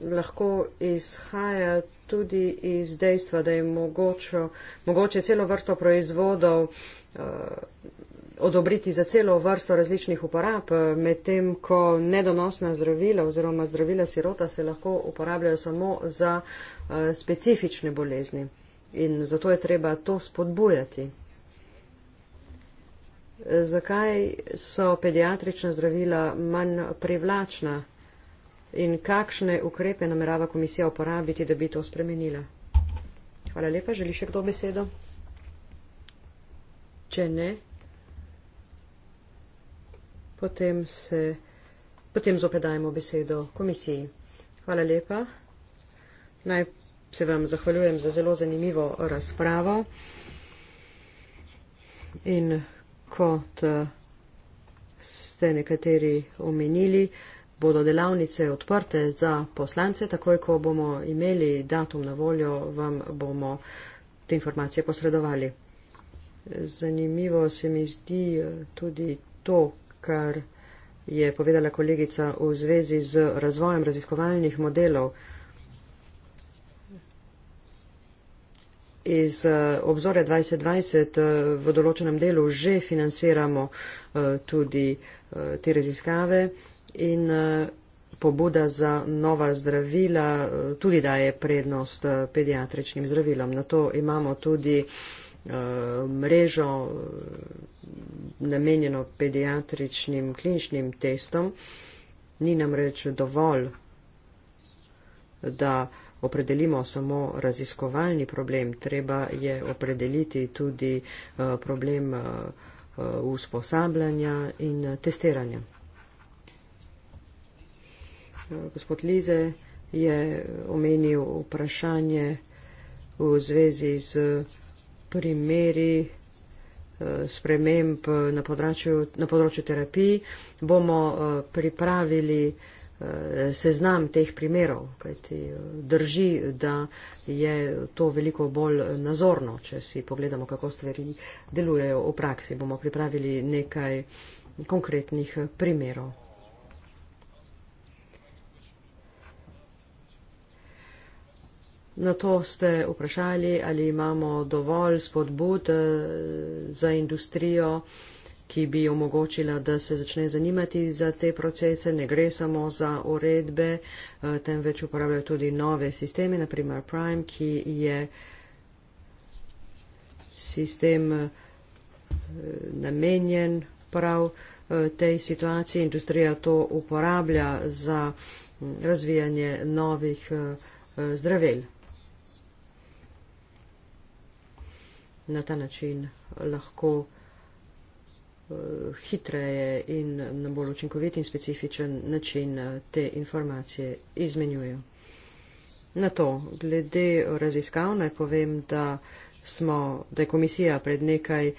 Lahko izhaja tudi iz dejstva, da je mogočo, mogoče celo vrsto proizvodov uh, odobriti za celo vrsto različnih uporab, eh, medtem ko nedonosna zdravila oziroma zdravila sirota se lahko uporabljajo samo za uh, specifične bolezni. In zato je treba to spodbujati zakaj so pediatrična zdravila manj privlačna in kakšne ukrepe namerava komisija uporabiti, da bi to spremenila. Hvala lepa. Želi še kdo besedo? Če ne, potem, se, potem zopet dajemo besedo komisiji. Hvala lepa. Naj se vam zahvaljujem za zelo zanimivo razpravo. In kot eh, ste nekateri omenili, bodo delavnice odprte za poslance, takoj ko bomo imeli datum na voljo, vam bomo te informacije posredovali. Zanimivo se mi zdi eh, tudi to, kar je povedala kolegica v zvezi z razvojem raziskovalnih modelov. iz eh, obzore 2020 eh, v določenem delu že financiramo eh, tudi te raziskave in pobuda za nova zdravila tudi daje prednost pediatričnim zdravilom. Na to imamo tudi mrežo namenjeno pediatričnim kliničnim testom. Ni nam reč dovolj, da opredelimo samo raziskovalni problem, treba je opredeliti tudi eh, problem eh, eh, usposabljanja in testiranja. Gospod Lize je omenil vprašanje v zvezi z primeri sprememb na področju, na področju terapij. Bomo pripravili Eh, seznam teh primerov, kajti eh, drži, da je to veliko bolj nazorno, če si pogledamo, kako stvari delujejo v praksi. Bomo pripravili nekaj konkretnih primerov. Na to ste vprašali, ali imamo dovolj spodbud eh, za industrijo, ki bi omogočila, da se začne zanimati za te procese. Ne gre samo za uredbe, eh, temveč uporabljajo tudi nove sisteme, naprimer Prime, ki je sistem eh, namenjen prav eh, tej situaciji. Industrija to uporablja za mm, razvijanje novih zdravelj. Na ta način lahko. Eh, hitreje in na bolj učinkovit in specifičen način eh, te informacije izmenjujejo. Na to, glede raziskav, naj povem, da, smo, da je komisija pred nekaj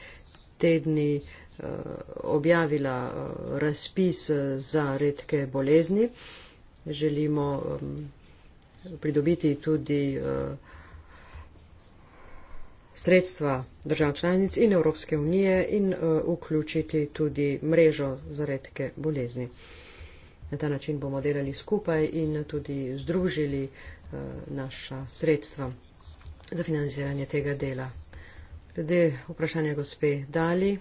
tedni eh, objavila razpis za redke bolezni. Želimo pridobiti tudi uh, sredstva držav članic in Evropske unije in uh, vključiti tudi mrežo za redke bolezni. Na ta način bomo delali skupaj in tudi združili uh, naša sredstva za financiranje tega dela. Glede vprašanja gospe Dali,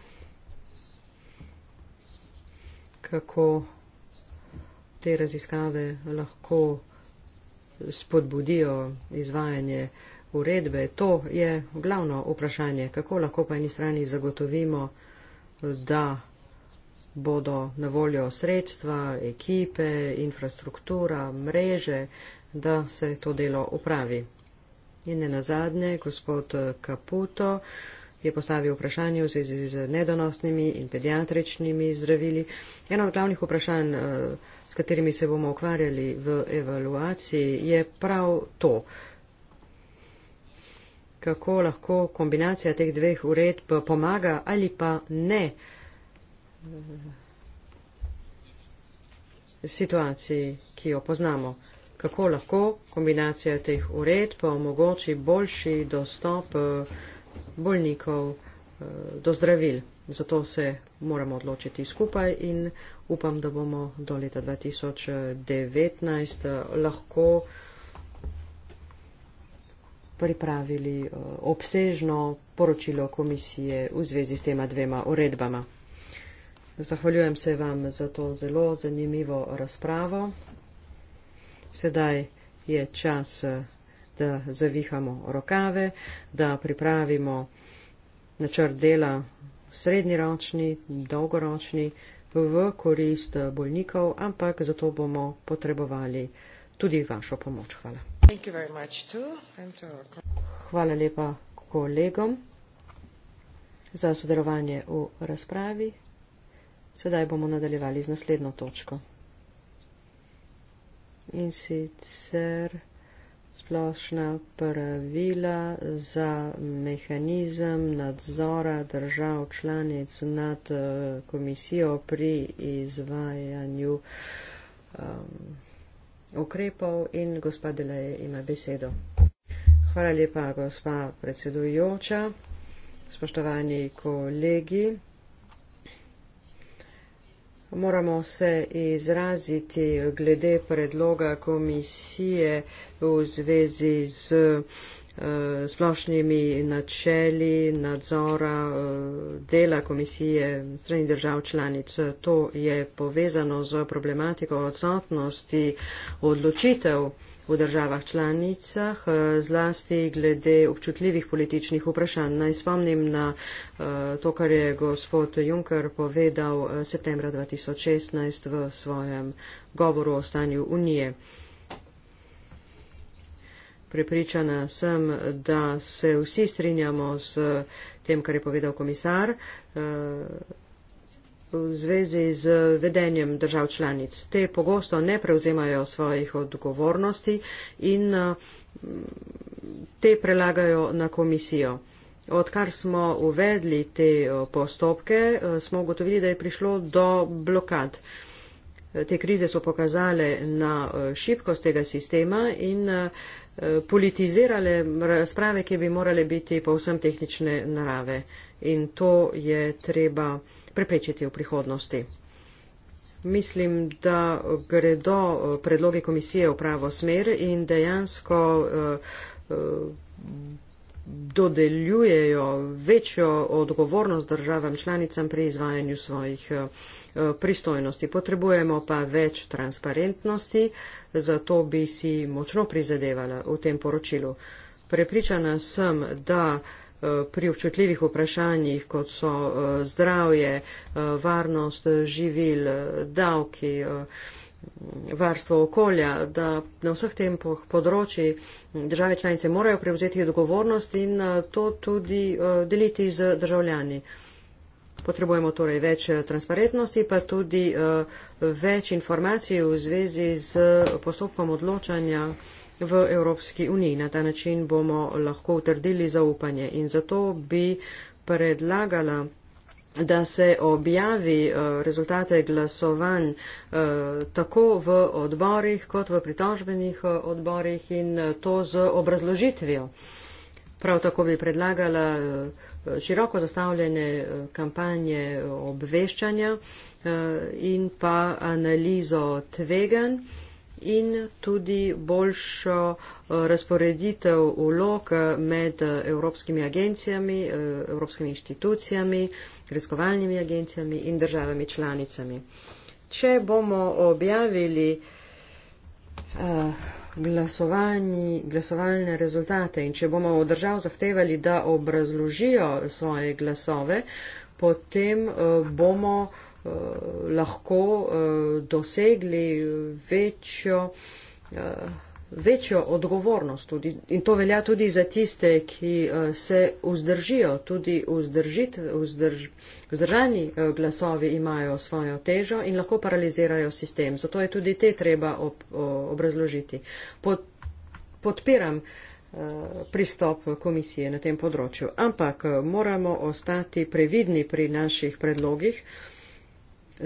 kako te raziskave lahko spodbudijo izvajanje uh, uredbe. To je glavno vprašanje, kako lahko po eni strani zagotovimo, da bodo na voljo sredstva, ekipe, infrastruktura, mreže, da se to delo upravi. In ne nazadnje, gospod Kaputo je postavil vprašanje v zvezi z nedonosnimi in pediatričnimi zdravili. Eno od glavnih vprašanj, eh, s katerimi se bomo ukvarjali v evaluaciji, je prav to kako lahko kombinacija teh dveh uredb pomaga ali pa ne eh, situaciji, ki jo poznamo. Kako lahko kombinacija teh uredb omogoči boljši dostop eh, bolnikov eh, do zdravil. Zato se moramo odločiti skupaj in upam, da bomo do leta 2019 lahko pripravili eh, obsežno poročilo komisije v zvezi s tema dvema uredbama. Zahvaljujem se vam za to zelo zanimivo razpravo. Sedaj je čas, eh, da zavihamo rokave, da pripravimo načrt dela srednjeročni, dolgoročni v korist bolnikov, ampak zato bomo potrebovali tudi vašo pomoč. Hvala. Hvala lepa kolegom za sodelovanje v razpravi. Sedaj bomo nadaljevali z naslednjo točko. In sicer splošna pravila za mehanizem nadzora držav članic nad eh, komisijo pri izvajanju um, ukrepov in gospa Delej ima besedo. Hvala lepa, gospa predsedujoča, spoštovani kolegi. Moramo se izraziti glede predloga komisije v zvezi z uh, Eh, splošnimi načeli nadzora eh, dela komisije strani držav članic. To je povezano z problematiko odsotnosti odločitev v državah članicah, eh, zlasti glede občutljivih političnih vprašanj. Naj spomnim na to, kar je gospod Juncker povedal septembra 2016 v svojem govoru o stanju Unije. Prepričana sem, da se vsi strinjamo s tem, kar je povedal komisar eh, v zvezi z vedenjem držav članic. Te pogosto ne prevzemajo svojih odgovornosti in eh, te prelagajo na komisijo. Odkar smo uvedli te eh, postopke, smo ugotovili, da je prišlo do blokad. Te krize so pokazale na šibkost tega sistema in uh, politizirale razprave, ki bi morale biti povsem tehnične narave. In to je treba preprečiti v prihodnosti. Mislim, da gredo eh, predloge komisije v pravo smer in dejansko uh, uh, dodeljujejo večjo odgovornost državam članicam pri izvajanju svojih eh, pristojnosti. Potrebujemo pa več transparentnosti, zato bi si močno prizadevala v tem poročilu. Prepričana sem, da eh, pri občutljivih vprašanjih, kot so eh, zdravje, varnost živil, davki, varstvo okolja, da na vseh tem področji države članice morajo prevzeti odgovornost in eh, to tudi eh, deliti z državljani. Potrebujemo torej več eh, transparentnosti, pa tudi več informacij v zvezi z postopkom odločanja v Evropski uniji. Na ta način bomo lahko utrdili zaupanje in zato bi predlagala da se objavi eh, rezultate glasovanj eh, tako v odborih kot v pritožbenih eh, odborih in to z obrazložitvijo. Prav tako bi predlagala široko zastavljene kampanje obveščanja in pa analizo tveganj in tudi boljšo eh, razporeditev vlog med eh, evropskimi agencijami, eh, evropskimi inštitucijami, raziskovalnimi agencijami in državami članicami. Če bomo objavili glasovalne rezultate in če bomo v držav zahtevali, da obrazložijo svoje glasove, potem bomo Eh, lahko uh, dosegli večjo, uh, večjo odgovornost. Tudi. In to velja tudi za tiste, ki uh, se vzdržijo, tudi vzdrž, vzdržani uh, glasovi imajo svojo težo in lahko paralizirajo sistem. Zato je tudi te treba ob, ob, obrazložiti. Pod, podpiram pristop komisije na tem področju. Ampak moramo ostati previdni pri naših predlogih, uh,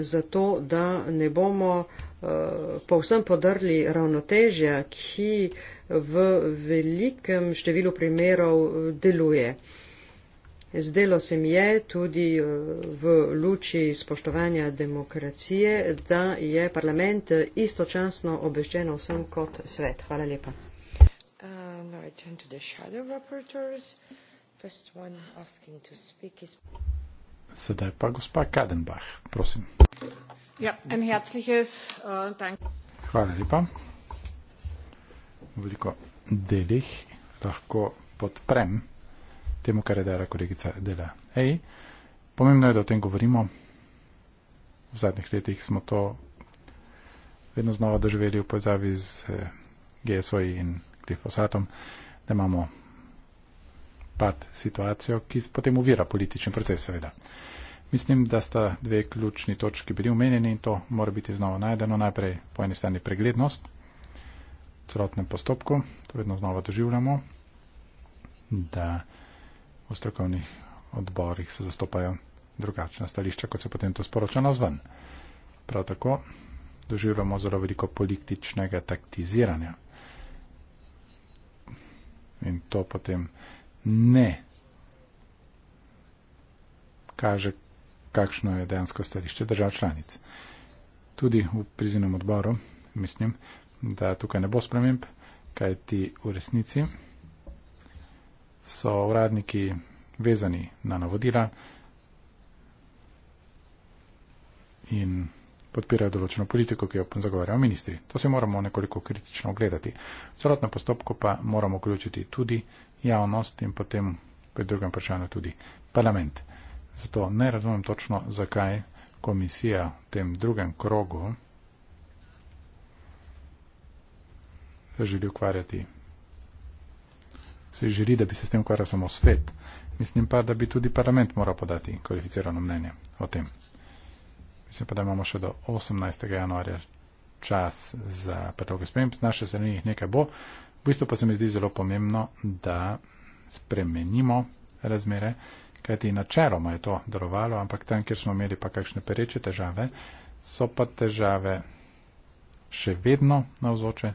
zato, da ne bomo uh, povsem podrli ravnotežja, ki v velikem številu primerov deluje. Zdelo se mi je tudi eh, v luči spoštovanja demokracije, da je parlament istočasno obveščen vsem kot svet. Hvala lepa. Uh, no, Sedaj pa gospa Kadenbach, prosim. Ja, en herzliches uh, Dank. Hvala lepa. Veliko delih lahko podprem temu, kar je dala kolegica Dela. Ej, pomembno je, da o tem govorimo. V zadnjih letih smo to vedno znova doživeli v povezavi z eh, GSO-ji in glifosatom, da imamo pad situacijo, ki potem uvira politični proces, seveda. Mislim, da sta dve ključni točki bili umenjeni in to mora biti znova najdeno. Najprej po eni strani preglednost v celotnem postopku, to vedno znova doživljamo, da v strokovnih odborih se zastopajo drugačna stališča, kot se potem to sporoča nazven. Prav tako doživljamo zelo veliko političnega taktiziranja. In to potem ne kaže, kakšno je dejansko stališče držav članic. Tudi v prizinem odboru mislim, da tukaj ne bo sprememb, kaj ti v resnici so uradniki vezani na navodila in podpirajo določeno politiko, ki jo zagovarjajo ministri. To se moramo nekoliko kritično ogledati. Celotno postopko pa moramo vključiti tudi javnost in potem pri drugem vprašanju tudi parlament. Zato ne razumem točno, zakaj komisija v tem drugem krogu se želi ukvarjati. Se želi, da bi se s tem ukvarjal samo svet. Mislim pa, da bi tudi parlament moral podati kvalificirano mnenje o tem. Mislim pa, da imamo še do 18. januarja čas za predloge sprememb. Z naše strani jih nekaj bo. V bistvu pa se mi zdi zelo pomembno, da spremenimo razmere kajti načeloma je to darovalo, ampak tam, kjer smo imeli pa kakšne pereče težave, so pa težave še vedno navzoče,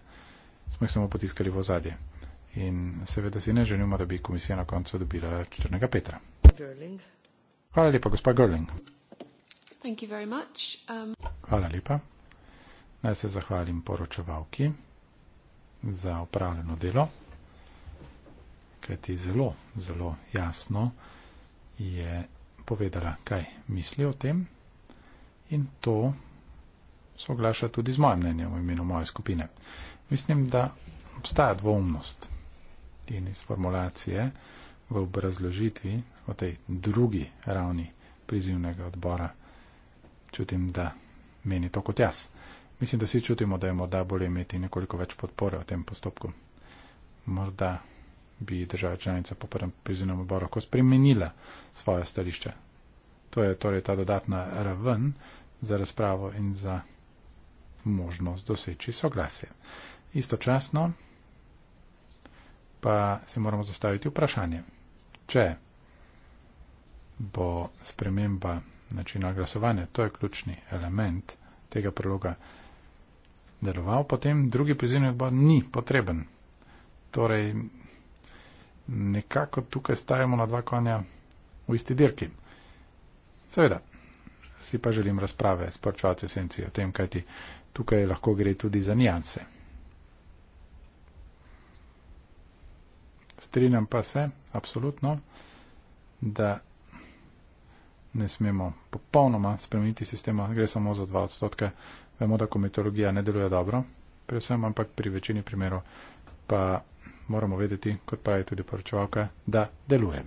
smo jih samo potiskali v ozadje. In seveda si ne želimo, da bi komisija na koncu dobila črnega Petra. Girling. Hvala lepa, gospa Görling. Um... Hvala lepa. Naj se zahvalim poročevalki za upravljeno delo, kajti zelo, zelo jasno je povedala, kaj misli o tem in to soglaša tudi z mojim mnenjem v imenu moje skupine. Mislim, da obstaja dvomnost in iz formulacije v obrazložitvi o tej drugi ravni prizivnega odbora čutim, da meni to kot jaz. Mislim, da si čutimo, da je morda bolje imeti nekoliko več podpore v tem postopku. Morda bi država članica po prvem prizornem odboru lahko spremenila svoje stališče. To je torej ta dodatna raven za razpravo in za možnost doseči soglasje. Istočasno pa se moramo zastaviti vprašanje, če bo sprememba načina glasovanja, to je ključni element tega priloga, deloval, potem drugi prizivni odbor ni potreben. Torej, nekako tukaj stavimo na dva konja v isti dirki. Seveda, si pa želim razprave s počvati v senci o tem, kajti tukaj lahko gre tudi za nijanse. Strinjam pa se, apsolutno, da ne smemo popolnoma spremeniti sistema, gre samo za dva odstotka. Vemo, da komitologija ne deluje dobro, predvsem, ampak pri večini primerov pa moramo vedeti, kot pravi tudi poročevalka, da deluje.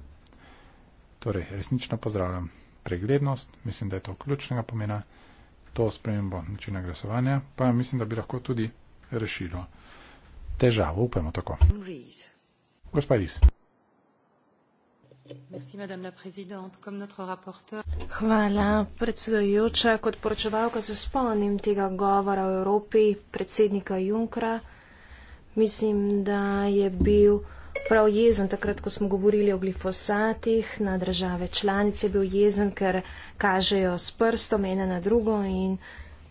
Torej, resnično pozdravljam preglednost, mislim, da je to ključnega pomena, to spremembo načina glasovanja, pa mislim, da bi lahko tudi rešilo težavo, upajmo tako. Gospa Elis. Hvala, predsedujoča. Kot poročevalka se spomnim tega govora o Evropi predsednika Junkra. Mislim, da je bil prav jezen takrat, ko smo govorili o glifosatih, na države članice bil jezen, ker kažejo s prstom ene na drugo in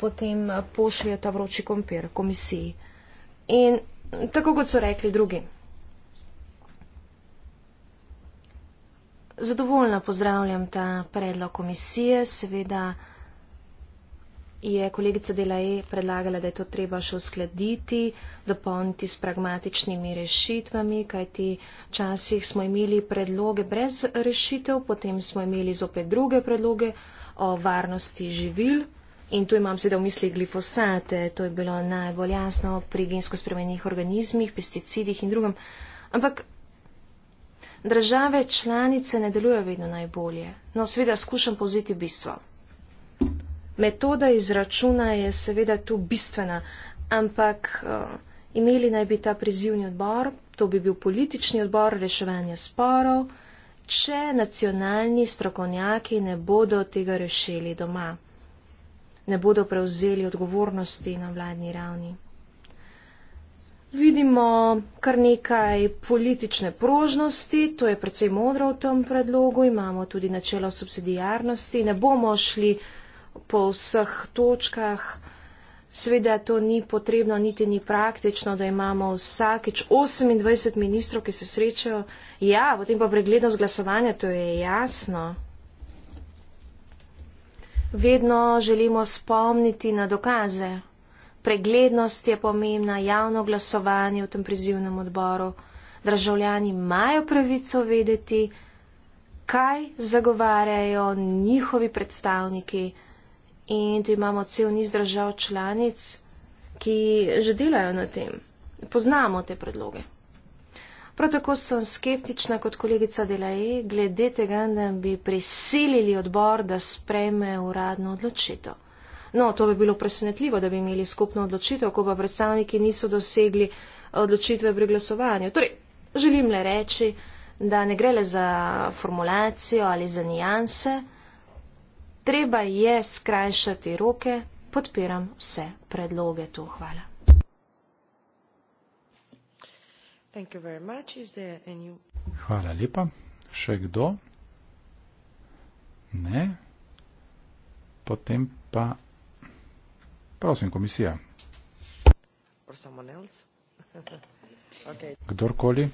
potem pošljejo ta vroči kompir komisiji. In tako kot so rekli drugi. Zadovoljno pozdravljam ta predlog komisije, seveda je kolegica Delae predlagala, da je to treba še uskladiti, dopolniti s pragmatičnimi rešitvami, kajti včasih smo imeli predloge brez rešitev, potem smo imeli zopet druge predloge o varnosti živil. In tu imam sedaj v misli glifosate, to je bilo najbolj jasno pri gensko spremenjenih organizmih, pesticidih in drugem. Ampak države članice ne delujejo vedno najbolje. No, seveda skušam povziti bistvo. Metoda izračuna je seveda tu bistvena, ampak eh, imeli naj bi ta prizivni odbor, to bi bil politični odbor reševanja sporov, če nacionalni strokovnjaki ne bodo tega rešili doma, ne bodo prevzeli odgovornosti na vladni ravni. Vidimo kar nekaj politične prožnosti, to je precej modro v tem predlogu, imamo tudi načelo subsidijarnosti, ne bomo šli po vseh točkah. Sveda to ni potrebno, niti ni praktično, da imamo vsakeč 28 ministrov, ki se srečajo. Ja, potem pa preglednost glasovanja, to je jasno. Vedno želimo spomniti na dokaze. Preglednost je pomembna, javno glasovanje v tem prizivnem odboru. Državljani imajo pravico vedeti, kaj zagovarjajo njihovi predstavniki in tu imamo cel niz držav članic, ki že delajo na tem. Poznamo te predloge. Prav tako sem skeptična kot kolegica Delaje glede tega, da bi prisilili odbor, da sprejme uradno odločitev. No, to bi bilo presenetljivo, da bi imeli skupno odločitev, ko pa predstavniki niso dosegli odločitve pri glasovanju. Torej, želim le reči, da ne gre le za formulacijo ali za nijanse treba je skrajšati roke, podpiram vse predloge tu. Hvala. Hvala lepa. Še kdo? Ne. Potem pa. Prosim, komisija. Kdorkoli.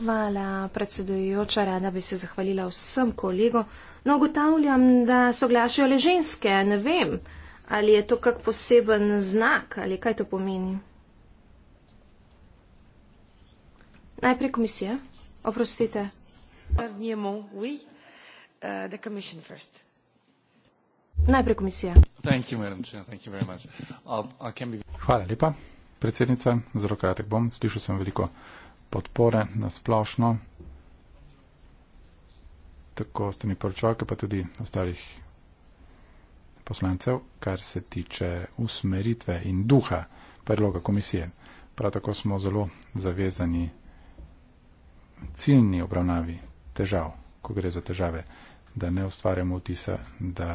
Hvala, predsedujoča. Rada bi se zahvalila vsem kolegom. No, ugotavljam, da soglašajo le ženske. Ne vem, ali je to kak poseben znak ali kaj to pomeni. Najprej komisija. Oprostite. Euh, Najprej komisija. Hvala lepa predsednica, zelo kratek bom, slišal sem veliko podpore na splošno, tako ste mi poročavke, pa tudi ostalih poslancev, kar se tiče usmeritve in duha predloga komisije. Prav tako smo zelo zavezani ciljni obravnavi težav, ko gre za težave, da ne ustvarjamo vtisa, da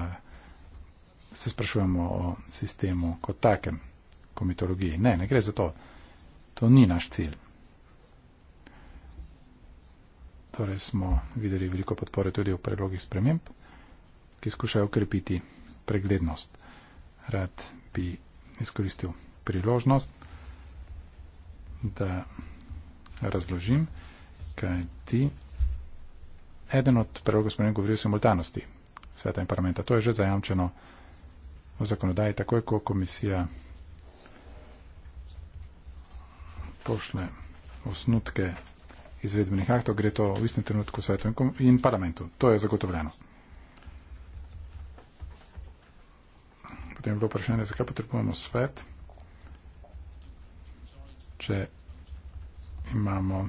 se sprašujemo o sistemu kot takem po mitologiji. Ne, ne gre za to. To ni naš cilj. Torej smo videli veliko podpore tudi v predlogih sprememb, ki skušajo ukrepiti preglednost. Rad bi izkoristil priložnost, da razložim, kaj ti. Eden od predlogov sprememb govori o simultanosti sveta in parlamenta. To je že zajamčeno v zakonodaji, tako je, ko komisija pošle osnutke izvedbenih aktov, gre to v istem trenutku svetu in parlamentu. To je zagotovljeno. Potem je bilo vprašanje, zakaj potrebujemo svet, če imamo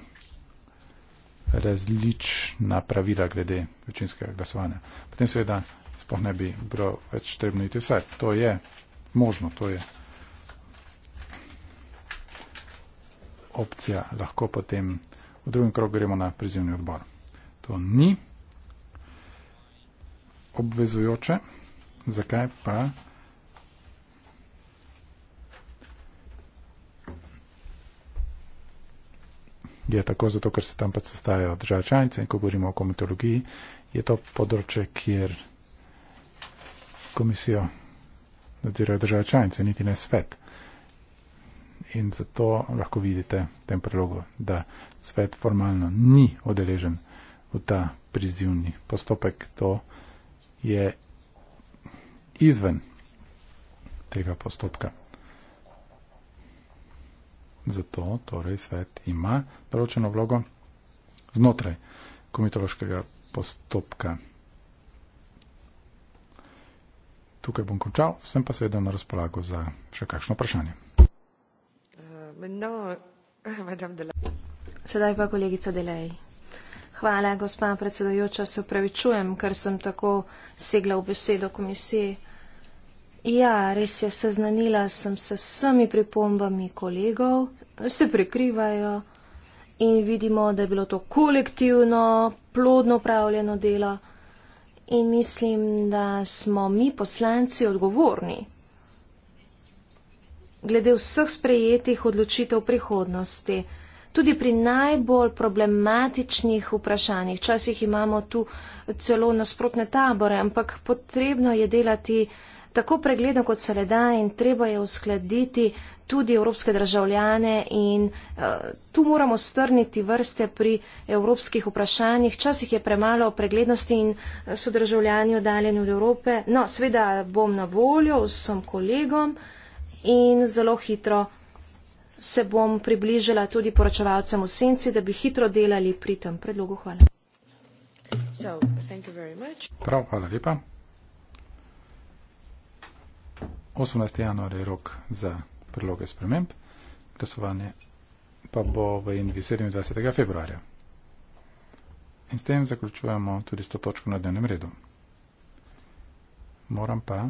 različna pravila glede večinskega glasovanja. Potem seveda sploh ne bi bilo več trebno iti v svet. To je možno, to je opcija, lahko potem v drugem krogu gremo na prizivni odbor. To ni obvezujoče. Zakaj pa? Je tako, zato ker se tam pa sestavljajo države članice in ko govorimo o komitologiji, je to področje, kjer komisijo nadzirajo države članice, niti ne svet in zato lahko vidite v tem prilogu, da svet formalno ni odeležen v ta prizivni postopek. To je izven tega postopka. Zato torej svet ima določeno vlogo znotraj komitološkega postopka. Tukaj bom končal, sem pa seveda na razpolago za še kakšno vprašanje. No, Sedaj pa kolegica Delej. Hvala, gospa predsedojoča, se upravičujem, ker sem tako segla v besedo komisiji. Ja, res je, seznanila sem se s vsemi pripombami kolegov, se prikrivajo in vidimo, da je bilo to kolektivno, plodno upravljeno delo in mislim, da smo mi poslanci odgovorni glede vseh sprejetih odločitev prihodnosti. Tudi pri najbolj problematičnih vprašanjih, včasih imamo tu celo nasprotne tabore, ampak potrebno je delati tako pregledno, kot se le da in treba je uskladiti tudi evropske državljane in uh, tu moramo strniti vrste pri evropskih vprašanjih. Včasih je premalo preglednosti in eh, so državljani oddaljeni od Evrope. No, sveda bom na voljo vsem kolegom in zelo hitro se bom približila tudi poročevalcem v senci, da bi hitro delali pri tem predlogu. Hvala. So, Prav, hvala lepa. 18. januar je rok za predloge sprememb, glasovanje pa bo v Indvi 27. februarja. In s tem zaključujemo tudi s to točko na dnevnem redu. Moram pa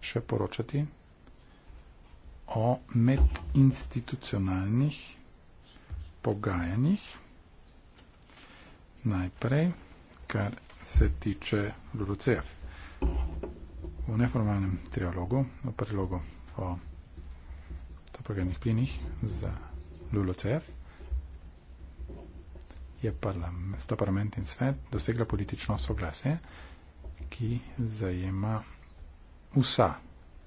še poročati o medinstitucionalnih pogajanjih. Najprej, kar se tiče LULUCEF. V neformalnem trialogu, v prilogu o topogenih plinih za LULUCEF, je parlament, sta parlament in svet dosegla politično soglasje, ki zajema vsa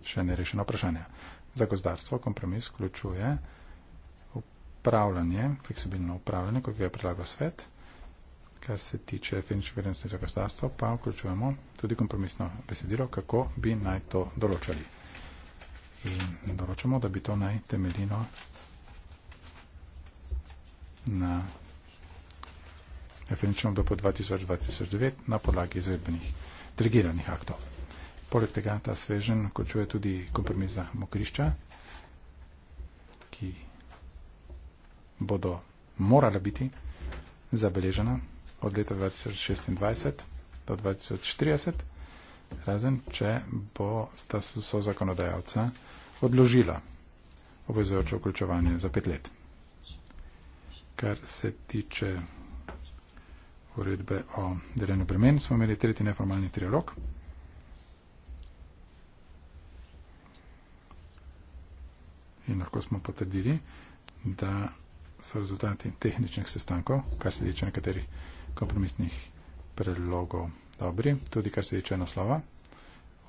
še nerešena vprašanja za gozdarstvo kompromis vključuje upravljanje, fleksibilno upravljanje, kot ga je predlagal svet, kar se tiče finančne vrednosti za gozdarstvo, pa vključujemo tudi kompromisno besedilo, kako bi naj to določali. In določamo, da bi to naj temeljino na referenčnem obdobju 2029 na podlagi izvedbenih delegiranih aktov. Poleg tega ta svežen končuje tudi kompromis za mokrišča, ki bodo morala biti zabeležena od leta 2026 do 2030, razen če bo sta so zakonodajalca odložila obvezujoče vključevanje za pet let. Kar se tiče uredbe o delenju bremen, smo imeli tretji neformalni trilog. in lahko smo potrdili, da so rezultati tehničnih sestankov, kar se tiče nekaterih kompromisnih predlogov, dobri, tudi kar se tiče naslova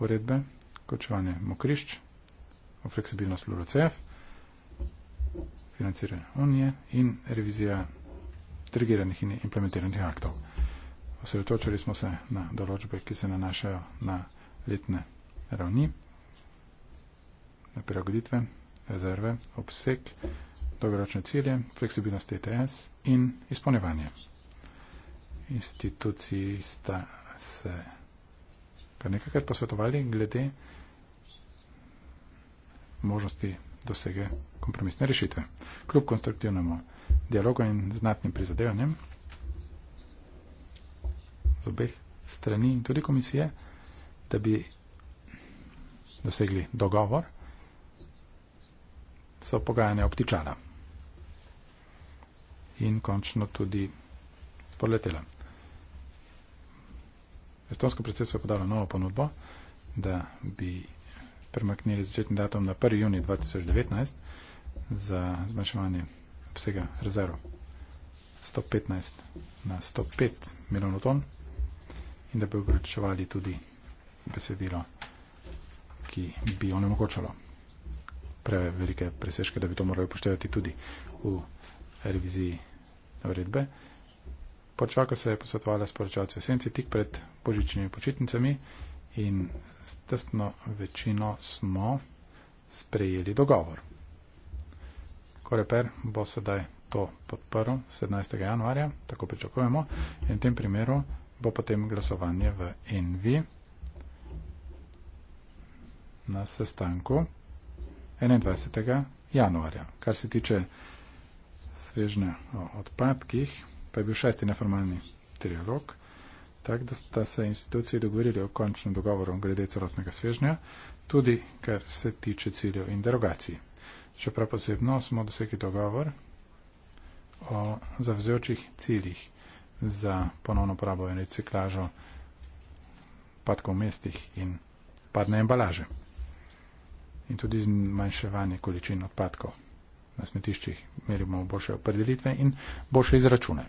uredbe, kočevanje mokrišč, o fleksibilnost LULCF, financiranje unije in revizija trigiranih in implementiranih aktov. Osredotočili smo se na določbe, ki se nanašajo na letne ravni, na prilagoditve rezerve, obseg, dolgoročne cilje, fleksibilnost TTS in izpolnevanje. Instituciji sta se kar nekajkrat posvetovali glede možnosti dosege kompromisne rešitve. Kljub konstruktivnemu dialogu in znatnim prizadevanjem z obeh strani in tudi komisije, da bi dosegli dogovor, so pogajanja obtičala. In končno tudi poletela. Estonsko predsedstvo je podalo novo ponudbo, da bi premaknili začetni datum na 1. juni 2019 za zmanjševanje obsega rezerv 115 na 105 milijonov ton in da bi vključevali tudi besedilo, ki bi onemogočalo prevelike presežke, da bi to morali upoštevati tudi v reviziji uredbe. Poročevalka se je posvetovala s poročevalci v senci tik pred božičnimi počitnicami in s tesno večino smo sprejeli dogovor. Koreper bo sedaj to podprl 17. januarja, tako pričakujemo, in v tem primeru bo potem glasovanje v NV na sestanku. 21. januarja. Kar se tiče svežne o odpadkih, pa je bil šesti neformalni trialog, tako da, da se institucije dogovorili o končnem dogovoru glede celotnega svežnja, tudi kar se tiče ciljev in derogacij. Čeprav posebno smo dosegli dogovor o zavzajočih ciljih za ponovno uporabo in reciklažo padkov v mestih in padne embalaže in tudi zmanjševanje količin odpadkov na smetiščih. Imeli bomo boljše opredelitve in boljše izračune.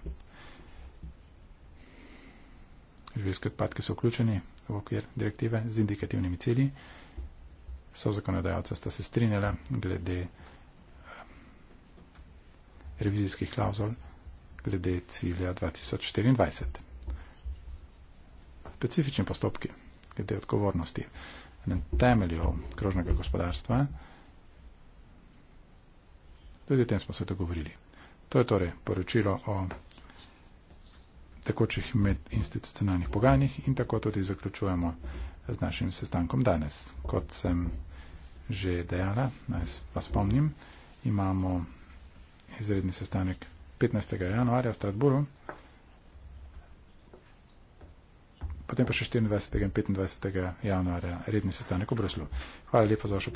Živilske odpadke so vključeni v okvir direktive z indikativnimi cilji. So zakonodajalca sta se strinjala glede eh, revizijskih klauzul glede cilja 2024. Specifični postopki glede odgovornosti enem temelju krožnega gospodarstva. Tudi o tem smo se dogovorili. To je torej poročilo o tekočih medinstitucionalnih pogajanjih in tako tudi zaključujemo z našim sestankom danes. Kot sem že dejala, naj vas spomnim, imamo izredni sestanek 15. januarja v Stratburu potem pa še 24. in 25. januarja redni sestanek v Bruslu. Hvala lepa za vašo pozornost.